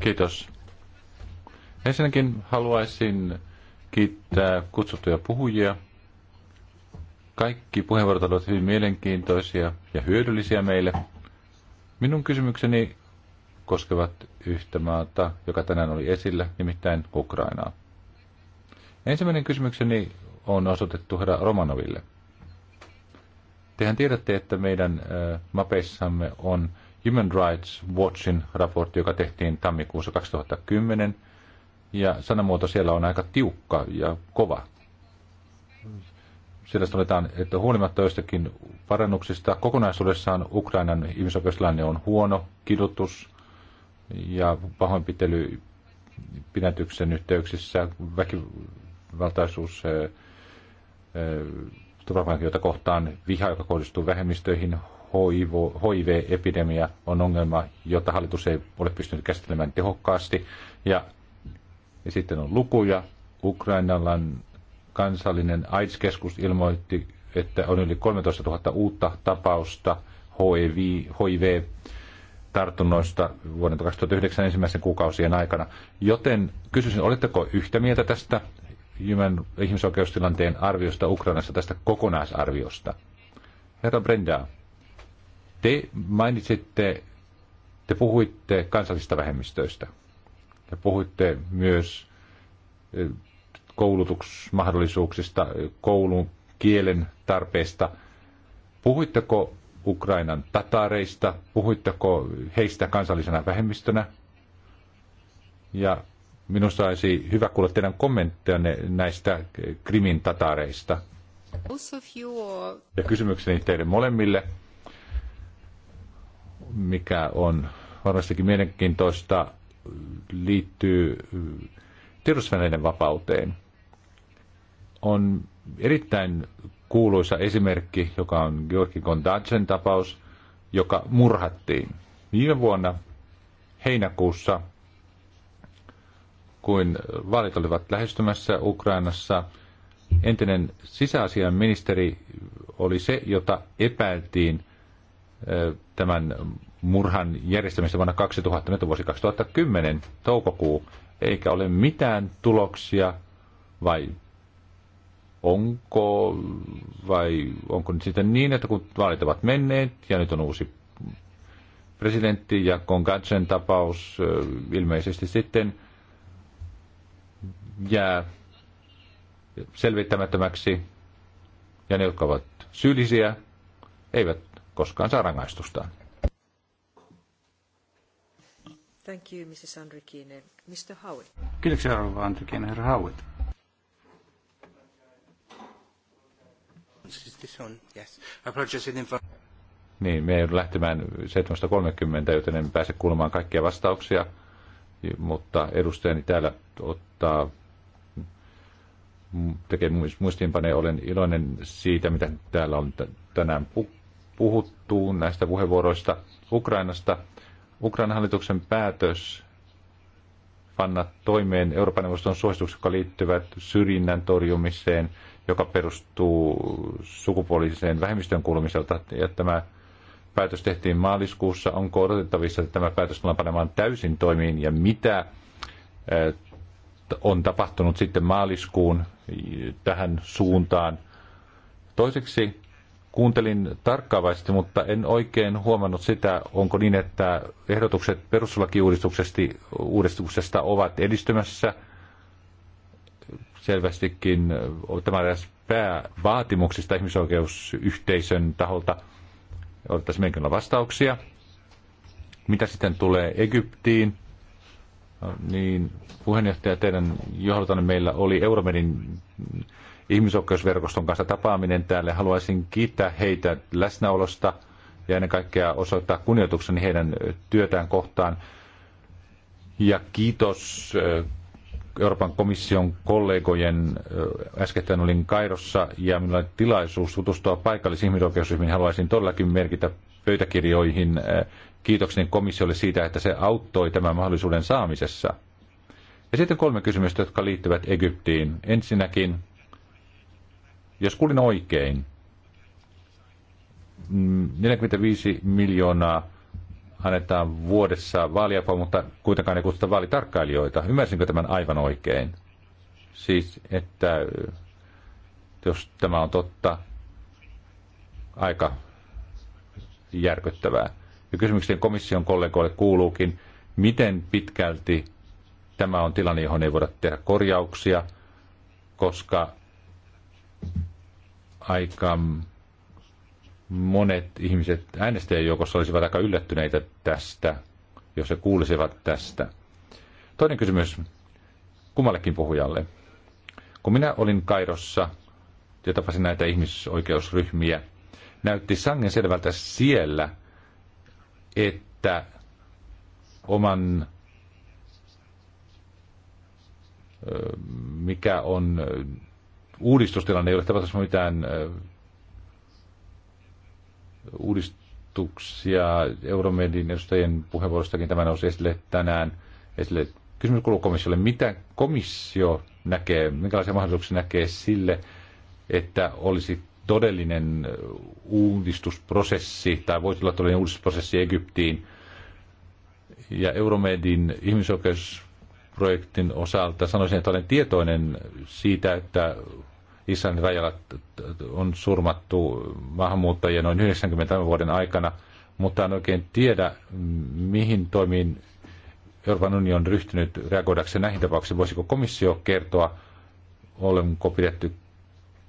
Kiitos. Ensinnäkin haluaisin kiittää kutsuttuja puhujia. Kaikki puheenvuorot ovat hyvin mielenkiintoisia ja hyödyllisiä meille. Minun kysymykseni koskevat yhtä maata, joka tänään oli esillä, nimittäin Ukrainaa. Ensimmäinen kysymykseni on osoitettu herra Romanoville. Tehän tiedätte, että meidän mapeissamme on Human Rights Watchin raportti, joka tehtiin tammikuussa 2010 – ja sanamuoto siellä on aika tiukka ja kova. Siellä sanotaan, että huolimatta joistakin parannuksista kokonaisuudessaan Ukrainan ihmisoikeustilanne on huono, kidutus ja pahoinpitely pidätyksen yhteyksissä, väkivaltaisuus eh, eh, turvapaikanhakijoita kohtaan, viha, joka kohdistuu vähemmistöihin, HIV-epidemia on ongelma, jota hallitus ei ole pystynyt käsittelemään tehokkaasti. Ja ja sitten on lukuja. Ukrainalan kansallinen AIDS-keskus ilmoitti, että on yli 13 000 uutta tapausta HIV, HIV tartunnoista vuoden 2009 ensimmäisen kuukausien aikana. Joten kysyisin, oletteko yhtä mieltä tästä ihmisoikeustilanteen arviosta Ukrainassa, tästä kokonaisarviosta? Herra Brenda, te mainitsitte, te puhuitte kansallisista vähemmistöistä ja puhuitte myös eh, koulutusmahdollisuuksista, eh, koulun kielen tarpeesta. Puhuitteko Ukrainan tatareista? Puhuitteko heistä kansallisena vähemmistönä? Ja minusta olisi hyvä kuulla teidän kommenttejanne näistä eh, Krimin tatareista. Ja kysymykseni teille molemmille, mikä on varmastikin mielenkiintoista liittyy mm, tiedotusvälineiden vapauteen, on erittäin kuuluisa esimerkki, joka on Georgi Gondatsen tapaus, joka murhattiin viime vuonna heinäkuussa, kun vaalit olivat lähestymässä Ukrainassa. Entinen sisäasian ministeri oli se, jota epäiltiin tämän murhan järjestämistä vuonna 2000, nyt vuosi 2010, toukokuu, eikä ole mitään tuloksia, vai onko, vai onko nyt sitten niin, että kun vaalit ovat menneet ja nyt on uusi presidentti ja Kongatsen tapaus ilmeisesti sitten jää selvittämättömäksi ja ne, jotka ovat syyllisiä, eivät koskaan saa rangaistustaan. Thank you, Mrs. Andrikinen. Mr. Howitt. Kiitoksia, rouva Andrikinen. Herra Howitt. Yes. Niin, me joudun lähtemään 7.30, joten en pääse kuulemaan kaikkia vastauksia, mutta edustajani täällä ottaa tekee muistiinpaneen. Olen iloinen siitä, mitä täällä on tänään puhuttu näistä puheenvuoroista Ukrainasta. Ukrainan hallituksen päätös panna toimeen Euroopan neuvoston suositukset, jotka liittyvät syrjinnän torjumiseen, joka perustuu sukupuoliseen vähemmistöön kuulumiselta. Ja tämä päätös tehtiin maaliskuussa. Onko odotettavissa, että tämä päätös tullaan panemaan täysin toimiin ja mitä eh, on tapahtunut sitten maaliskuun eh, tähän suuntaan? Toiseksi Kuuntelin tarkkaavasti, mutta en oikein huomannut sitä, onko niin, että ehdotukset perustuslakiuudistuksesta ovat edistymässä. Selvästikin tämä edes päävaatimuksista ihmisoikeusyhteisön taholta. Odottaisiin mielenkiinnolla vastauksia. Mitä sitten tulee Egyptiin? No, niin puheenjohtaja, teidän johdotanne meillä oli Euromedin ihmisoikeusverkoston kanssa tapaaminen täällä. Haluaisin kiittää heitä läsnäolosta ja ennen kaikkea osoittaa kunnioitukseni heidän työtään kohtaan. Ja kiitos Euroopan komission kollegojen. Äskettäin olin Kairossa ja minulla oli tilaisuus tutustua paikallisiin Haluaisin todellakin merkitä pöytäkirjoihin kiitokseni komissiolle siitä, että se auttoi tämän mahdollisuuden saamisessa. Ja sitten kolme kysymystä, jotka liittyvät Egyptiin. Ensinnäkin jos kuulin oikein, 45 mm, miljoonaa annetaan vuodessa vaaliapua, mutta kuitenkaan ei kutsuta vaalitarkkailijoita. Ymmärsinkö tämän aivan oikein? Siis, että äh, jos tämä on totta, aika järkyttävää. Ja kysymykseni komission kollegoille kuuluukin, miten pitkälti tämä on tilanne, johon ei voida tehdä korjauksia, koska aika monet ihmiset äänestäjien joukossa olisivat aika yllättyneitä tästä, jos he kuulisivat tästä. Toinen kysymys kummallekin puhujalle. Kun minä olin Kairossa ja tapasin näitä ihmisoikeusryhmiä, näytti sangen selvältä siellä, että oman mikä on uudistustilanne ei ole tapahtunut mitään uudistuksia. Euromedin edustajien puheenvuorostakin tämä nousi esille tänään. Esille. Kysymys kuuluu komissiolle. Mitä komissio näkee, minkälaisia mahdollisuuksia näkee sille, että olisi todellinen uudistusprosessi tai voisi olla todellinen uudistusprosessi Egyptiin. Ja Euromedin ihmisoikeus projektin osalta sanoisin, että olen tietoinen siitä, että Israelin rajalla on surmattu maahanmuuttajia noin 90 vuoden aikana, mutta en oikein tiedä, mihin toimiin Euroopan unioni on ryhtynyt reagoidakseen näihin tapauksiin. Voisiko komissio kertoa, onko pidetty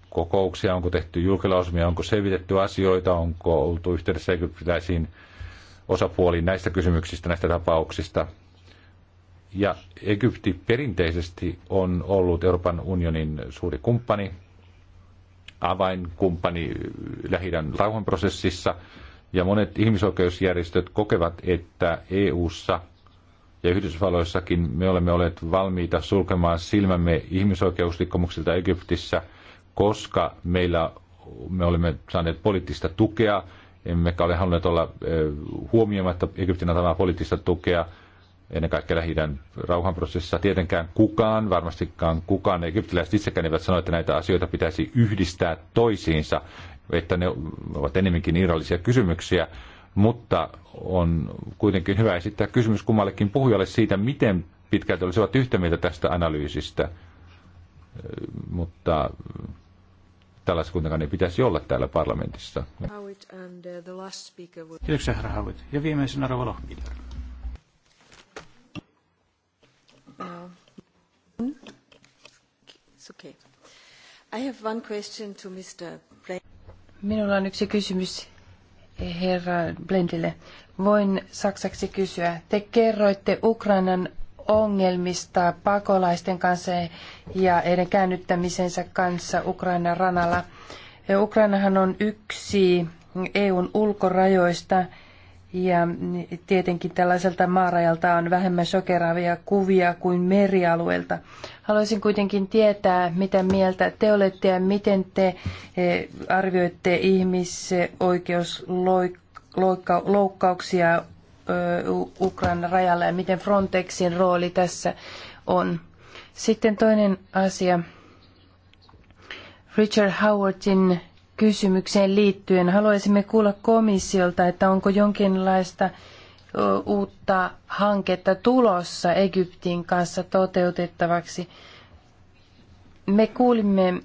kokouksia, onko tehty julkilausumia, onko selvitetty asioita, onko oltu yhteydessä egyptiläisiin osapuoliin näistä kysymyksistä, näistä tapauksista. Ja Egypti perinteisesti on ollut Euroopan unionin suuri kumppani, avainkumppani lähi rauhanprosessissa. Ja monet ihmisoikeusjärjestöt kokevat, että EU:ssa ja Yhdysvalloissakin me olemme olleet valmiita sulkemaan silmämme ihmisoikeusrikkomuksilta Egyptissä, koska meillä me olemme saaneet poliittista tukea, emmekä ole halunneet olla eh, huomioimatta Egyptin antamaa poliittista tukea – ennen kaikkea lähi rauhanprosessissa. Tietenkään kukaan, varmastikaan kukaan, egyptiläiset itsekään eivät sano, että näitä asioita pitäisi yhdistää toisiinsa, että ne ovat enemmänkin irrallisia kysymyksiä, mutta on kuitenkin hyvä esittää kysymys kummallekin puhujalle siitä, miten pitkälti olisivat yhtä mieltä tästä analyysistä, mutta tällaisessa kuitenkaan ei pitäisi olla täällä parlamentissa. Uh, Kiitoksia, herra Ja viimeisenä Rova Mm. Minulla on yksi kysymys herra Blendille. Voin saksaksi kysyä. Te kerroitte Ukrainan ongelmista pakolaisten kanssa ja heidän käännyttämisensä kanssa Ukrainan ranalla. Ukrainahan on yksi EUn ulkorajoista ja tietenkin tällaiselta maarajalta on vähemmän sokeraavia kuvia kuin merialueelta. Haluaisin kuitenkin tietää, mitä mieltä te olette ja miten te eh, arvioitte ihmisoikeusloukkauksia eh, Ukrainan rajalla ja miten Frontexin rooli tässä on. Sitten toinen asia. Richard Howardin kysymykseen liittyen haluaisimme kuulla komissiolta, että onko jonkinlaista uutta hanketta tulossa Egyptin kanssa toteutettavaksi. Me kuulimme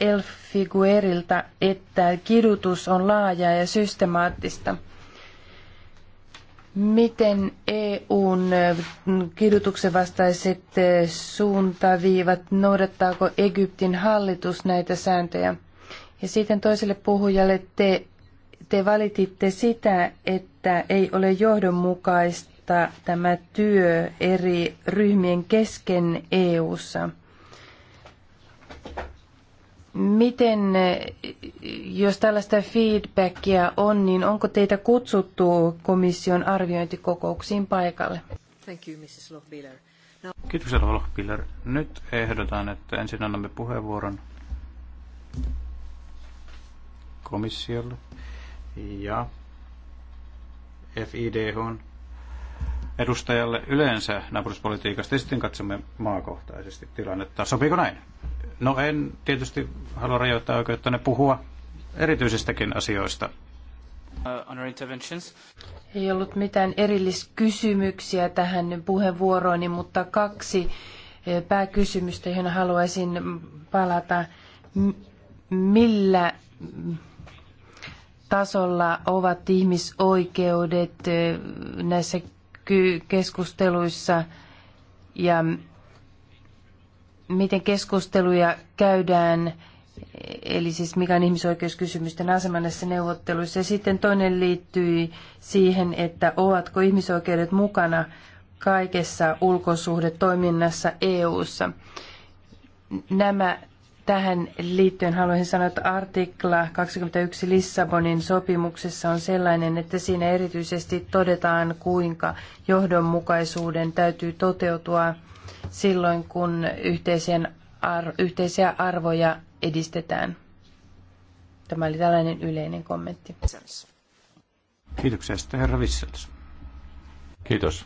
El Figuerilta, että kidutus on laajaa ja systemaattista – Miten EUn mm, kidutuksen vastaiset eh, suuntaviivat, noudattaako Egyptin hallitus näitä sääntöjä? Ja sitten toiselle puhujalle te, te valititte sitä, että ei ole johdonmukaista tämä työ eri ryhmien kesken EUssa. ssa Miten, jos tällaista feedbackia on, niin onko teitä kutsuttu komission arviointikokouksiin paikalle? Thank you, Mrs. Lohbiller. No. Kiitos, Lohbiller. Nyt ehdotan, että ensin annamme puheenvuoron komissiolle ja FIDHn edustajalle yleensä naapuruspolitiikasta ja sitten katsomme maakohtaisesti tilannetta. Sopiiko näin? No en tietysti halua rajoittaa oikeuttanne puhua erityisistäkin asioista. Uh, Ei ollut mitään erilliskysymyksiä tähän puheenvuorooni, mutta kaksi eh, pääkysymystä, johon haluaisin palata. Millä mm, tasolla ovat ihmisoikeudet eh, näissä keskusteluissa ja miten keskusteluja käydään, eli siis mikä on ihmisoikeuskysymysten asema näissä neuvotteluissa. Ja sitten toinen liittyi siihen, että ovatko ihmisoikeudet mukana kaikessa ulkosuhdetoiminnassa EU:ssa. Nämä tähän liittyen haluaisin sanoa, että artikla 21 Lissabonin sopimuksessa on sellainen, että siinä erityisesti todetaan, kuinka johdonmukaisuuden täytyy toteutua silloin, kun yhteisen ar- yhteisiä arvoja edistetään. Tämä oli tällainen yleinen kommentti. Kiitoksia sitten herra Vissels. Kiitos.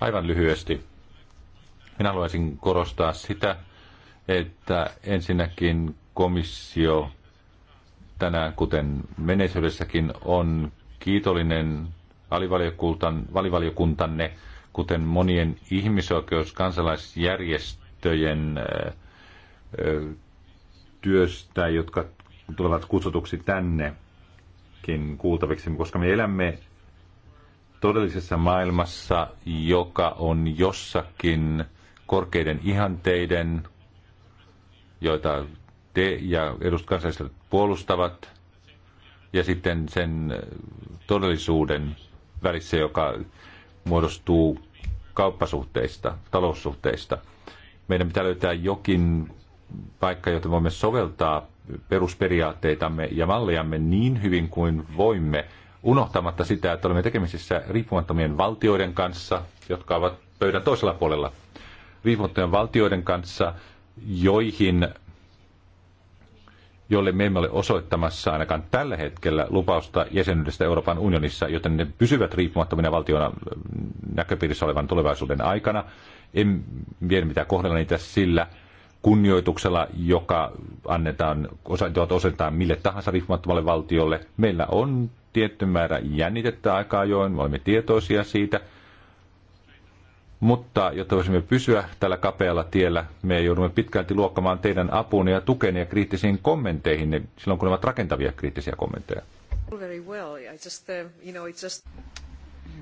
Aivan lyhyesti. Minä haluaisin korostaa sitä, että ensinnäkin komissio tänään, kuten menneisyydessäkin, on kiitollinen alivaliokuntanne kuten monien ihmisoikeuskansalaisjärjestöjen työstä, jotka tulevat kutsutuksi tännekin kuultaviksi, koska me elämme todellisessa maailmassa, joka on jossakin korkeiden ihanteiden, joita te ja edustuskansalaiset puolustavat, ja sitten sen todellisuuden välissä, joka muodostuu kauppasuhteista, taloussuhteista. Meidän pitää löytää jokin paikka, jota voimme soveltaa perusperiaatteitamme ja mallejamme niin hyvin kuin voimme, unohtamatta sitä, että olemme tekemisissä riippumattomien valtioiden kanssa, jotka ovat pöydän toisella puolella, riippumattomien valtioiden kanssa, joihin jolle me emme ole osoittamassa ainakaan tällä hetkellä lupausta jäsenyydestä Euroopan unionissa, joten ne pysyvät riippumattomina valtiona mm, näköpiirissä olevan tulevaisuuden aikana. En vielä mitään kohdella niitä sillä kunnioituksella, joka annetaan, osoitetaan mille tahansa riippumattomalle valtiolle. Meillä on tietty määrä jännitettä aikaa, joihin me olemme tietoisia siitä – mutta jotta voisimme pysyä tällä kapealla tiellä, me joudumme pitkälti luokkamaan teidän apuun ja tukeen ja kriittisiin kommentteihin silloin, kun ne ovat rakentavia kriittisiä kommentteja. Uh,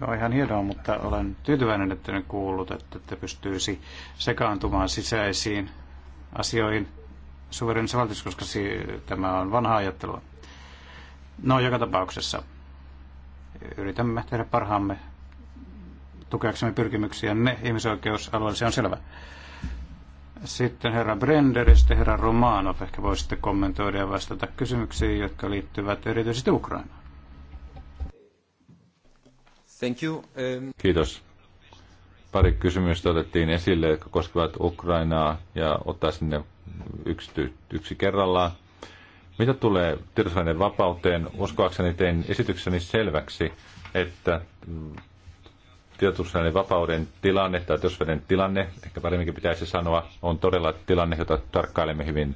Joo, ihan hienoa, mutta olen tyytyväinen, että olen kuullut, että te pystyisi sekaantumaan sisäisiin asioihin suverenissa valtiossa, koska tämä on vanha ajattelua. No, joka tapauksessa yritämme tehdä parhaamme tukeaksemme pyrkimyksiä ne ihmisoikeusalueella, se on selvä. Sitten herra Brender ja sitten herra Romanov, ehkä voisitte kommentoida ja vastata kysymyksiin, jotka liittyvät erityisesti Ukrainaan. Thank you. Um... Kiitos. Pari kysymystä otettiin esille, jotka koskevat Ukrainaa ja ottaisin ne yksi, yksi kerrallaan. Mitä tulee tiedotusvälineen vapauteen, uskoakseni tein esitykseni selväksi, että tiedotusvälineen vapauden tilanne tai tiedotusvälineen tilanne, ehkä paremminkin pitäisi sanoa, on todella tilanne, jota tarkkailemme hyvin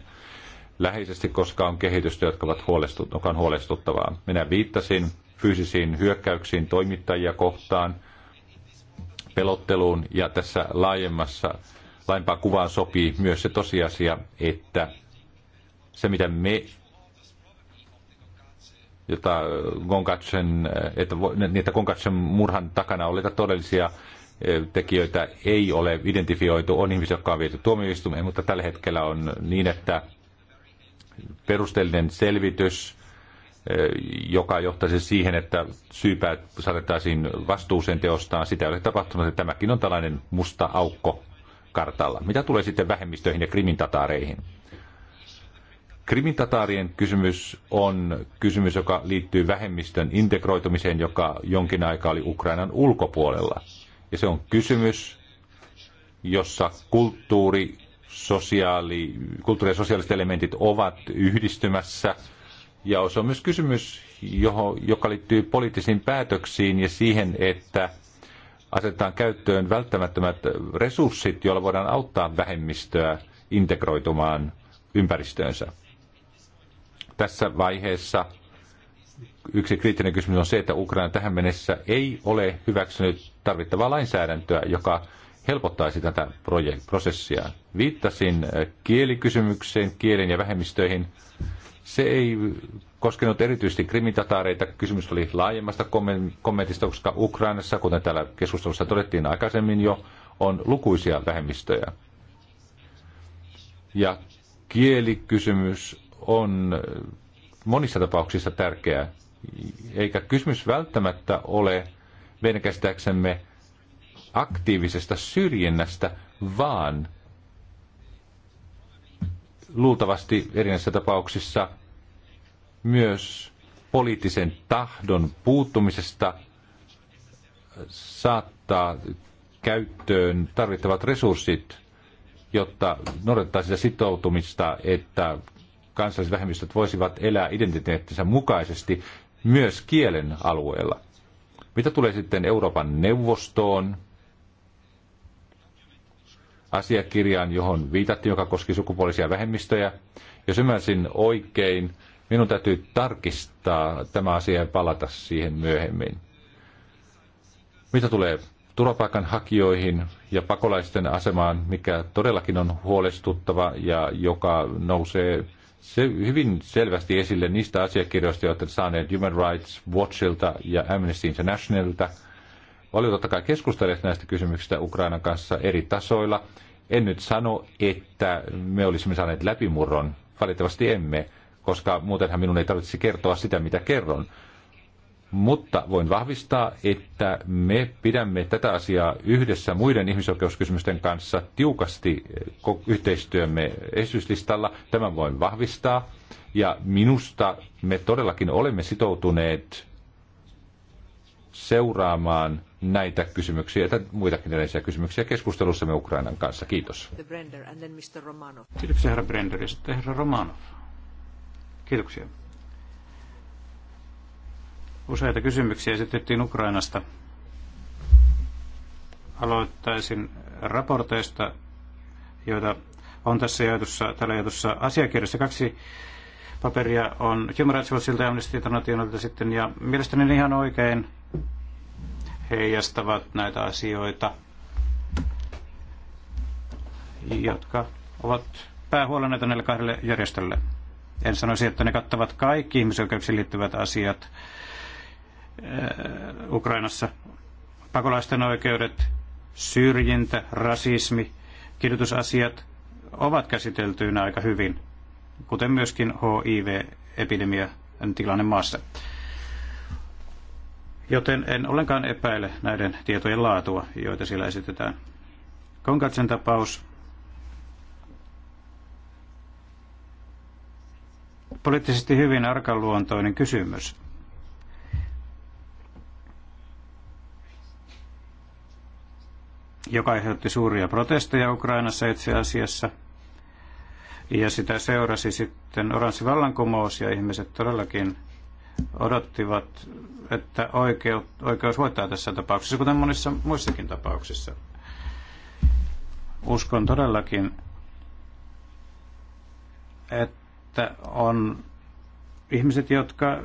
läheisesti, koska on kehitystä, jotka ovat joka on huolestuttavaa. Minä viittasin fyysisiin hyökkäyksiin toimittajia kohtaan, pelotteluun ja tässä laajemmassa, laajempaan kuvaan sopii myös se tosiasia, että se mitä me jota äh, Gonkatsen, äh, että, että Gonkatsen murhan takana olleita todellisia äh, tekijöitä ei ole identifioitu. On ihmisiä, jotka on viety tuomioistumeen, mutta tällä hetkellä on niin, että perusteellinen selvitys, joka johtaisi siihen, että syypäät saatettaisiin vastuuseen teostaan, sitä ei ole tapahtunut. että tämäkin on tällainen musta aukko kartalla. Mitä tulee sitten vähemmistöihin ja krimintataareihin? Krimitataarien kysymys on kysymys, joka liittyy vähemmistön integroitumiseen, joka jonkin aikaa oli Ukrainan ulkopuolella. Ja se on kysymys, jossa kulttuuri, sosiaali, kulttuuri ja sosiaaliset elementit ovat yhdistymässä. Ja se on myös kysymys, johon, joka liittyy poliittisiin päätöksiin ja siihen, että asetetaan käyttöön välttämättömät resurssit, joilla voidaan auttaa vähemmistöä integroitumaan ympäristöönsä tässä vaiheessa yksi kriittinen kysymys on se, että Ukraina tähän mennessä ei ole hyväksynyt tarvittavaa lainsäädäntöä, joka helpottaisi tätä prosessia. Viittasin äh, kielikysymykseen, kielen ja vähemmistöihin. Se ei koskenut erityisesti krimitataareita. Kysymys oli laajemmasta kommentista, koska Ukrainassa, kuten täällä keskustelussa todettiin aikaisemmin jo, on lukuisia vähemmistöjä. Ja kielikysymys on monissa tapauksissa tärkeää, eikä kysymys välttämättä ole meidän käsittääksemme aktiivisesta syrjinnästä, vaan luultavasti erinäisissä tapauksissa myös poliittisen tahdon puuttumisesta saattaa käyttöön tarvittavat resurssit, jotta noudattaa sitä sitoutumista, että kansalliset vähemmistöt voisivat elää identiteettinsä mukaisesti myös kielen alueella. Mitä tulee sitten Euroopan neuvostoon, asiakirjaan, johon viitattiin, joka koski sukupuolisia vähemmistöjä. Jos ymmärsin oikein, minun täytyy tarkistaa tämä asia ja palata siihen myöhemmin. Mitä tulee turvapaikanhakijoihin ja pakolaisten asemaan, mikä todellakin on huolestuttava ja joka nousee se hyvin selvästi esille niistä asiakirjoista, joita saaneet Human Rights Watchilta ja Amnesty Internationalilta. Oli totta kai keskustelleet näistä kysymyksistä Ukrainan kanssa eri tasoilla. En nyt sano, että me olisimme saaneet läpimurron. Valitettavasti emme, koska muutenhan minun ei tarvitsisi kertoa sitä, mitä kerron. Mutta voin vahvistaa, että me pidämme tätä asiaa yhdessä muiden ihmisoikeuskysymysten kanssa tiukasti eh, yhteistyömme esityslistalla. Tämän voin vahvistaa. Ja minusta me todellakin olemme sitoutuneet seuraamaan näitä kysymyksiä ja muitakin erilaisia kysymyksiä keskustelussa me Ukrainan kanssa. Kiitos. Kiitoksia herra Brender ja herra Romanov. Kiitoksia. Useita kysymyksiä esitettiin Ukrainasta. Aloittaisin raporteista, joita on tässä jaetussa, tällä jaetussa asiakirjassa. Kaksi paperia on Human Rights Watchilta ja Amnesty Internationalilta sitten, ja mielestäni ne ihan oikein heijastavat näitä asioita, jotka ovat päähuoleneita näille kahdelle järjestölle. En sanoisi, että ne kattavat kaikki ihmisoikeuksiin liittyvät asiat, Äh, Ukrainassa. Pakolaisten oikeudet, syrjintä, rasismi, kidutusasiat ovat käsiteltyinä aika hyvin, kuten myöskin HIV-epidemian tilanne maassa. Joten en ollenkaan epäile näiden tietojen laatua, joita siellä esitetään. Konkatsen tapaus poliittisesti hyvin arkaluontoinen kysymys. joka aiheutti suuria protesteja Ukrainassa itse asiassa. Ja sitä seurasi sitten oranssi vallankumous ja ihmiset todellakin odottivat, että oikeut, oikeus voittaa tässä tapauksessa, kuten monissa muissakin tapauksissa. Uskon todellakin, että on ihmiset, jotka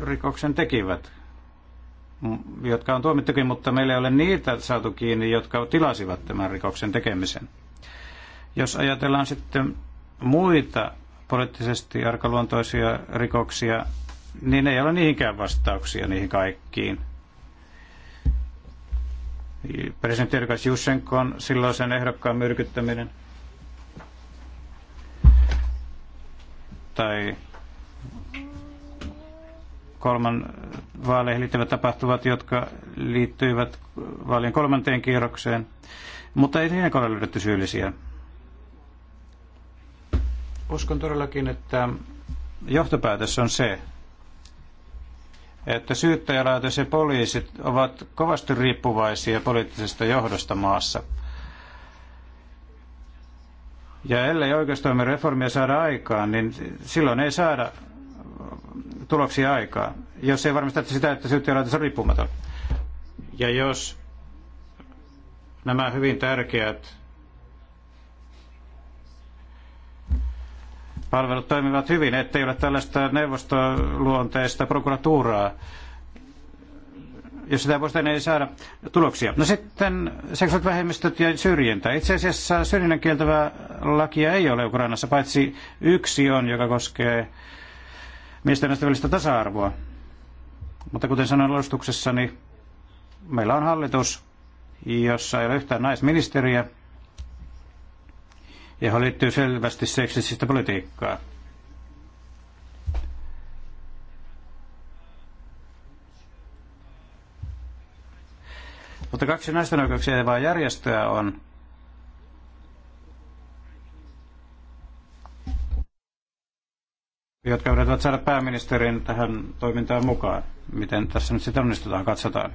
rikoksen tekivät, jotka on tuomittukin, mutta meillä ei ole niitä saatu kiinni, jotka tilasivat tämän rikoksen tekemisen. Jos ajatellaan sitten muita poliittisesti arkaluontoisia rikoksia, niin ei ole niinkään vastauksia niihin kaikkiin. Presidentti Erkas Jussenkon silloisen ehdokkaan myrkyttäminen tai kolman vaaleihin liittyvät tapahtuvat, jotka liittyivät vaalien kolmanteen kierrokseen, mutta ei siinä ole löydetty syyllisiä. Uskon todellakin, että johtopäätös on se, että syyttäjälaitos ja poliisit ovat kovasti riippuvaisia poliittisesta johdosta maassa. Ja ellei oikeustoimen reformia saada aikaan, niin silloin ei saada tuloksia aikaa, jos ei varmisteta sitä, että syyttäjälaitos on riippumaton. Ja jos nämä hyvin tärkeät palvelut toimivat hyvin, ettei ole tällaista neuvostoluonteista prokuratuuraa, jos sitä voisi niin ei saada tuloksia. No sitten seksuaaliset vähemmistöt ja syrjintä. Itse asiassa syrjinnän kieltävää lakia ei ole Ukrainassa, paitsi yksi on, joka koskee miesten ja välistä tasa-arvoa. Mutta kuten sanoin alustuksessa, niin meillä on hallitus, jossa ei ole yhtään naisministeriä, johon liittyy selvästi seksististä politiikkaa. Mutta kaksi naisten vaan järjestöä on jotka yrittävät saada pääministerin tähän toimintaan mukaan. Miten tässä nyt sitten onnistutaan, katsotaan.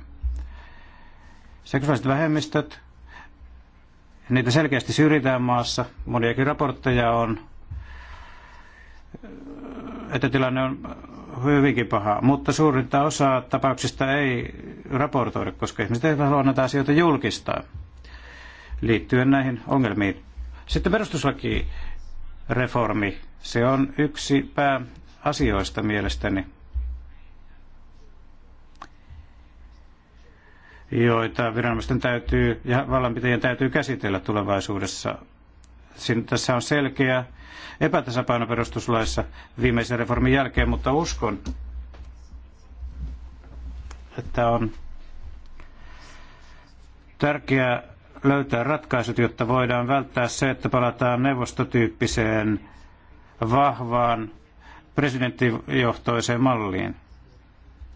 Seksuaaliset vähemmistöt, niitä selkeästi syrjitään maassa. Moniakin raportteja on, että tilanne on hyvinkin paha, mutta suurinta osaa tapauksista ei raportoida, koska ihmiset eivät halua näitä asioita julkistaa liittyen näihin ongelmiin. Sitten perustuslaki reformi se on yksi pääasioista mielestäni, joita viranomaisten täytyy ja vallanpitäjien täytyy käsitellä tulevaisuudessa. Siinä, tässä on selkeä epätasapaino perustuslaissa viimeisen reformin jälkeen, mutta uskon, että on tärkeää löytää ratkaisut, jotta voidaan välttää se, että palataan neuvostotyyppiseen vahvaan presidenttijohtoiseen malliin.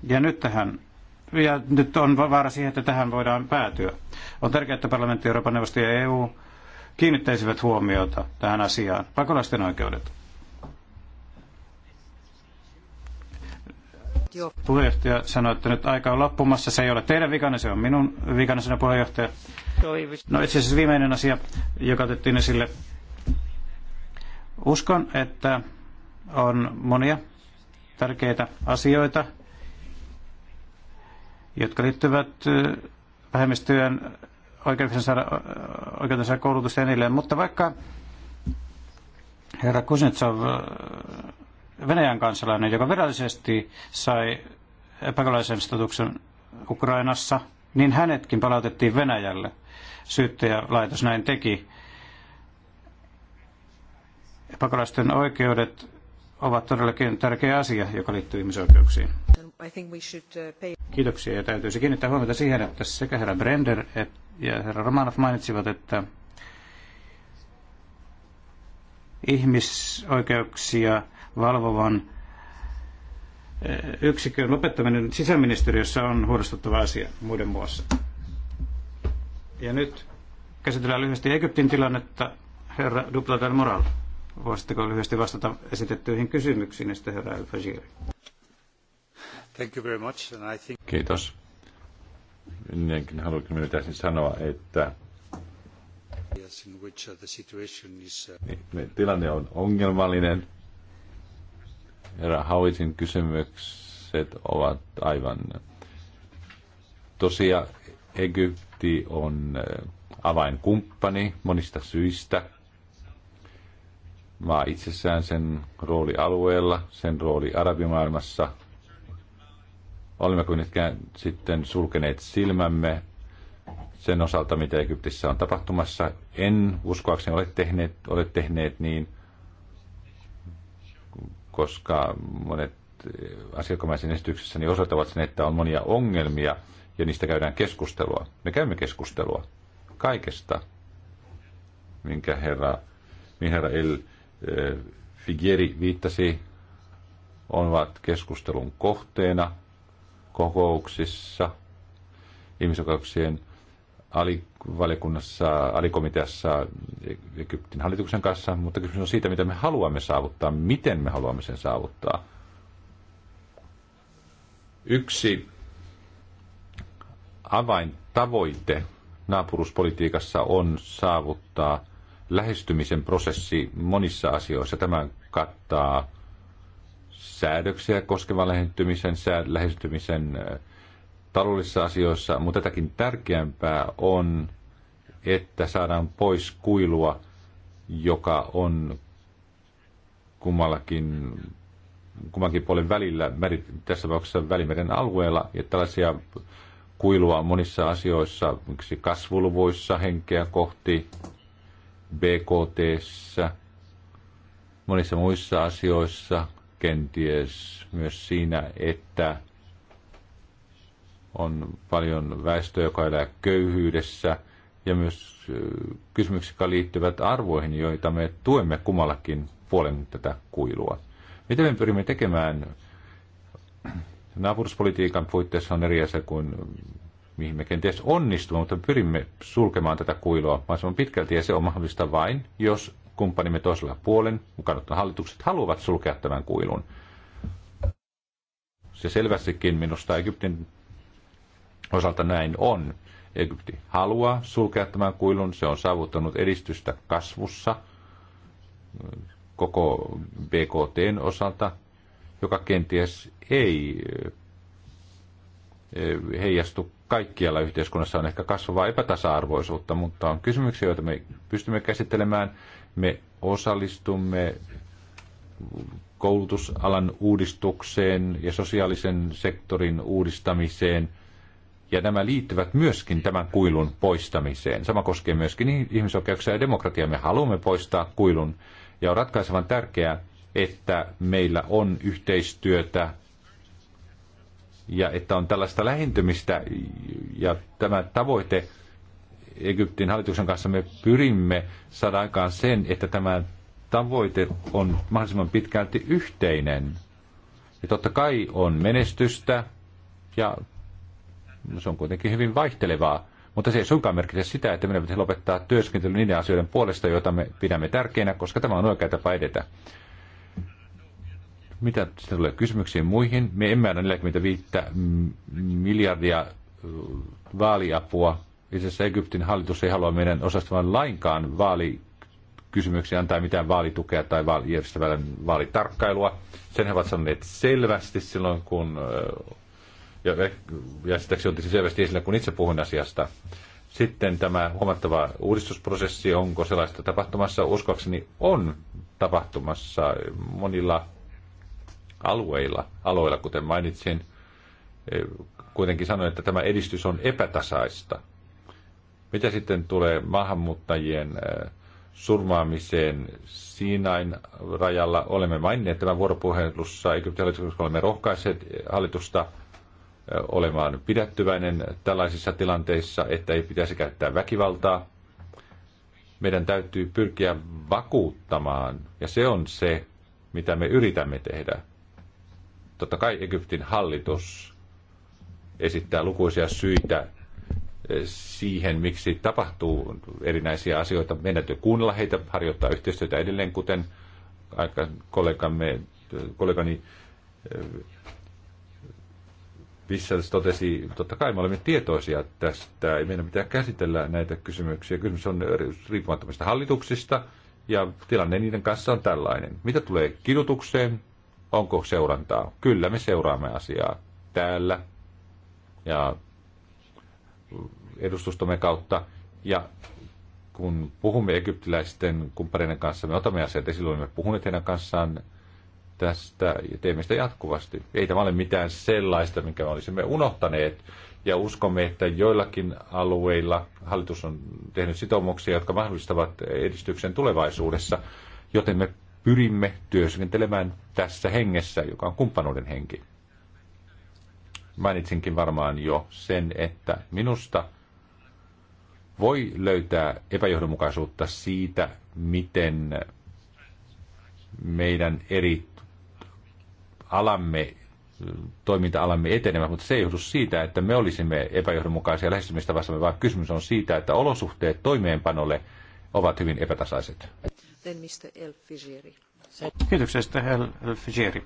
Ja nyt tähän ja nyt on vaara siihen, että tähän voidaan päätyä. On tärkeää, että parlamentti, Euroopan neuvosto ja EU kiinnittäisivät huomiota tähän asiaan. Pakolaisten oikeudet. Joo. Puheenjohtaja sanoi, että nyt aika on loppumassa. Se ei ole teidän vikanne, se on minun vikanne, sanoi puheenjohtaja. No itse asiassa viimeinen asia, joka otettiin esille Uskon, että on monia tärkeitä asioita, jotka liittyvät vähemmistöjen oikeutensa saada, oikeutensa saada koulutusta ja niille. Mutta vaikka herra Kuznetsov, Venäjän kansalainen, joka virallisesti sai pakolaisen statuksen Ukrainassa, niin hänetkin palautettiin Venäjälle. Syyttäjälaitos näin teki Pakolaisten oikeudet ovat todellakin tärkeä asia, joka liittyy ihmisoikeuksiin. Uh, Kiitoksia ja täytyisi kiinnittää huomiota siihen, että sekä herra Brender ja herra Romanov mainitsivat, että ihmisoikeuksia valvovan eh, yksikön lopettaminen sisäministeriössä on huolestuttava asia muiden muassa. Ja nyt käsitellään lyhyesti Egyptin tilannetta. Herra Duplatel Moral. Voisitteko lyhyesti vastata esitettyihin kysymyksiin, ja sitten herra Al-Fajiri. Thank you very much, and I think... Kiitos. Minäkin minä täysin sanoa, että uh, uh, niin, niin, tilanne on ongelmallinen. Herra Hauisin kysymykset ovat aivan tosia. Egypti on äh, avainkumppani monista syistä – maa itsessään, sen rooli alueella, sen rooli arabimaailmassa. Olemmeko nytkään sitten sulkeneet silmämme sen osalta, mitä Egyptissä on tapahtumassa? En uskoakseni ole tehneet, ole tehneet niin, koska monet asiakkaamaisen esityksessäni osoittavat sen, että on monia ongelmia ja niistä käydään keskustelua. Me käymme keskustelua kaikesta, minkä herra, mihin herra El Figieri viittasi, ovat keskustelun kohteena kokouksissa, ihmisoikeuksien alivaliokunnassa, alikomiteassa Egyptin hallituksen kanssa, mutta kysymys on siitä, mitä me haluamme saavuttaa, miten me haluamme sen saavuttaa. Yksi avaintavoite naapuruspolitiikassa on saavuttaa lähestymisen prosessi monissa asioissa. Tämä kattaa säädöksiä koskevan lähestymisen, sää, lähestymisen taloudellisissa asioissa, mutta tätäkin tärkeämpää on, että saadaan pois kuilua, joka on kummallakin kummankin puolen välillä, tässä tapauksessa Välimeren alueella, ja tällaisia kuilua monissa asioissa, kasvuluvuissa henkeä kohti, BKT, monissa muissa asioissa, kenties myös siinä, että on paljon väestöä, joka elää köyhyydessä, ja myös kysymyksiä, jotka liittyvät arvoihin, joita me tuemme kummallakin puolen tätä kuilua. Mitä me pyrimme tekemään? Naapuruspolitiikan puitteissa on eri asia kuin mihin me kenties onnistumme, mutta pyrimme sulkemaan tätä kuilua mahdollisimman pitkälti, ja se on mahdollista vain, jos kumppanimme toisella puolen, mukaan ottaen hallitukset, haluavat sulkea tämän kuilun. Se selvästikin minusta Egyptin osalta näin on. Egypti haluaa sulkea tämän kuilun, se on saavuttanut edistystä kasvussa koko BKTn osalta, joka kenties ei eh, heijastu kaikkialla yhteiskunnassa on ehkä kasvavaa epätasa-arvoisuutta, mutta on kysymyksiä, joita me pystymme käsittelemään. Me osallistumme koulutusalan uudistukseen ja sosiaalisen sektorin uudistamiseen. Ja nämä liittyvät myöskin tämän kuilun poistamiseen. Sama koskee myöskin ihmisoikeuksia ja demokratiaa. Me haluamme poistaa kuilun. Ja on ratkaisevan tärkeää, että meillä on yhteistyötä ja että on tällaista lähentymistä ja tämä tavoite Egyptin hallituksen kanssa me pyrimme saada aikaan sen, että tämä tavoite on mahdollisimman pitkälti yhteinen. Ja totta kai on menestystä ja se on kuitenkin hyvin vaihtelevaa, mutta se ei suinkaan merkitse sitä, että meidän pitäisi lopettaa työskentely niiden asioiden puolesta, joita me pidämme tärkeinä, koska tämä on oikea tapa edetä mitä sitten tulee kysymyksiin muihin, me emme anna 45 miljardia äh, vaaliapua. Itse asiassa Egyptin hallitus ei halua meidän osastamaan lainkaan vaalikysymyksiä antaa mitään vaalitukea tai vaali, vaalitarkkailua. Sen he ovat sanoneet selvästi silloin, kun äh, ja, ja on tietysti selvästi esillä, kun itse puhuin asiasta. Sitten tämä huomattava uudistusprosessi, onko sellaista tapahtumassa? Uskoakseni on tapahtumassa monilla alueilla, aloilla, kuten mainitsin, e, kuitenkin sanoin, että tämä edistys on epätasaista. Mitä sitten tulee maahanmuuttajien e, surmaamiseen Siinain rajalla? Olemme mainineet tämän vuoropuhelussa Egyptin hallituksessa, olemme rohkaisseet hallitusta e, olemaan pidättyväinen tällaisissa tilanteissa, että ei pitäisi käyttää väkivaltaa. Meidän täytyy pyrkiä vakuuttamaan, ja se on se, mitä me yritämme tehdä. Totta kai Egyptin hallitus esittää lukuisia syitä eh, siihen, miksi tapahtuu erinäisiä asioita. Meidän täytyy kuunnella heitä, harjoittaa yhteistyötä edelleen, kuten aika kollegamme, kollegani Vissels eh, totesi, totta kai me olemme tietoisia tästä. Meidän pitää käsitellä näitä kysymyksiä. Kysymys on riippumattomista hallituksista ja tilanne niiden kanssa on tällainen. Mitä tulee kidutukseen, Onko seurantaa? Kyllä me seuraamme asiaa täällä ja edustustomme kautta. Ja kun puhumme egyptiläisten kumppaneiden kanssa, me otamme asiat esille, olemme puhuneet heidän kanssaan tästä ja teemme sitä jatkuvasti. Ei tämä ole mitään sellaista, minkä me olisimme unohtaneet. Ja uskomme, että joillakin alueilla hallitus on tehnyt sitoumuksia, jotka mahdollistavat edistyksen tulevaisuudessa, joten me pyrimme työskentelemään tässä hengessä, joka on kumppanuuden henki. Mainitsinkin varmaan jo sen, että minusta voi löytää epäjohdonmukaisuutta siitä, miten meidän eri alamme, toiminta-alamme etenevät, mutta se ei johdu siitä, että me olisimme epäjohdonmukaisia vastaamme, vaan kysymys on siitä, että olosuhteet toimeenpanolle ovat hyvin epätasaiset. Then Mr. El Fijeri. Kiitoksia El Fijeri.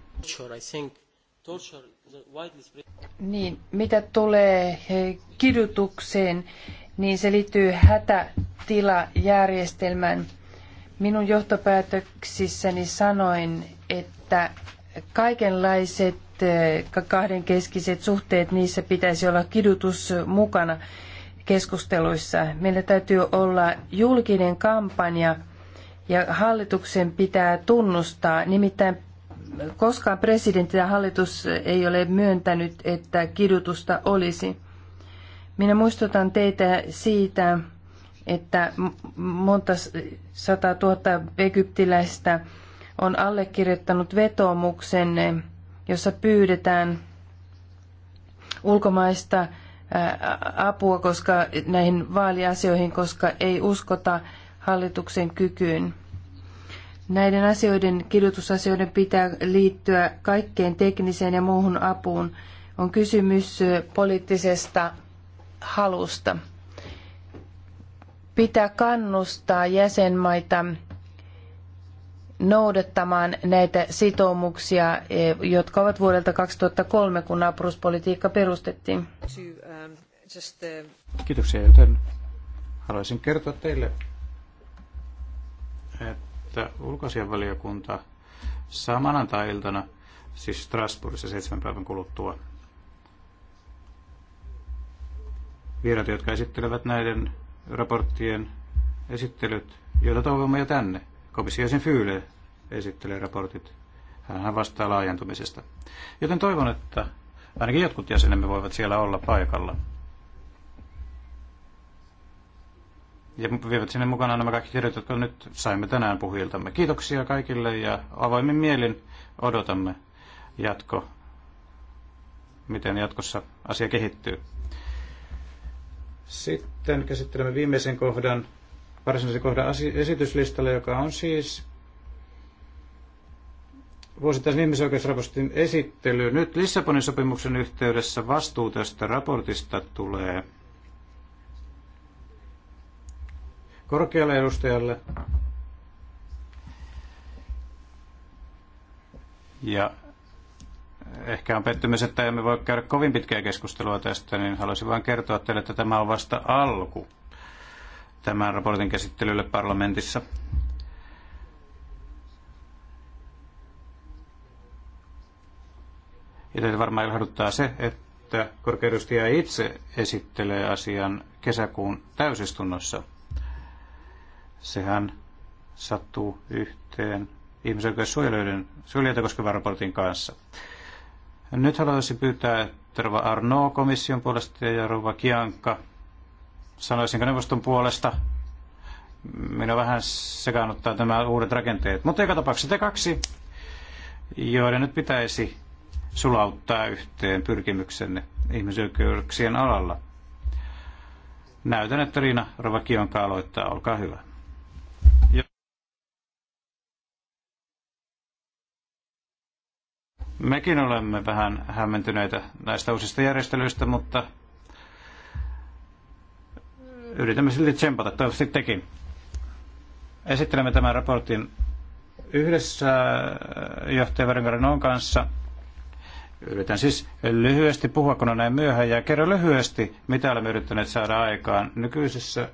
Niin, mitä tulee kidutukseen, niin se liittyy hätätilajärjestelmään. Minun johtopäätöksissäni sanoin, että kaikenlaiset eh, kahdenkeskiset suhteet, niissä pitäisi olla kidutus mukana keskusteluissa. Meillä täytyy olla julkinen kampanja – ja hallituksen pitää tunnustaa. Nimittäin koskaan presidentti ja hallitus ei ole myöntänyt, että kidutusta olisi. Minä muistutan teitä siitä, että monta sata tuhatta egyptiläistä on allekirjoittanut vetoomuksen, jossa pyydetään ulkomaista apua koska näihin vaaliasioihin, koska ei uskota hallituksen kykyyn. Näiden asioiden, kidutusasioiden pitää liittyä kaikkeen tekniseen ja muuhun apuun. On kysymys poliittisesta halusta. Pitää kannustaa jäsenmaita noudattamaan näitä sitoumuksia, jotka ovat vuodelta 2003, kun naapuruspolitiikka perustettiin. Um, Kiitoksia, joten haluaisin kertoa teille että ulkoasianvaliokunta saa maanantai-iltana, siis Strasbourgissa seitsemän päivän kuluttua, vierat, jotka esittelevät näiden raporttien esittelyt, joita toivomme jo tänne. Komissiosin Fyyle esittelee raportit. Hän vastaa laajentumisesta. Joten toivon, että ainakin jotkut jäsenemme voivat siellä olla paikalla. ja vievät sinne mukanaan nämä kaikki tiedot, jotka nyt saimme tänään puhujiltamme. Kiitoksia kaikille ja avoimin mielin odotamme jatko, miten jatkossa asia kehittyy. Sitten käsittelemme viimeisen kohdan, varsinaisen kohdan esityslistalle, joka on siis vuosittaisen ihmisoikeusraportin esittely. Nyt Lissabonin sopimuksen yhteydessä vastuu tästä raportista tulee korkealle edustajalle. Ja ehkä on pettymys, että emme voi käydä kovin pitkää keskustelua tästä, niin haluaisin vain kertoa teille, että tämä on vasta alku tämän raportin käsittelylle parlamentissa. Ja teitä varmaan ilahduttaa se, että korkeudustaja itse esittelee asian kesäkuun täysistunnossa – Sehän sattuu yhteen suojelijoita koskevan raportin kanssa. Nyt haluaisin pyytää, että Rova Arno komission puolesta ja Rova Kianka, sanoisinko neuvoston puolesta, minä vähän sekaannuttaa tämä uudet rakenteet. Mutta joka tapauksessa te kaksi, joiden nyt pitäisi sulauttaa yhteen pyrkimyksenne ihmisoikeuksien alalla. Näytän, että Riina Rovakionka aloittaa. Olkaa hyvä. Mekin olemme vähän hämmentyneitä näistä uusista järjestelyistä, mutta yritämme silti tsempata, toivottavasti tekin. Esittelemme tämän raportin yhdessä johtaja on kanssa. Yritän siis lyhyesti puhua, kun on näin myöhään, ja kerro lyhyesti, mitä olemme yrittäneet saada aikaan nykyisessä,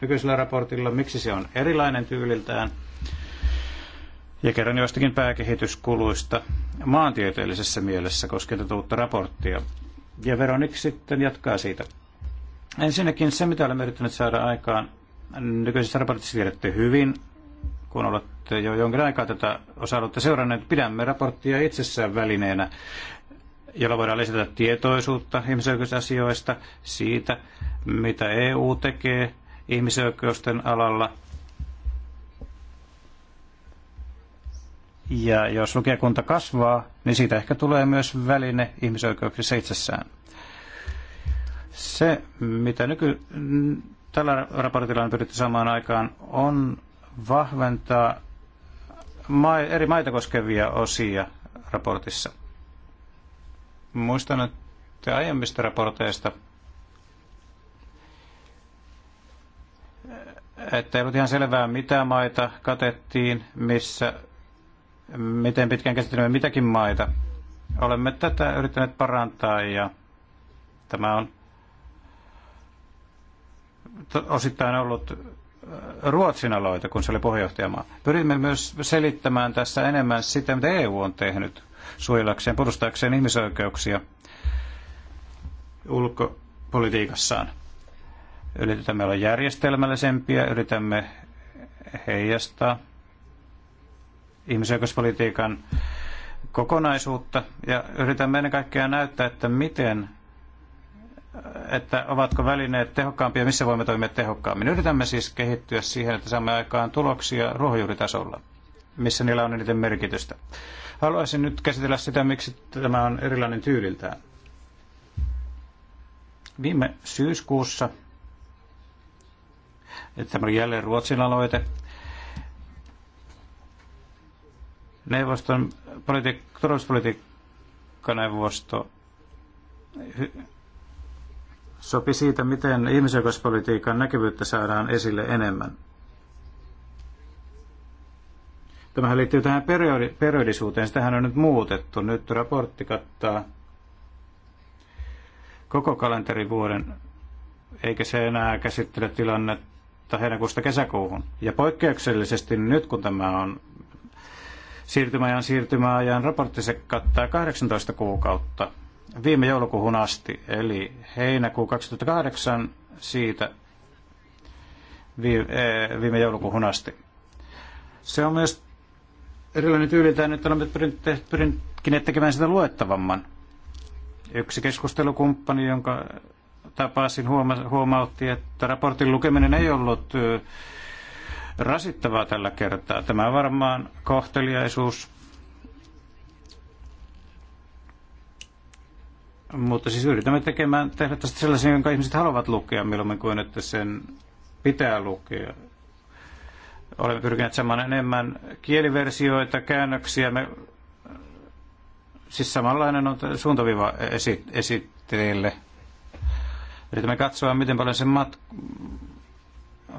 nykyisellä raportilla, miksi se on erilainen tyyliltään – ja kerron joistakin pääkehityskuluista maantieteellisessä mielessä koskien tätä uutta raporttia. Ja Veronik sitten jatkaa siitä. Ensinnäkin se, mitä olemme yrittäneet saada aikaan, nykyisessä raportissa tiedätte hyvin, kun olette jo jonkin aikaa tätä osa seuranneet, pidämme raporttia itsessään välineenä, jolla voidaan lisätä tietoisuutta ihmisoikeusasioista, siitä, mitä EU tekee ihmisoikeusten alalla – Ja jos lukijakunta kasvaa, niin siitä ehkä tulee myös väline ihmisoikeuksissa itsessään. Se, mitä nyky, tällä raportilla on pyritty samaan aikaan, on vahventaa eri maita koskevia osia raportissa. Muistan, että aiemmista raporteista, että ei ollut ihan selvää, mitä maita katettiin, missä miten pitkään käsittelemme mitäkin maita. Olemme tätä yrittäneet parantaa ja tämä on osittain ollut äh, Ruotsin aloita, kun se oli puheenjohtajamaa. Pyrimme myös selittämään tässä enemmän sitä, mitä EU on tehnyt suojellakseen, puolustaakseen ihmisoikeuksia ulkopolitiikassaan. Yritämme olla järjestelmällisempiä, yritämme heijastaa ihmisoikeuspolitiikan kokonaisuutta ja yritämme ennen kaikkea näyttää, että miten että ovatko välineet tehokkaampia, missä voimme toimia tehokkaammin. Yritämme siis kehittyä siihen, että saamme aikaan tuloksia ruohonjuuritasolla, missä niillä on eniten merkitystä. Haluaisin nyt käsitellä sitä, miksi tämä on erilainen tyyliltään. Viime syyskuussa, että tämä oli jälleen Ruotsin aloite, Neuvoston politi- turvallisuuspolitiikkaneuvosto sopi siitä, miten ihmisoikeuspolitiikan näkyvyyttä saadaan esille enemmän. Tämähän liittyy tähän periodi- periodisuuteen. Sitähän on nyt muutettu. Nyt raportti kattaa koko kalenterivuoden, eikä se enää käsittele tilannetta heinäkuusta kesäkuuhun. Ja poikkeuksellisesti nyt, kun tämä on siirtymäajan siirtymäajan raportti se kattaa 18 kuukautta viime joulukuuhun asti, eli heinäkuu 2008 siitä e, viime joulukuuhun asti. Se on myös erilainen tyyliltään, nyt olemme pyrkineet tekemään sitä luettavamman. Yksi keskustelukumppani, jonka tapasin, huomautti, että raportin lukeminen ei ollut rasittavaa tällä kertaa. Tämä varmaan kohteliaisuus, mutta siis yritämme tekemään, tehdä tästä sellaisen, jonka ihmiset haluavat lukea milloin kuin, että sen pitää lukea. Olemme pyrkineet saamaan enemmän kieliversioita, käännöksiä. Me, siis samanlainen on suuntaviiva esi, esitteille. Yritämme katsoa, miten paljon se mat,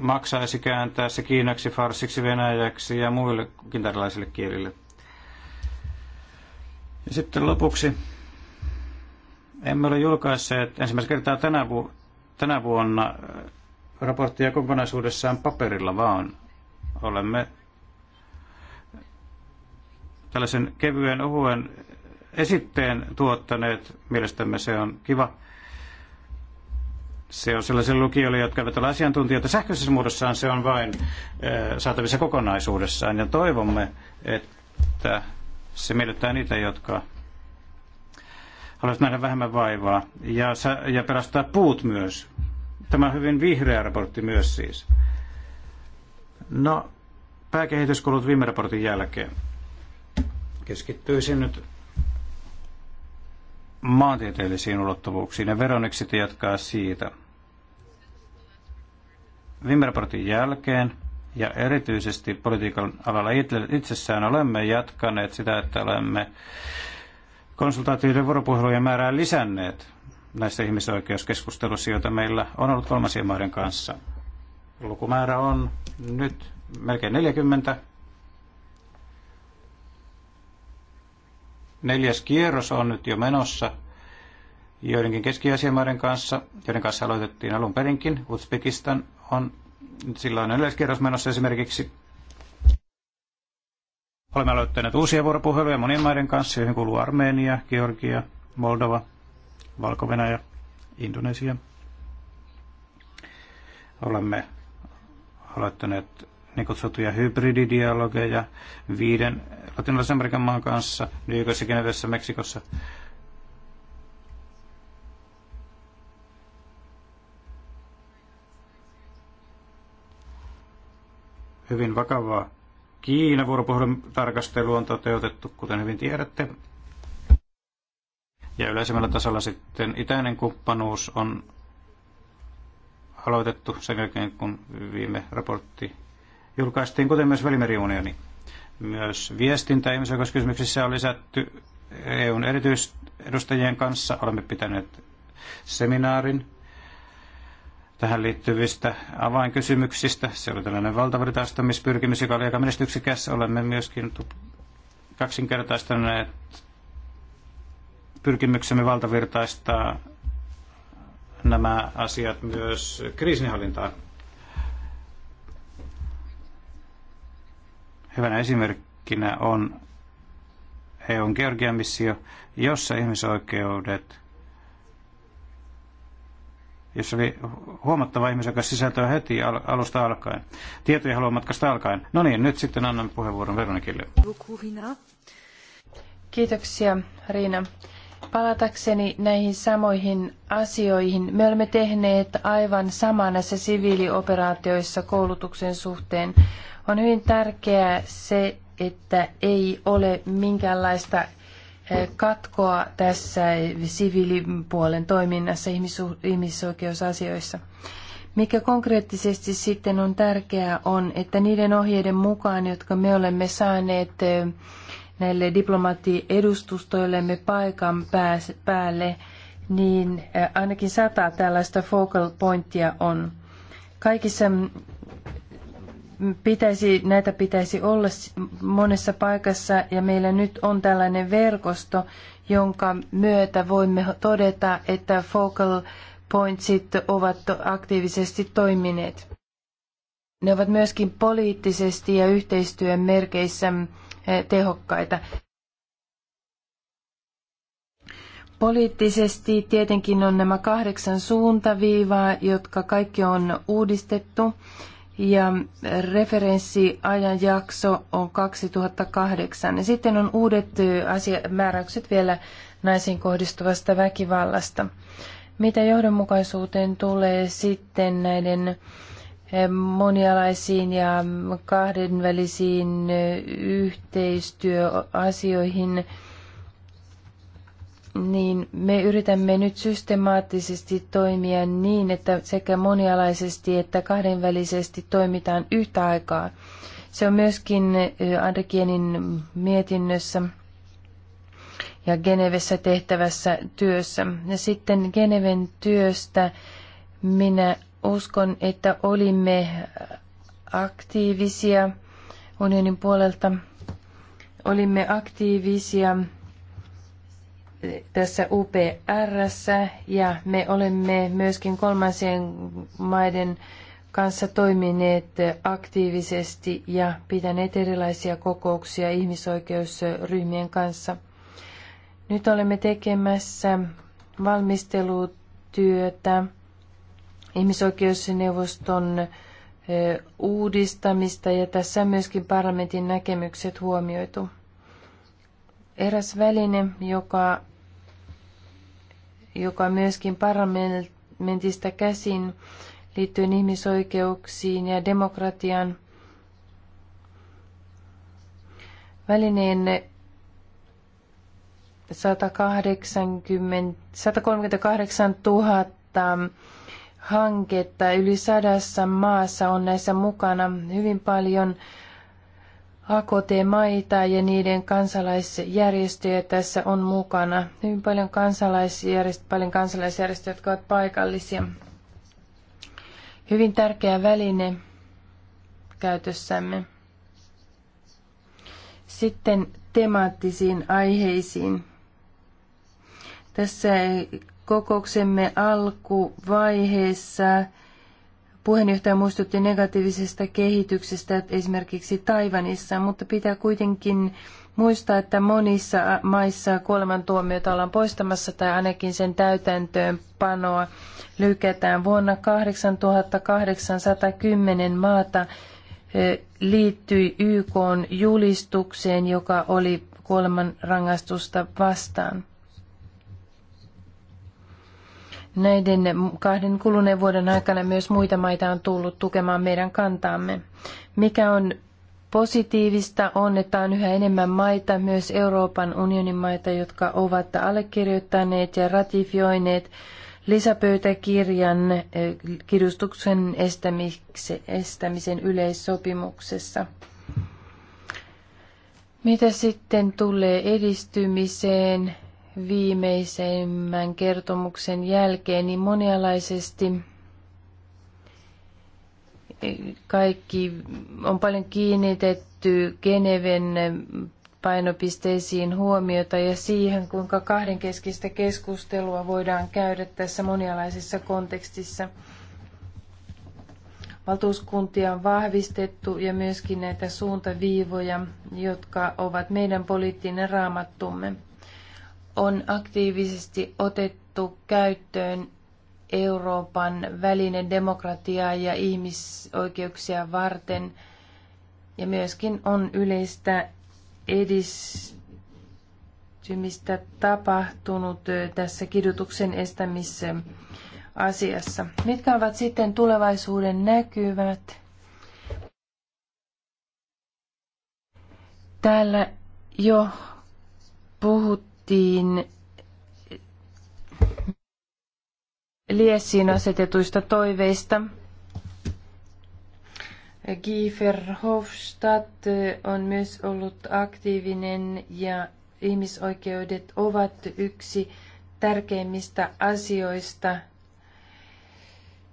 maksaisi kääntää se kiinaksi, farsiksi, venäjäksi ja muillekin tällaisille kielille. Ja sitten lopuksi emme ole julkaisseet ensimmäistä kertaa tänä, vu- tänä vuonna äh, raporttia kokonaisuudessaan paperilla, vaan olemme tällaisen kevyen ohuen esitteen tuottaneet. Mielestämme se on kiva se on sellaisille lukijoille, jotka eivät ole asiantuntijoita. Sähköisessä muodossaan se on vain saatavissa kokonaisuudessaan. Ja toivomme, että se miellyttää niitä, jotka haluaisivat nähdä vähemmän vaivaa ja, ja pelastaa puut myös. Tämä on hyvin vihreä raportti myös siis. No, pääkehityskulut viime raportin jälkeen. Keskittyisin nyt maantieteellisiin ulottuvuuksiin ja Veroniksi jatkaa siitä viime raportin jälkeen ja erityisesti politiikan alalla itsessään olemme jatkaneet sitä, että olemme konsultaatioiden vuoropuhelujen määrää lisänneet näissä ihmisoikeuskeskusteluissa, joita meillä on ollut kolmansien maiden kanssa. Lukumäärä on nyt melkein 40. Neljäs kierros on nyt jo menossa joidenkin keski kanssa, joiden kanssa aloitettiin alun perinkin. Uzbekistan on silloin yleiskierros menossa esimerkiksi. Olemme aloittaneet uusia vuoropuheluja monien maiden kanssa, joihin kuuluu Armenia, Georgia, Moldova, valko Indonesia. Olemme aloittaneet niin kutsuttuja hybrididialogeja viiden latinalaisen Amerikan maan kanssa, New Yorkissa, Genevessä, Meksikossa, hyvin vakavaa. Kiina vuoropuhelun tarkastelu on toteutettu, kuten hyvin tiedätte. Ja yleisemmällä tasolla sitten itäinen kumppanuus on aloitettu sen jälkeen, kun viime raportti julkaistiin, kuten myös välimeriunioni. Myös viestintä ihmisoikeuskysymyksissä on lisätty EUn erityisedustajien kanssa. Olemme pitäneet seminaarin tähän liittyvistä avainkysymyksistä. Se oli tällainen valtavirtaistamispyrkimys, joka oli aika menestyksekäs. Olemme myöskin kaksinkertaistaneet pyrkimyksemme valtavirtaistaa nämä asiat myös kriisinhallintaan. Hyvänä esimerkkinä on EUn Georgian missio, jossa ihmisoikeudet – jossa oli huomattava ihmisoikeus sisältöä heti al- alusta alkaen, tietoja haluan matkasta alkaen. No niin, nyt sitten annan puheenvuoron Veronikille. Kiitoksia, Riina. Palatakseni näihin samoihin asioihin, me olemme tehneet aivan samaa näissä siviilioperaatioissa koulutuksen suhteen. On hyvin tärkeää se, että ei ole minkäänlaista katkoa tässä siviilipuolen toiminnassa ihmisoikeusasioissa. Mikä konkreettisesti sitten on tärkeää on, että niiden ohjeiden mukaan, jotka me olemme saaneet näille diplomaattiedustustoillemme paikan päälle, niin ainakin sata tällaista focal pointia on. Kaikissa pitäisi, näitä pitäisi olla monessa paikassa ja meillä nyt on tällainen verkosto, jonka myötä voimme todeta, että focal pointsit ovat aktiivisesti toimineet. Ne ovat myöskin poliittisesti ja yhteistyön merkeissä eh, tehokkaita. Poliittisesti tietenkin on nämä kahdeksan suuntaviivaa, jotka kaikki on uudistettu ja referenssiajanjakso on 2008. Ja sitten on uudet asia, määräykset vielä naisiin kohdistuvasta väkivallasta. Mitä johdonmukaisuuteen tulee sitten näiden monialaisiin ja kahdenvälisiin yhteistyöasioihin, niin me yritämme nyt systemaattisesti toimia niin, että sekä monialaisesti että kahdenvälisesti toimitaan yhtä aikaa. Se on myöskin Andrikienin mietinnössä ja Genevessä tehtävässä työssä. Ja sitten Geneven työstä minä uskon, että olimme aktiivisia unionin puolelta. Olimme aktiivisia tässä UPRssä ja me olemme myöskin kolmansien maiden kanssa toimineet aktiivisesti ja pitäneet erilaisia kokouksia ihmisoikeusryhmien kanssa. Nyt olemme tekemässä valmistelutyötä ihmisoikeusneuvoston uudistamista ja tässä on myöskin parlamentin näkemykset huomioitu. Eräs väline, joka joka myöskin parlamentista käsin liittyen ihmisoikeuksiin ja demokratian välineen 138 000 hanketta yli sadassa maassa on näissä mukana hyvin paljon AKT-maita ja niiden kansalaisjärjestöjä tässä on mukana. Hyvin paljon kansalaisjärjestöjä, paljon kansalaisjärjestöjä jotka ovat paikallisia. Hyvin tärkeä väline käytössämme. Sitten temaattisiin aiheisiin. Tässä kokouksemme alkuvaiheessa Puheenjohtaja muistutti negatiivisesta kehityksestä esimerkiksi Taivanissa, mutta pitää kuitenkin muistaa, että monissa maissa kuolemantuomioita ollaan poistamassa tai ainakin sen täytäntöönpanoa lykätään. Vuonna 8810 maata eh, liittyi YK julistukseen, joka oli kuolemanrangaistusta vastaan. Näiden kahden kuluneen vuoden aikana myös muita maita on tullut tukemaan meidän kantaamme. Mikä on positiivista on, että on yhä enemmän maita, myös Euroopan unionin maita, jotka ovat allekirjoittaneet ja ratifioineet lisäpöytäkirjan eh, kidustuksen estämisen yleissopimuksessa. Mitä sitten tulee edistymiseen viimeisemmän kertomuksen jälkeen, niin monialaisesti kaikki on paljon kiinnitetty Geneven painopisteisiin huomiota ja siihen, kuinka kahdenkeskistä keskustelua voidaan käydä tässä monialaisessa kontekstissa. Valtuuskuntia on vahvistettu ja myöskin näitä suuntaviivoja, jotka ovat meidän poliittinen raamattumme on aktiivisesti otettu käyttöön Euroopan väline demokratiaa ja ihmisoikeuksia varten ja myöskin on yleistä edistymistä tapahtunut tässä kidutuksen asiassa. Mitkä ovat sitten tulevaisuuden näkyvät? Täällä jo puhuttu tehtiin Liessiin asetetuista toiveista. Giefer Hofstadt on myös ollut aktiivinen ja ihmisoikeudet ovat yksi tärkeimmistä asioista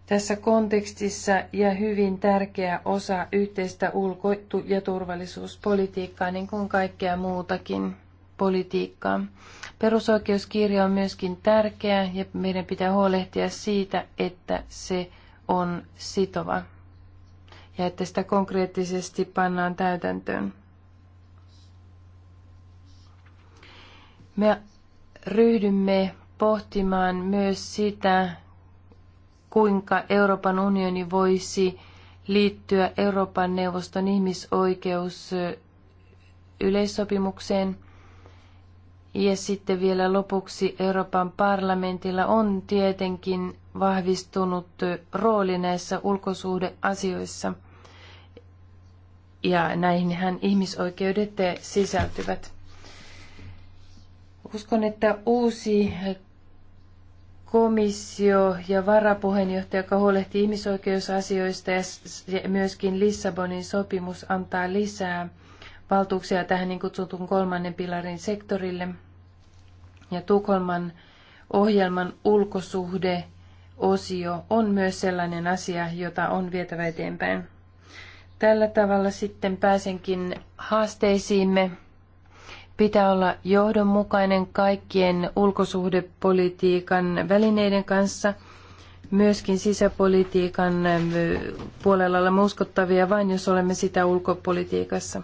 tässä kontekstissa ja hyvin tärkeä osa yhteistä ulko- ja turvallisuuspolitiikkaa, niin kuin kaikkea muutakin politiikkaa. Perusoikeuskirja on myöskin tärkeä ja meidän pitää huolehtia siitä, että se on sitova ja että sitä konkreettisesti pannaan täytäntöön. Me ryhdymme pohtimaan myös sitä, kuinka Euroopan unioni voisi liittyä Euroopan neuvoston ihmisoikeusyleissopimukseen – ja sitten vielä lopuksi Euroopan parlamentilla on tietenkin vahvistunut rooli näissä ulkosuhdeasioissa. Ja näihinhän ihmisoikeudet sisältyvät. Uskon, että uusi komissio ja varapuheenjohtaja, joka huolehtii ihmisoikeusasioista ja myöskin Lissabonin sopimus antaa lisää valtuuksia tähän niin kutsutun kolmannen pilarin sektorille. Ja Tukholman ohjelman ulkosuhde osio on myös sellainen asia, jota on vietävä eteenpäin. Tällä tavalla sitten pääsenkin haasteisiimme. Pitää olla johdonmukainen kaikkien ulkosuhdepolitiikan välineiden kanssa, myöskin sisäpolitiikan puolella olemme uskottavia vain, jos olemme sitä ulkopolitiikassa.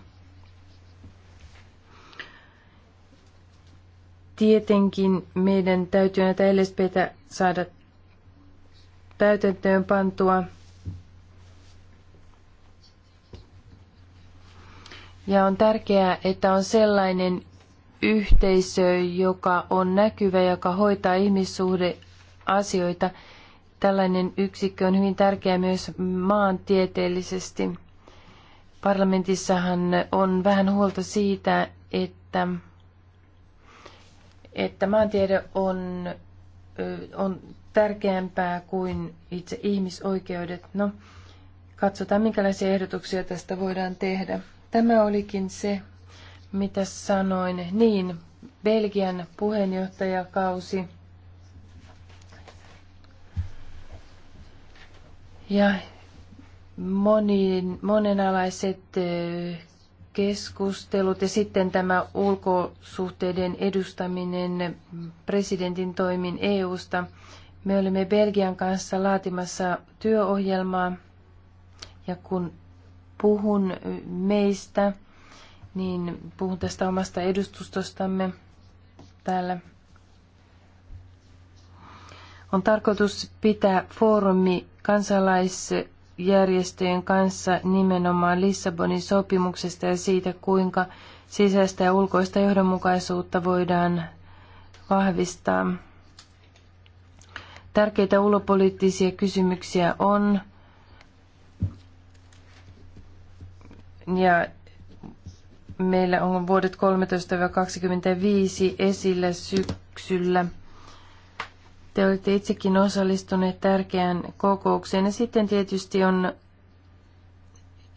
Tietenkin meidän täytyy näitä LSPtä saada täytäntöön pantua. Ja on tärkeää, että on sellainen yhteisö, joka on näkyvä, joka hoitaa ihmissuhdeasioita. Tällainen yksikkö on hyvin tärkeä myös maantieteellisesti. Parlamentissahan on vähän huolta siitä, että että maantiede on, on tärkeämpää kuin itse ihmisoikeudet. No, katsotaan, minkälaisia ehdotuksia tästä voidaan tehdä. Tämä olikin se, mitä sanoin. Niin, Belgian puheenjohtajakausi. Ja monin, monenalaiset keskustelut ja sitten tämä ulkosuhteiden edustaminen presidentin toimin EU-sta. Me olemme Belgian kanssa laatimassa työohjelmaa ja kun puhun meistä, niin puhun tästä omasta edustustostamme täällä. On tarkoitus pitää foorumi kansalais- järjestöjen kanssa nimenomaan Lissabonin sopimuksesta ja siitä, kuinka sisäistä ja ulkoista johdonmukaisuutta voidaan vahvistaa. Tärkeitä ulopoliittisia kysymyksiä on. Ja meillä on vuodet 13-25 esillä syksyllä. Te olette itsekin osallistuneet tärkeään kokoukseen ja sitten tietysti on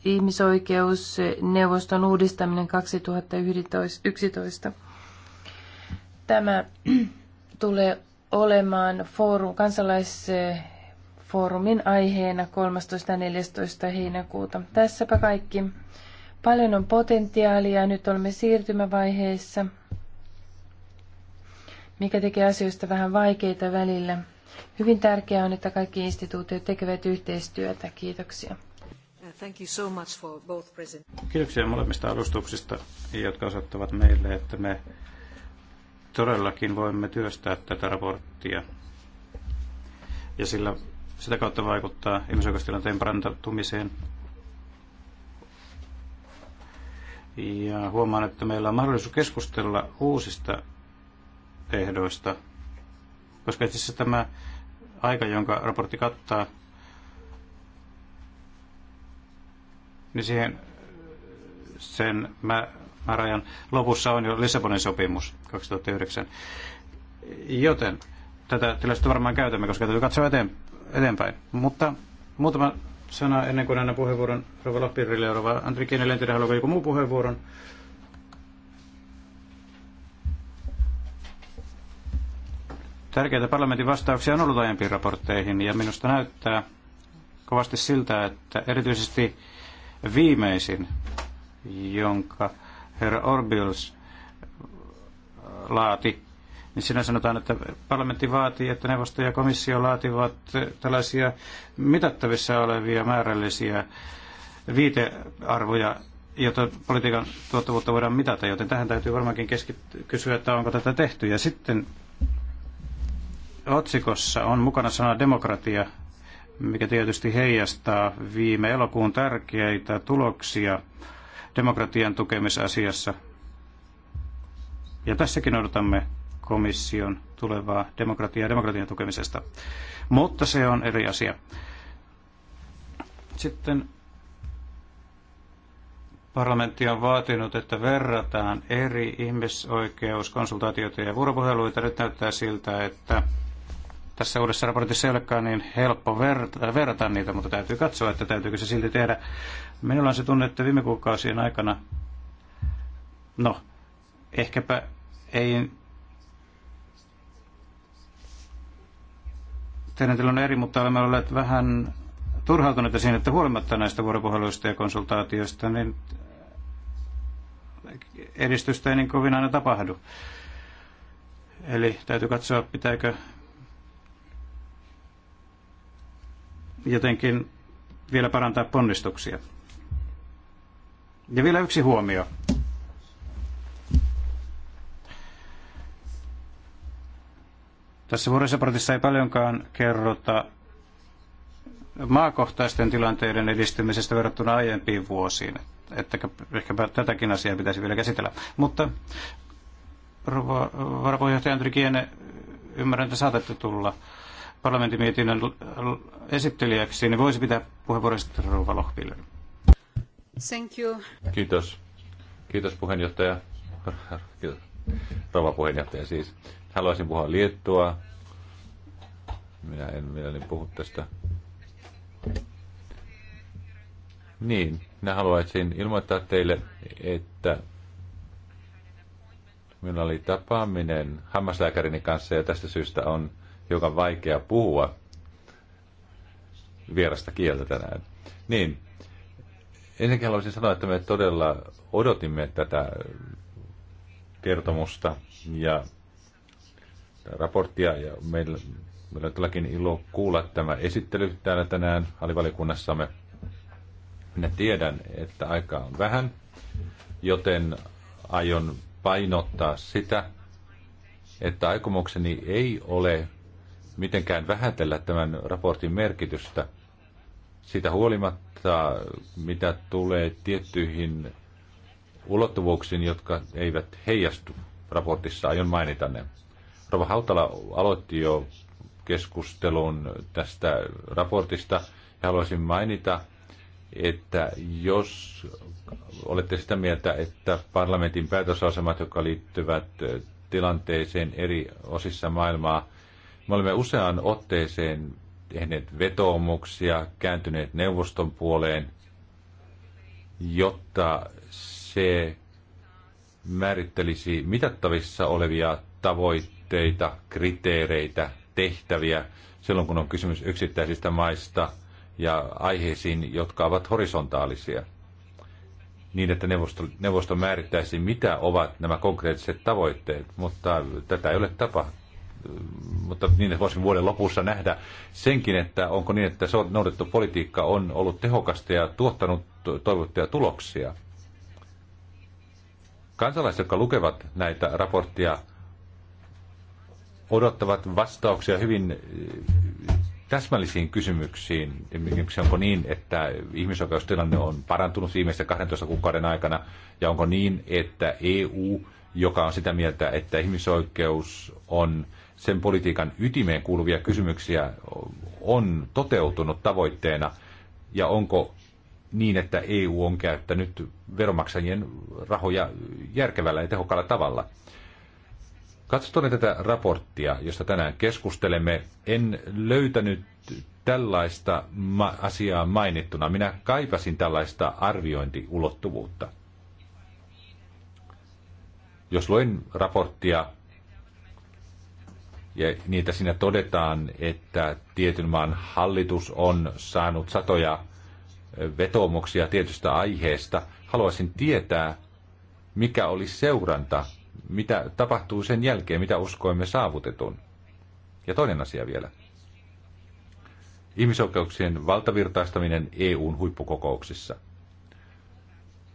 ihmisoikeusneuvoston uudistaminen 2011. Tämä tulee olemaan foorum, kansalaisfoorumin aiheena 13. ja 14. heinäkuuta. Tässäpä kaikki. Paljon on potentiaalia. Nyt olemme siirtymävaiheessa mikä tekee asioista vähän vaikeita välillä. Hyvin tärkeää on, että kaikki instituutiot tekevät yhteistyötä. Kiitoksia. Thank you so much for both Kiitoksia molemmista alustuksista, jotka osoittavat meille, että me todellakin voimme työstää tätä raporttia. Ja sillä sitä kautta vaikuttaa ihmisoikeustilanteen parantumiseen. Ja huomaan, että meillä on mahdollisuus keskustella uusista ehdoista, koska itse asiassa tämä aika, jonka raportti kattaa, niin siihen sen mä rajan lopussa on jo Lissabonin sopimus 2009. Joten tätä tilaisuutta varmaan käytämme, koska täytyy katsoa eteen, eteenpäin. Mutta muutama sana ennen kuin annan puheenvuoron Rova Lappirille ja Rova Antri Kiinelle. haluaako joku muu puheenvuoron. Tärkeitä parlamentin vastauksia on ollut aiempiin raportteihin ja minusta näyttää kovasti siltä, että erityisesti viimeisin, jonka herra Orbils laati, niin siinä sanotaan, että parlamentti vaatii, että neuvosto ja komissio laativat tällaisia mitattavissa olevia määrällisiä viitearvoja, jotta politiikan tuottavuutta voidaan mitata, joten tähän täytyy varmaankin kysyä, että onko tätä tehty. Ja sitten otsikossa on mukana sana demokratia, mikä tietysti heijastaa viime elokuun tärkeitä tuloksia demokratian tukemisasiassa. Ja tässäkin odotamme komission tulevaa demokratiaa ja demokratian tukemisesta. Mutta se on eri asia. Sitten parlamentti on vaatinut, että verrataan eri ihmisoikeuskonsultaatioita ja vuoropuheluita. Nyt näyttää siltä, että tässä uudessa raportissa ei olekaan niin helppo verrata, verrata niitä, mutta täytyy katsoa, että täytyykö se silti tehdä. Minulla on se tunne, että viime kuukausien aikana, no, ehkäpä ei teidän tilanne eri, mutta olemme olleet vähän turhautuneita siinä, että huolimatta näistä vuoropuheluista ja konsultaatioista, niin edistystä ei niin kovin aina tapahdu. Eli täytyy katsoa, pitääkö jotenkin vielä parantaa ponnistuksia. Ja vielä yksi huomio. Tässä vuorisoportissa ei paljonkaan kerrota maakohtaisten tilanteiden edistymisestä verrattuna aiempiin vuosiin. Että ehkä tätäkin asiaa pitäisi vielä käsitellä. Mutta varapuheenjohtaja Andri Kiene, ymmärrän, että saatatte tulla parlamentin mietinnön esittelijäksi, niin voisi pitää puheenvuoron sitten Rouva Thank you. Kiitos. Kiitos puheenjohtaja. Rouva puheenjohtaja siis. Haluaisin puhua Liettua. Minä en niin puhu tästä. Niin, minä haluaisin ilmoittaa teille, että minulla oli tapaaminen hammaslääkärini kanssa ja tästä syystä on joka on vaikea puhua vierasta kieltä tänään. Niin, ensinnäkin haluaisin sanoa, että me todella odotimme tätä kertomusta ja raporttia. Ja meillä, meillä on tälläkin ilo kuulla tämä esittely täällä tänään alivalikunnassamme. Minä tiedän, että aikaa on vähän, joten aion painottaa sitä, että aikomukseni ei ole mitenkään vähätellä tämän raportin merkitystä. Sitä huolimatta, mitä tulee tiettyihin ulottuvuuksiin, jotka eivät heijastu raportissa, aion mainita ne. Rova Hautala aloitti jo keskustelun tästä raportista ja haluaisin mainita, että jos olette sitä mieltä, että parlamentin päätösasemat, jotka liittyvät tilanteeseen eri osissa maailmaa, me olemme useaan otteeseen tehneet vetoomuksia, kääntyneet neuvoston puoleen, jotta se määrittelisi mitattavissa olevia tavoitteita, kriteereitä, tehtäviä silloin, kun on kysymys yksittäisistä maista ja aiheisiin, jotka ovat horisontaalisia. Niin, että neuvosto, neuvosto määrittäisi, mitä ovat nämä konkreettiset tavoitteet, mutta tätä ei ole tapahtunut mutta niin voisin vuoden lopussa nähdä senkin, että onko niin, että se on noudattu politiikka on ollut tehokasta ja tuottanut toivottuja tuloksia. Kansalaiset, jotka lukevat näitä raportteja, odottavat vastauksia hyvin eh, täsmällisiin kysymyksiin. Esimerkiksi onko niin, että ihmisoikeustilanne on parantunut viimeisen 12 kuukauden aikana, ja onko niin, että EU, joka on sitä mieltä, että ihmisoikeus on sen politiikan ytimeen kuuluvia kysymyksiä on toteutunut tavoitteena ja onko niin, että EU on käyttänyt veromaksajien rahoja järkevällä ja tehokkaalla tavalla. Katsotaan tätä raporttia, josta tänään keskustelemme. En löytänyt tällaista ma- asiaa mainittuna. Minä kaipasin tällaista arviointiulottuvuutta. Jos luen raporttia, ja niitä siinä todetaan, että tietyn maan hallitus on saanut satoja vetoomuksia tietystä aiheesta. Haluaisin tietää, mikä oli seuranta, mitä tapahtuu sen jälkeen, mitä uskoimme saavutetun. Ja toinen asia vielä. Ihmisoikeuksien valtavirtaistaminen EUn huippukokouksissa.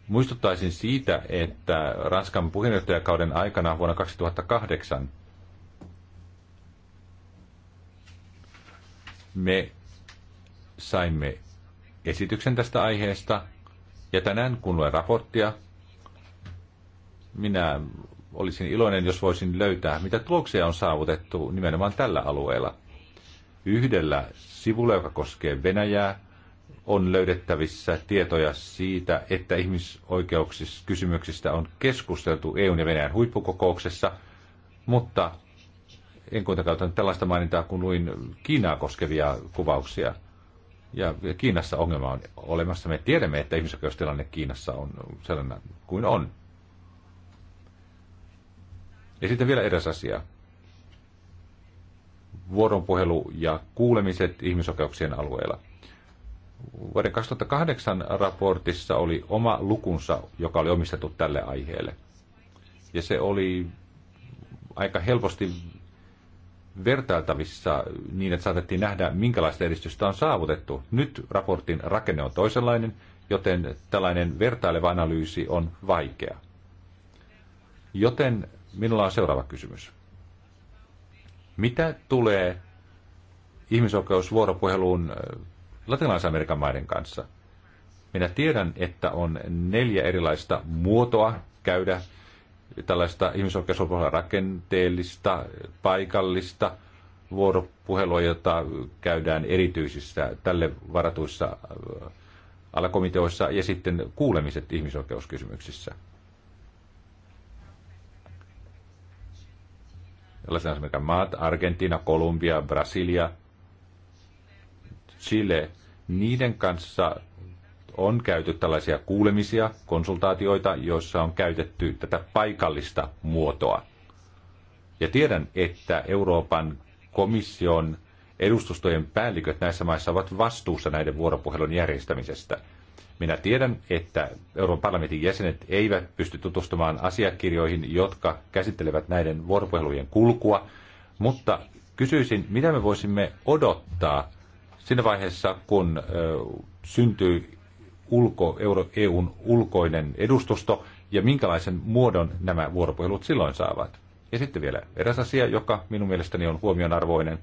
Muistuttaisin siitä, että Ranskan puheenjohtajakauden aikana vuonna 2008 me saimme esityksen tästä aiheesta. Ja tänään, kun luen raporttia, minä olisin iloinen, jos voisin löytää, mitä tuloksia on saavutettu nimenomaan tällä alueella. Yhdellä sivulla, joka koskee Venäjää, on löydettävissä tietoja siitä, että ihmisoikeuksista kysymyksistä on keskusteltu EUn ja Venäjän huippukokouksessa, mutta en kuitenkaan ottanut tällaista mainintaa, kun luin Kiinaa koskevia kuvauksia. Ja Kiinassa ongelma on olemassa. Me tiedämme, että ihmisoikeustilanne Kiinassa on sellainen kuin on. Ja sitten vielä eräs asia. Vuoropuhelu ja kuulemiset ihmisoikeuksien alueella. Vuoden 2008 raportissa oli oma lukunsa, joka oli omistettu tälle aiheelle. Ja se oli aika helposti vertailtavissa niin, että saatettiin nähdä, minkälaista edistystä on saavutettu. Nyt raportin rakenne on toisenlainen, joten tällainen vertaileva analyysi on vaikea. Joten minulla on seuraava kysymys. Mitä tulee ihmisoikeusvuoropuheluun äh, latinalaisen Amerikan maiden kanssa? Minä tiedän, että on neljä erilaista muotoa käydä tällaista ihmisoikeusopuolella rakenteellista, paikallista vuoropuhelua, jota käydään erityisissä tälle varatuissa äh, alakomiteoissa ja sitten kuulemiset ihmisoikeuskysymyksissä. Tällaisena esimerkiksi maat, Argentiina, Kolumbia, Brasilia, Chile, niiden kanssa on käyty tällaisia kuulemisia, konsultaatioita, joissa on käytetty tätä paikallista muotoa. Ja tiedän, että Euroopan komission edustustojen päälliköt näissä maissa ovat vastuussa näiden vuoropuhelun järjestämisestä. Minä tiedän, että Euroopan parlamentin jäsenet eivät pysty tutustumaan asiakirjoihin, jotka käsittelevät näiden vuoropuhelujen kulkua, mutta kysyisin, mitä me voisimme odottaa siinä vaiheessa, kun syntyy ulko, Euro, EUn ulkoinen edustusto ja minkälaisen muodon nämä vuoropuhelut silloin saavat. Ja sitten vielä eräs asia, joka minun mielestäni on huomionarvoinen,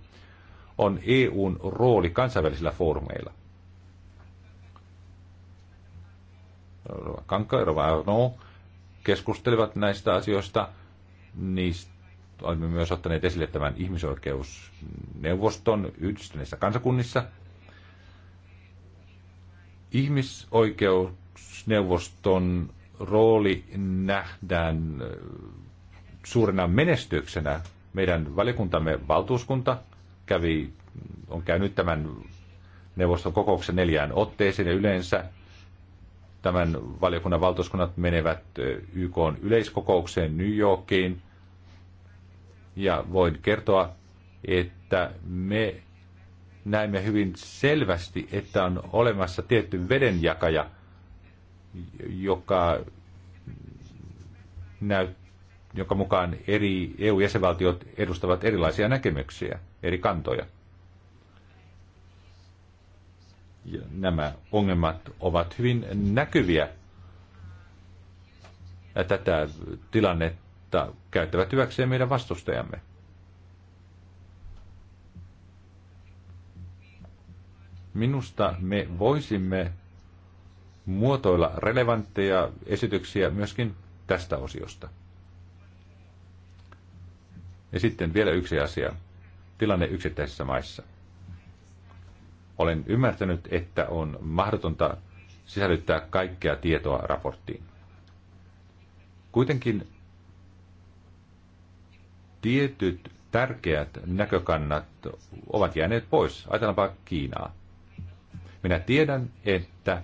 on EUn rooli kansainvälisillä foorumeilla. Kanka ja Arno keskustelivat näistä asioista. Niistä olemme myös ottaneet esille tämän ihmisoikeusneuvoston yhdistyneissä kansakunnissa – Ihmisoikeusneuvoston rooli nähdään suurena menestyksenä. Meidän valikuntamme valtuuskunta kävi, on käynyt tämän neuvoston kokouksen neljään otteeseen ja yleensä tämän valiokunnan valtuuskunnat menevät YK yleiskokoukseen New Yorkiin. Ja voin kertoa, että me Näemme hyvin selvästi, että on olemassa tietty vedenjakaja, joka näyttää jonka mukaan eri EU-jäsenvaltiot edustavat erilaisia näkemyksiä, eri kantoja. Ja nämä ongelmat ovat hyvin näkyviä. Ja tätä tilannetta käyttävät hyväkseen meidän vastustajamme. Minusta me voisimme muotoilla relevantteja esityksiä myöskin tästä osiosta. Ja sitten vielä yksi asia. Tilanne yksittäisissä maissa. Olen ymmärtänyt, että on mahdotonta sisällyttää kaikkea tietoa raporttiin. Kuitenkin tietyt tärkeät näkökannat ovat jääneet pois. Ajatellaanpa Kiinaa. Minä tiedän, että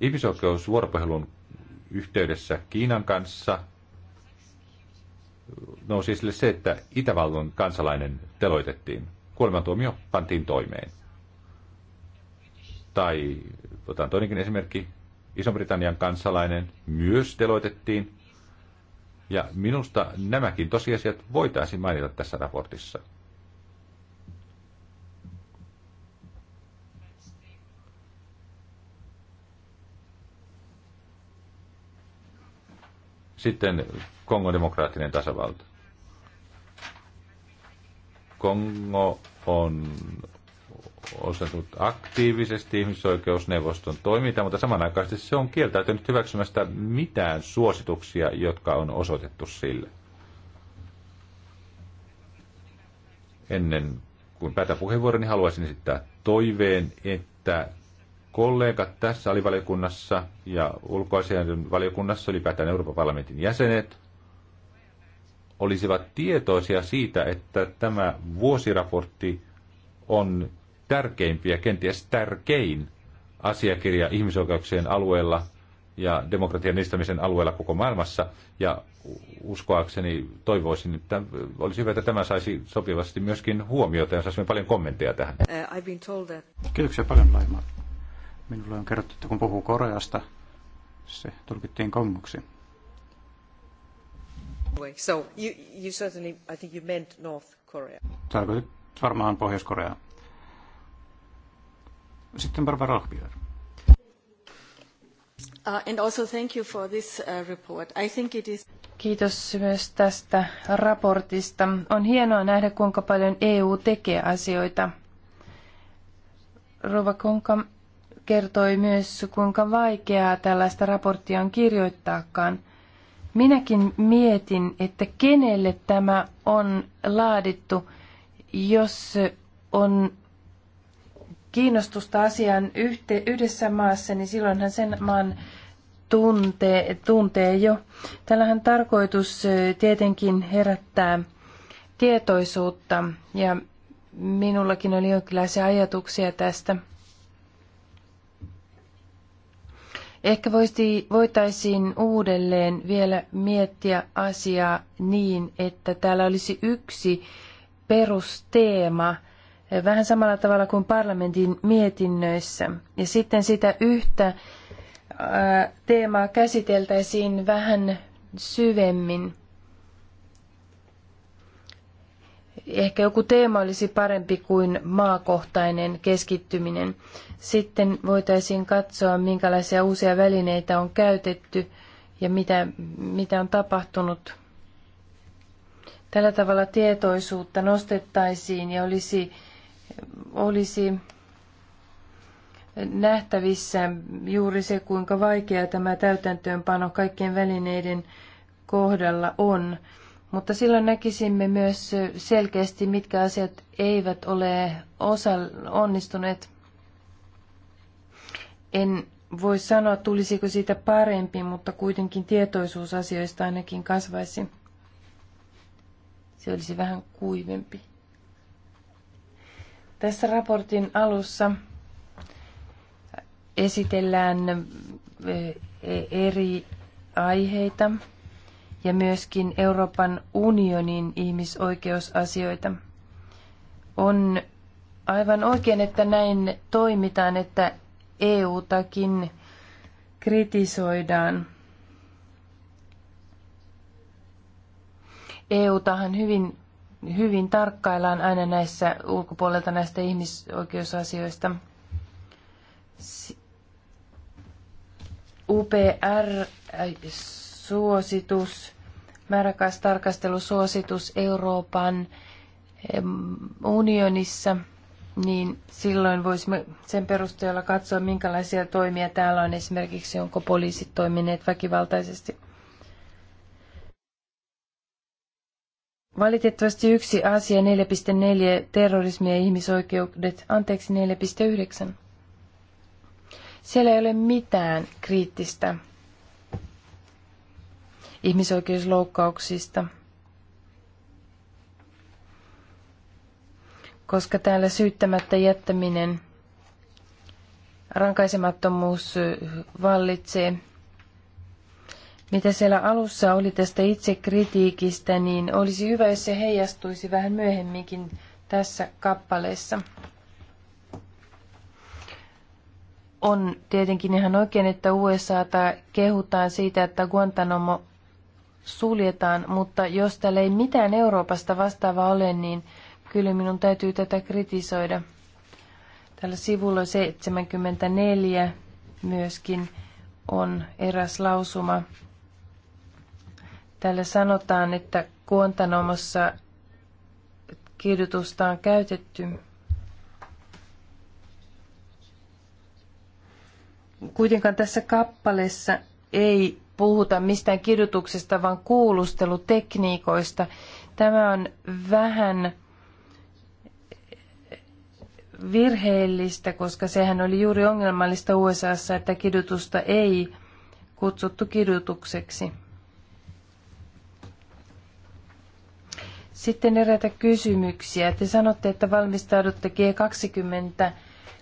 ihmisoikeusvuoropuhelun yhteydessä Kiinan kanssa nousi esille se, että Itävallan kansalainen teloitettiin. Kuolemantuomio pantiin toimeen. Tai otan toinenkin esimerkki. Iso-Britannian kansalainen myös teloitettiin. Ja minusta nämäkin tosiasiat voitaisiin mainita tässä raportissa. Sitten Kongo demokraattinen tasavalta. Kongo on osannut aktiivisesti ihmisoikeusneuvoston toimintaa, mutta samanaikaisesti se on kieltäytynyt hyväksymästä mitään suosituksia, jotka on osoitettu sille. Ennen kuin päätän puheenvuoroni, haluaisin esittää toiveen, että kollegat tässä alivaliokunnassa ja ulkoasian valiokunnassa, ylipäätään Euroopan parlamentin jäsenet, olisivat tietoisia siitä, että tämä vuosiraportti on tärkeimpiä, kenties tärkein asiakirja ihmisoikeuksien alueella ja demokratian edistämisen alueella koko maailmassa. Ja uskoakseni toivoisin, että olisi hyvä, että tämä saisi sopivasti myöskin huomiota ja saisimme paljon kommentteja tähän. Uh, I've been told that... Kiitoksia paljon, Laima. Minulle on kerrottu, että kun puhuu Koreasta, se tulkittiin Kongoksi. So you, you certainly, I think you meant North Korea. Tarkoitit varmaan Pohjois-Koreaa. Sitten Barbara Lochbieler. Uh, and also thank you for this uh, report. I think it is... Kiitos myös tästä raportista. On hienoa nähdä, kuinka paljon EU tekee asioita. Rova Konka, kertoi myös, kuinka vaikeaa tällaista raporttia on kirjoittaakaan. Minäkin mietin, että kenelle tämä on laadittu, jos on kiinnostusta asiaan yhte, yhdessä maassa, niin silloinhan sen maan tuntee, tuntee jo. Tällähän tarkoitus tietenkin herättää tietoisuutta ja minullakin oli jonkinlaisia ajatuksia tästä. Ehkä voitaisiin uudelleen vielä miettiä asiaa niin, että täällä olisi yksi perusteema, eh, vähän samalla tavalla kuin parlamentin mietinnöissä. Ja sitten sitä yhtä eh, teemaa käsiteltäisiin vähän syvemmin. Ehkä joku teema olisi parempi kuin maakohtainen keskittyminen. Sitten voitaisiin katsoa, minkälaisia uusia välineitä on käytetty ja mitä, mitä on tapahtunut. Tällä tavalla tietoisuutta nostettaisiin ja olisi, olisi nähtävissä juuri se, kuinka vaikea tämä täytäntöönpano kaikkien välineiden kohdalla on. Mutta silloin näkisimme myös selkeästi, mitkä asiat eivät ole osa onnistuneet. En voi sanoa, tulisiko siitä parempi, mutta kuitenkin tietoisuus asioista ainakin kasvaisi. Se olisi vähän kuivempi. Tässä raportin alussa esitellään eh, eri aiheita ja myöskin Euroopan unionin ihmisoikeusasioita. On aivan oikein, että näin toimitaan, että EU-takin kritisoidaan. EU-tahan hyvin, hyvin tarkkaillaan aina näissä ulkopuolelta näistä ihmisoikeusasioista. UPR-suositus äh, määräkaistarkastelusuositus Euroopan unionissa, niin silloin voisimme sen perusteella katsoa, minkälaisia toimia täällä on esimerkiksi, onko poliisit toimineet väkivaltaisesti. Valitettavasti yksi asia 4.4, terrorismi ja ihmisoikeudet, anteeksi 4.9. Siellä ei ole mitään kriittistä ihmisoikeusloukkauksista. Koska täällä syyttämättä jättäminen, rankaisemattomuus vallitsee. Mitä siellä alussa oli tästä itsekritiikistä, niin olisi hyvä, jos se heijastuisi vähän myöhemminkin tässä kappaleessa. on tietenkin ihan oikein, että USAta kehutaan siitä, että Guantanamo suljetaan, mutta jos täällä ei mitään Euroopasta vastaava ole, niin kyllä minun täytyy tätä kritisoida. Tällä sivulla 74 myöskin on eräs lausuma. Täällä sanotaan, että Kuontanomossa kirjoitusta on käytetty. Kuitenkaan tässä kappaleessa ei puhuta mistään kidutuksesta, vaan kuulustelutekniikoista. Tämä on vähän virheellistä, koska sehän oli juuri ongelmallista USAssa, että kidutusta ei kutsuttu kidutukseksi. Sitten eräitä kysymyksiä. Te sanotte, että valmistaudutte G20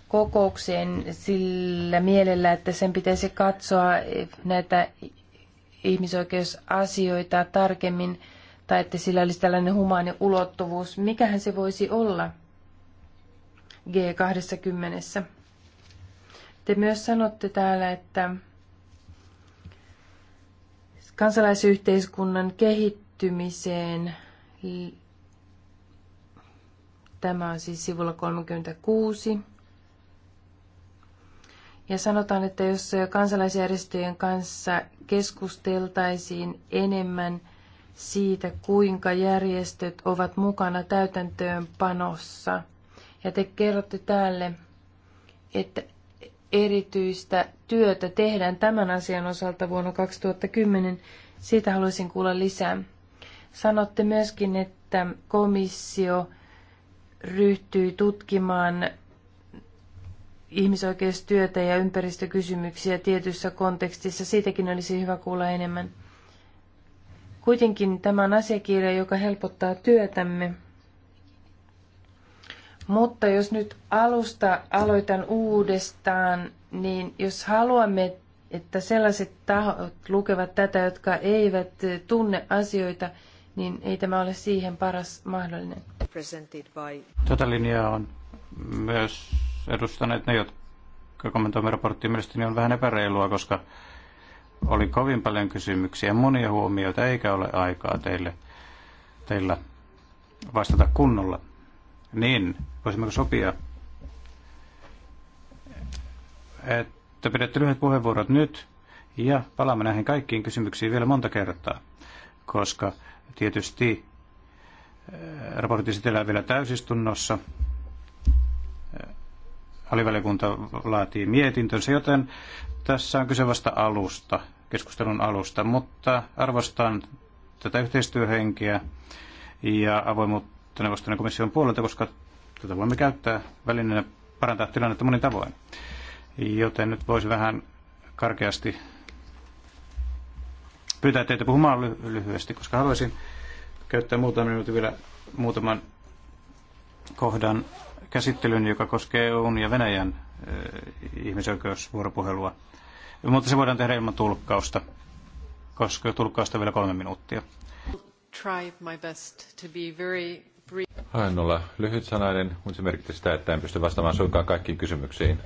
kokoukseen sillä mielellä, että sen pitäisi katsoa näitä ihmisoikeusasioita tarkemmin, tai että sillä olisi tällainen humaani ulottuvuus. Mikähän se voisi olla G20? Te myös sanotte täällä, että kansalaisyhteiskunnan kehittymiseen Tämä on siis sivulla 36. Ja sanotaan, että jos kansalaisjärjestöjen kanssa keskusteltaisiin enemmän siitä, kuinka järjestöt ovat mukana täytäntöönpanossa. Ja te kerrotte täällä, että erityistä työtä tehdään tämän asian osalta vuonna 2010. Siitä haluaisin kuulla lisää. Sanotte myöskin, että komissio ryhtyy tutkimaan ihmisoikeustyötä ja ympäristökysymyksiä tietyssä kontekstissa. Siitäkin olisi hyvä kuulla enemmän. Kuitenkin tämä on asiakirja, joka helpottaa työtämme. Mutta jos nyt alusta aloitan uudestaan, niin jos haluamme, että sellaiset tahot lukevat tätä, jotka eivät tunne asioita, niin ei tämä ole siihen paras mahdollinen. Tätä linjaa on myös edustaneet ne, jotka kommentoimme raporttia. Mielestäni on vähän epäreilua, koska oli kovin paljon kysymyksiä, monia huomioita, eikä ole aikaa teille, teillä vastata kunnolla. Niin, voisimmeko sopia, että pidätte lyhyet puheenvuorot nyt ja palaamme näihin kaikkiin kysymyksiin vielä monta kertaa, koska tietysti eh, raportti sitellään vielä täysistunnossa alivaliokunta laatii mietintönsä, joten tässä on kyse vasta alusta, keskustelun alusta, mutta arvostan tätä yhteistyöhenkeä ja avoimuutta neuvoston ja komission puolelta, koska tätä voimme käyttää välineenä parantaa tilannetta monin tavoin. Joten nyt voisi vähän karkeasti pyytää teitä puhumaan ly- lyhyesti, koska haluaisin käyttää muutaman minuutin vielä muutaman kohdan käsittelyn, joka koskee EUn ja Venäjän ihmisoikeusvuoropuhelua. Mutta se voidaan tehdä ilman tulkkausta, koska tulkkausta vielä kolme minuuttia. Haluan olla lyhyt sanainen, mutta se merkitsee sitä, että en pysty vastaamaan suinkaan kaikkiin kysymyksiin.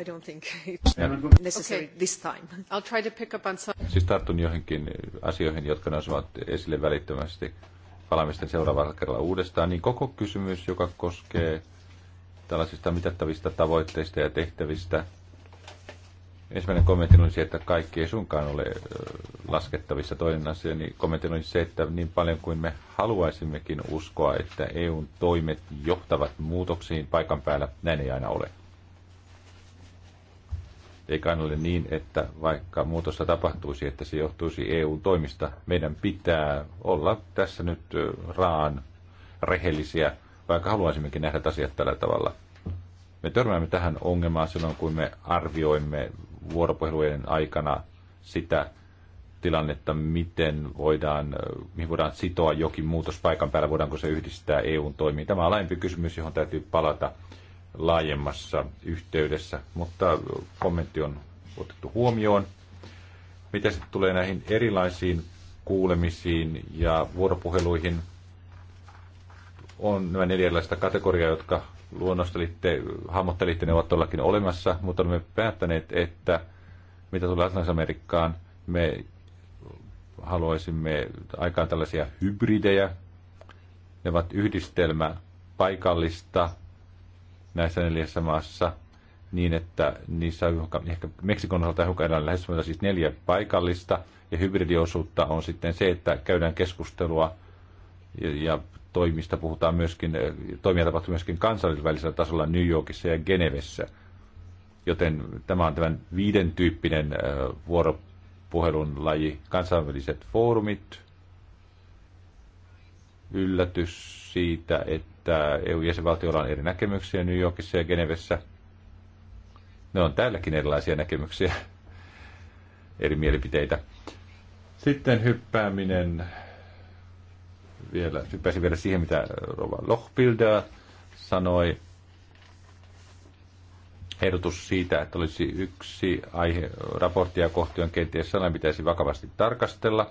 I don't think it's necessary this time. I'll try to pick up on some... Siis tartun johonkin asioihin, jotka nousevat esille välittömästi. Palaamme sitten seuraavalla kerralla uudestaan. Niin koko kysymys, joka koskee tällaisista mitattavista tavoitteista ja tehtävistä. Ensimmäinen kommentti oli se, että kaikki ei sunkaan ole laskettavissa. Toinen asia, niin kommentti oli se, että niin paljon kuin me haluaisimmekin uskoa, että EUn toimet johtavat muutoksiin paikan päällä, näin ei aina ole. Eikä aina ole niin, että vaikka muutosta tapahtuisi, että se johtuisi EUn toimista, meidän pitää olla tässä nyt raan rehellisiä – vaikka haluaisimmekin nähdä asiat tällä tavalla. Me törmäämme tähän ongelmaan silloin, kun me arvioimme vuoropuhelujen aikana sitä tilannetta, miten voidaan, mihin voidaan sitoa jokin muutos paikan päällä, voidaanko se yhdistää EUn toimiin. Tämä on laajempi kysymys, johon täytyy palata laajemmassa yhteydessä, mutta kommentti on otettu huomioon. Mitä sitten tulee näihin erilaisiin kuulemisiin ja vuoropuheluihin, on nämä neljänlaista erilaista kategoriaa, jotka luonnostelitte, hahmottelitte, ne ovat todellakin olemassa, mutta olemme päättäneet, että mitä tulee Atlantis-Amerikkaan, me haluaisimme aikaan tällaisia hybridejä. Ne ovat yhdistelmä paikallista näissä neljässä maassa niin, että niissä on ehkä Meksikon osalta hiukan lähes siis neljä paikallista ja hybridiosuutta on sitten se, että käydään keskustelua ja toimista puhutaan myöskin, eh, toimia tapahtuu myöskin kansallisvälisellä tasolla New Yorkissa ja Genevessä. Joten tämä on tämän viiden tyyppinen eh, vuoropuhelun laji, kansainväliset foorumit, yllätys siitä, että EU-jäsenvaltioilla on eri näkemyksiä New Yorkissa ja Genevessä. Ne on täälläkin erilaisia näkemyksiä, eri mielipiteitä. Sitten hyppääminen vielä, hyppäisin vielä siihen, mitä Rova Lochbilder sanoi. Ehdotus siitä, että olisi yksi aihe raporttia kohti, on kenties sellainen, pitäisi vakavasti tarkastella.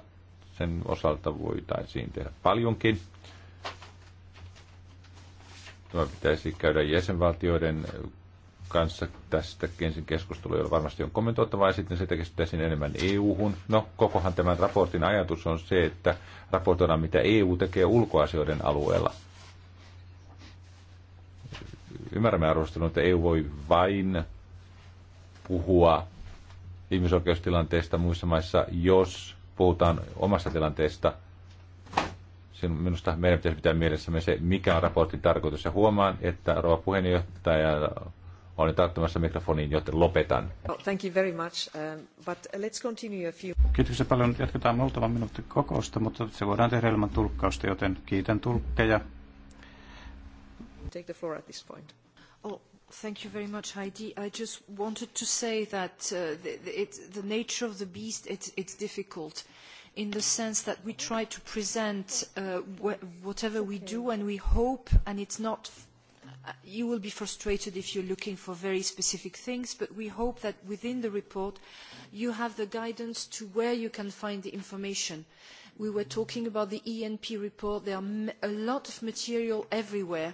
Sen osalta voitaisiin tehdä paljonkin. Tämä pitäisi käydä jäsenvaltioiden kanssa tästä ensin keskustelu, jolla varmasti on kommentoitavaa, ja sitten se keskittäisiin enemmän EU-hun. No, kokohan tämän raportin ajatus on se, että raportoidaan, mitä EU tekee ulkoasioiden alueella. Ymmärrämme arvostelun, että EU voi vain puhua ihmisoikeustilanteesta muissa maissa, jos puhutaan omasta tilanteesta – sinun, minusta meidän pitäisi pitää mielessä se, mikä on raportin tarkoitus. Ja huomaan, että rouva puheenjohtaja olen tarttumassa mikrofoniin, joten lopetan. Well, thank you very much, um, but uh, let's continue a few... Kiitoksia paljon. Jatketaan muutama minuutti kokousta, mutta se voidaan tehdä ilman tulkkausta, joten kiitän tulkkeja. Take the floor at this point. Oh, thank you very much, Heidi. I just wanted to say that uh, the, it, the nature of the beast, it's, it's difficult in the sense that we try to present uh, wh whatever we do and we hope, and it's not Uh, you will be frustrated if you're looking for very specific things, but we hope that within the report you have the guidance to where you can find the information. We were talking about the ENP report. There are a lot of material everywhere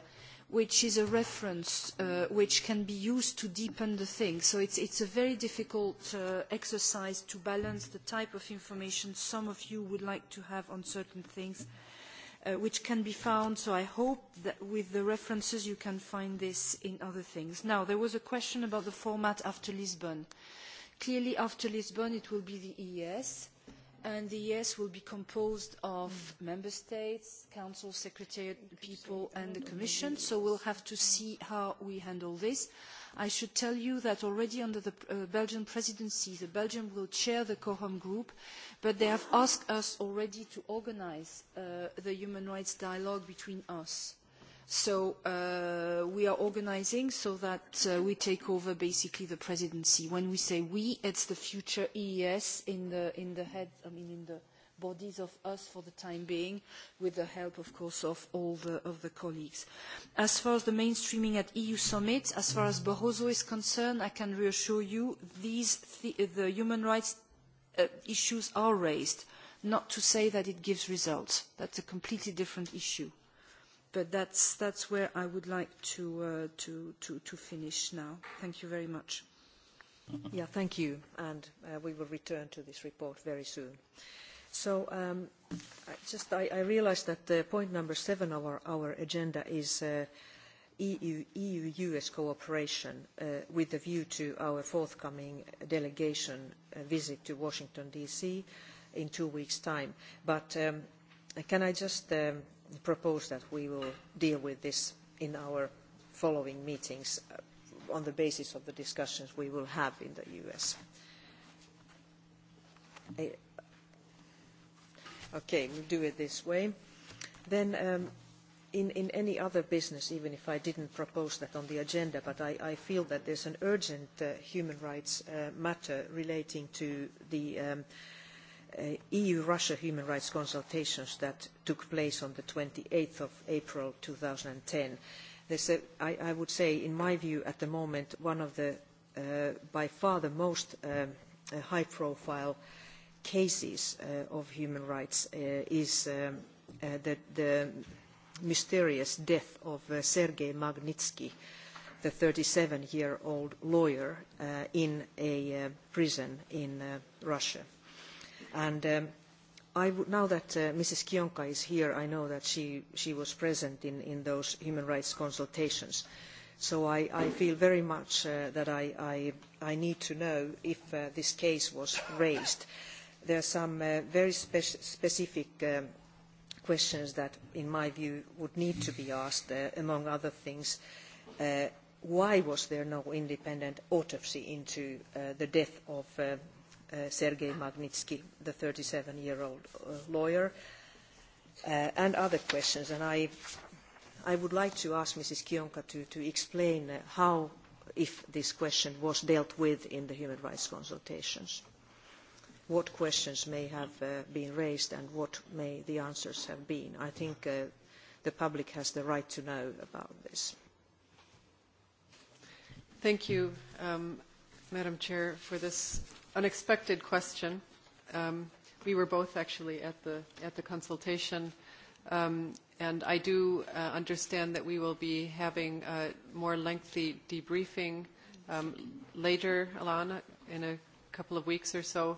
which is a reference uh, which can be used to deepen the thing. So it's, it's a very difficult uh, exercise to balance the type of information some of you would like to have on certain things Uh, which can be found, so I hope that with the references you can find this in other things. Now, there was a question about the format after Lisbon. Clearly, after Lisbon, it will be the EES, and the ES e will be composed of member states, council, secretariat people and the commission, so we'll have to see how we handle this. I should tell you that already under the uh, Belgian presidency, Belgium will chair the cohom group, but they have asked us already to organise uh, the human rights dialogue between us. So uh, we are organising so that we take over basically the presidency. When we say we, it's the future EES in the, in the head, I mean in the bodies of us for the time being, with the help, of course, of all the, of the colleagues. As far as the mainstreaming at EU summits, as far as Barroso is concerned, I can reassure you these the, uh, the human rights uh, issues are raised. Not to say that it gives results. That's a completely different issue. But that's, that's where I would like to, uh, to, to, to finish now. Thank you very much. Yeah, thank you. And uh, we will return to this report very soon. So um, I just I, I realized that uh, point number seven of our, our agenda is uh, EU-US e EU cooperation uh, with a view to our forthcoming delegation uh, visit to Washington, D.C. in two weeks' time. But um, can I just um, propose that we will deal with this in our following meetings uh, on the basis of the discussions we will have in the U.S.? I, Okay, we'll do it this way. Then um, in, in any other business, even if I didn't propose that on the agenda, but I, I feel that there's an urgent uh, human rights uh, matter relating to the um, uh, EU-Russia human rights consultations that took place on the 28th of April 2010. There's a, I, I would say, in my view, at the moment, one of the uh, by far the most um, uh, high-profile uh, cases uh, of human rights uh, is um, uh, the, the, mysterious death of uh, Sergei Magnitsky, the 37-year-old lawyer uh, in a uh, prison in Russia. And um, now that uh, Mrs. Kionka is here, I know that she, she was present in, in, those human rights consultations. So I, I feel very much uh, that I, I, I, need to know if uh, this case was raised there are some uh, very spe specific um, questions that, in my view, would need to be asked, uh, among other things. Uh, why was there no independent autopsy into the death of Sergei Magnitsky, the 37-year-old lawyer, and other questions? And I, I would like to ask Mrs. Kionka to, to explain how, if this question was dealt with in the human rights consultations what questions may have uh, been raised and what may the answers have been. I think uh, the public has the right to know about this. Thank you, um, Madam Chair, for this unexpected question. Um, we were both actually at the, at the consultation, um, and I do uh, understand that we will be having a more lengthy debriefing um, later, Alana, in a couple of weeks or so.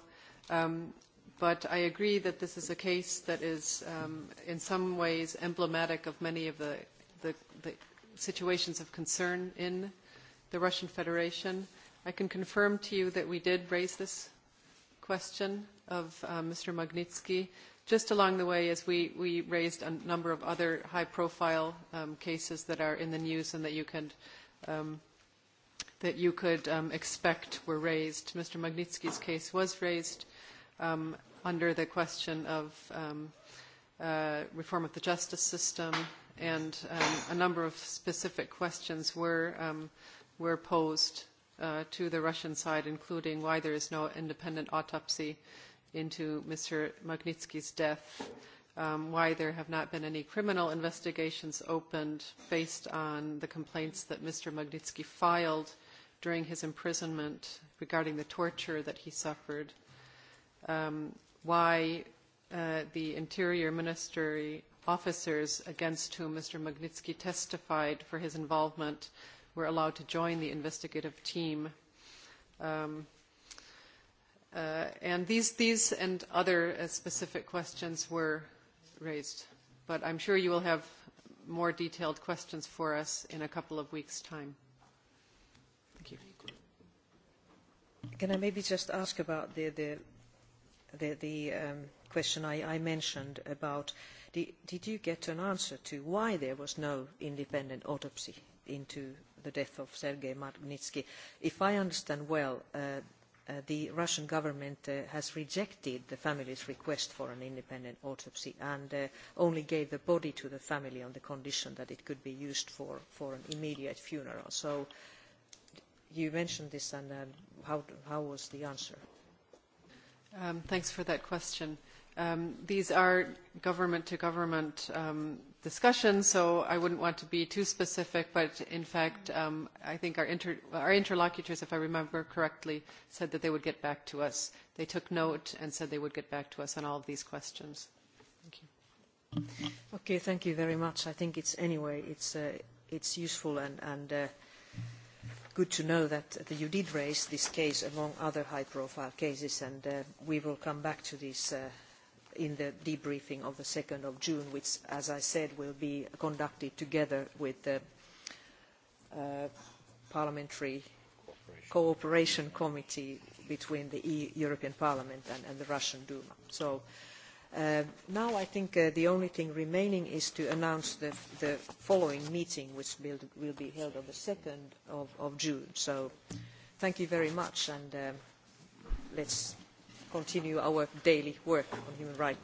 Um, but I agree that this is a case that is um, in some ways emblematic of many of the, the, the situations of concern in the Russian Federation. I can confirm to you that we did raise this question of uh, Mr. Magnitsky just along the way as we, we raised a number of other high-profile um, cases that are in the news and that you could, um, that you could um, expect were raised. Mr. Magnitsky's case was raised um, under the question of um, uh, reform of the justice system, and um, a number of specific questions were um, were posed uh, to the Russian side, including why there is no independent autopsy into Mr. Magnitsky's death, um, why there have not been any criminal investigations opened based on the complaints that Mr. Magnitsky filed during his imprisonment regarding the torture that he suffered um, why uh, the interior ministry officers against whom Mr. Magnitsky testified for his involvement were allowed to join the investigative team. Um, uh, and these, these and other uh, specific questions were raised. But I'm sure you will have more detailed questions for us in a couple of weeks' time. Thank you. Can I maybe just ask about the, the the, um, question I, I mentioned about did, did you get an answer to why there was no independent autopsy into the death of Sergei Magnitsky? If I understand well, uh, uh, the Russian government uh, has rejected the family's request for an independent autopsy and uh, only gave the body to the family on the condition that it could be used for, for an immediate funeral. So you mentioned this and um, how, how was the answer? Um, thanks for that question. Um, these are government-to-government -government, um, discussions, so I wouldn't want to be too specific, but in fact, um, I think our, inter our interlocutors, if I remember correctly, said that they would get back to us. They took note and said they would get back to us on all of these questions. Thank you. Okay, thank you very much. I think it's anyway, it's, uh, it's useful and, and uh, good to know that, that you did raise this case among other high-profile cases, and uh, we will come back to this uh, in the debriefing of the 2nd of June, which, as I said, will be conducted together with the uh, Parliamentary Cooperation. Cooperation Committee between the e European Parliament and, and the Russian Duma. So Uh, now I think uh, the only thing remaining is to announce the, the following meeting, which will, will, be held on the 2nd of, of, June. So thank you very much, and uh, let's continue our daily work on human rights.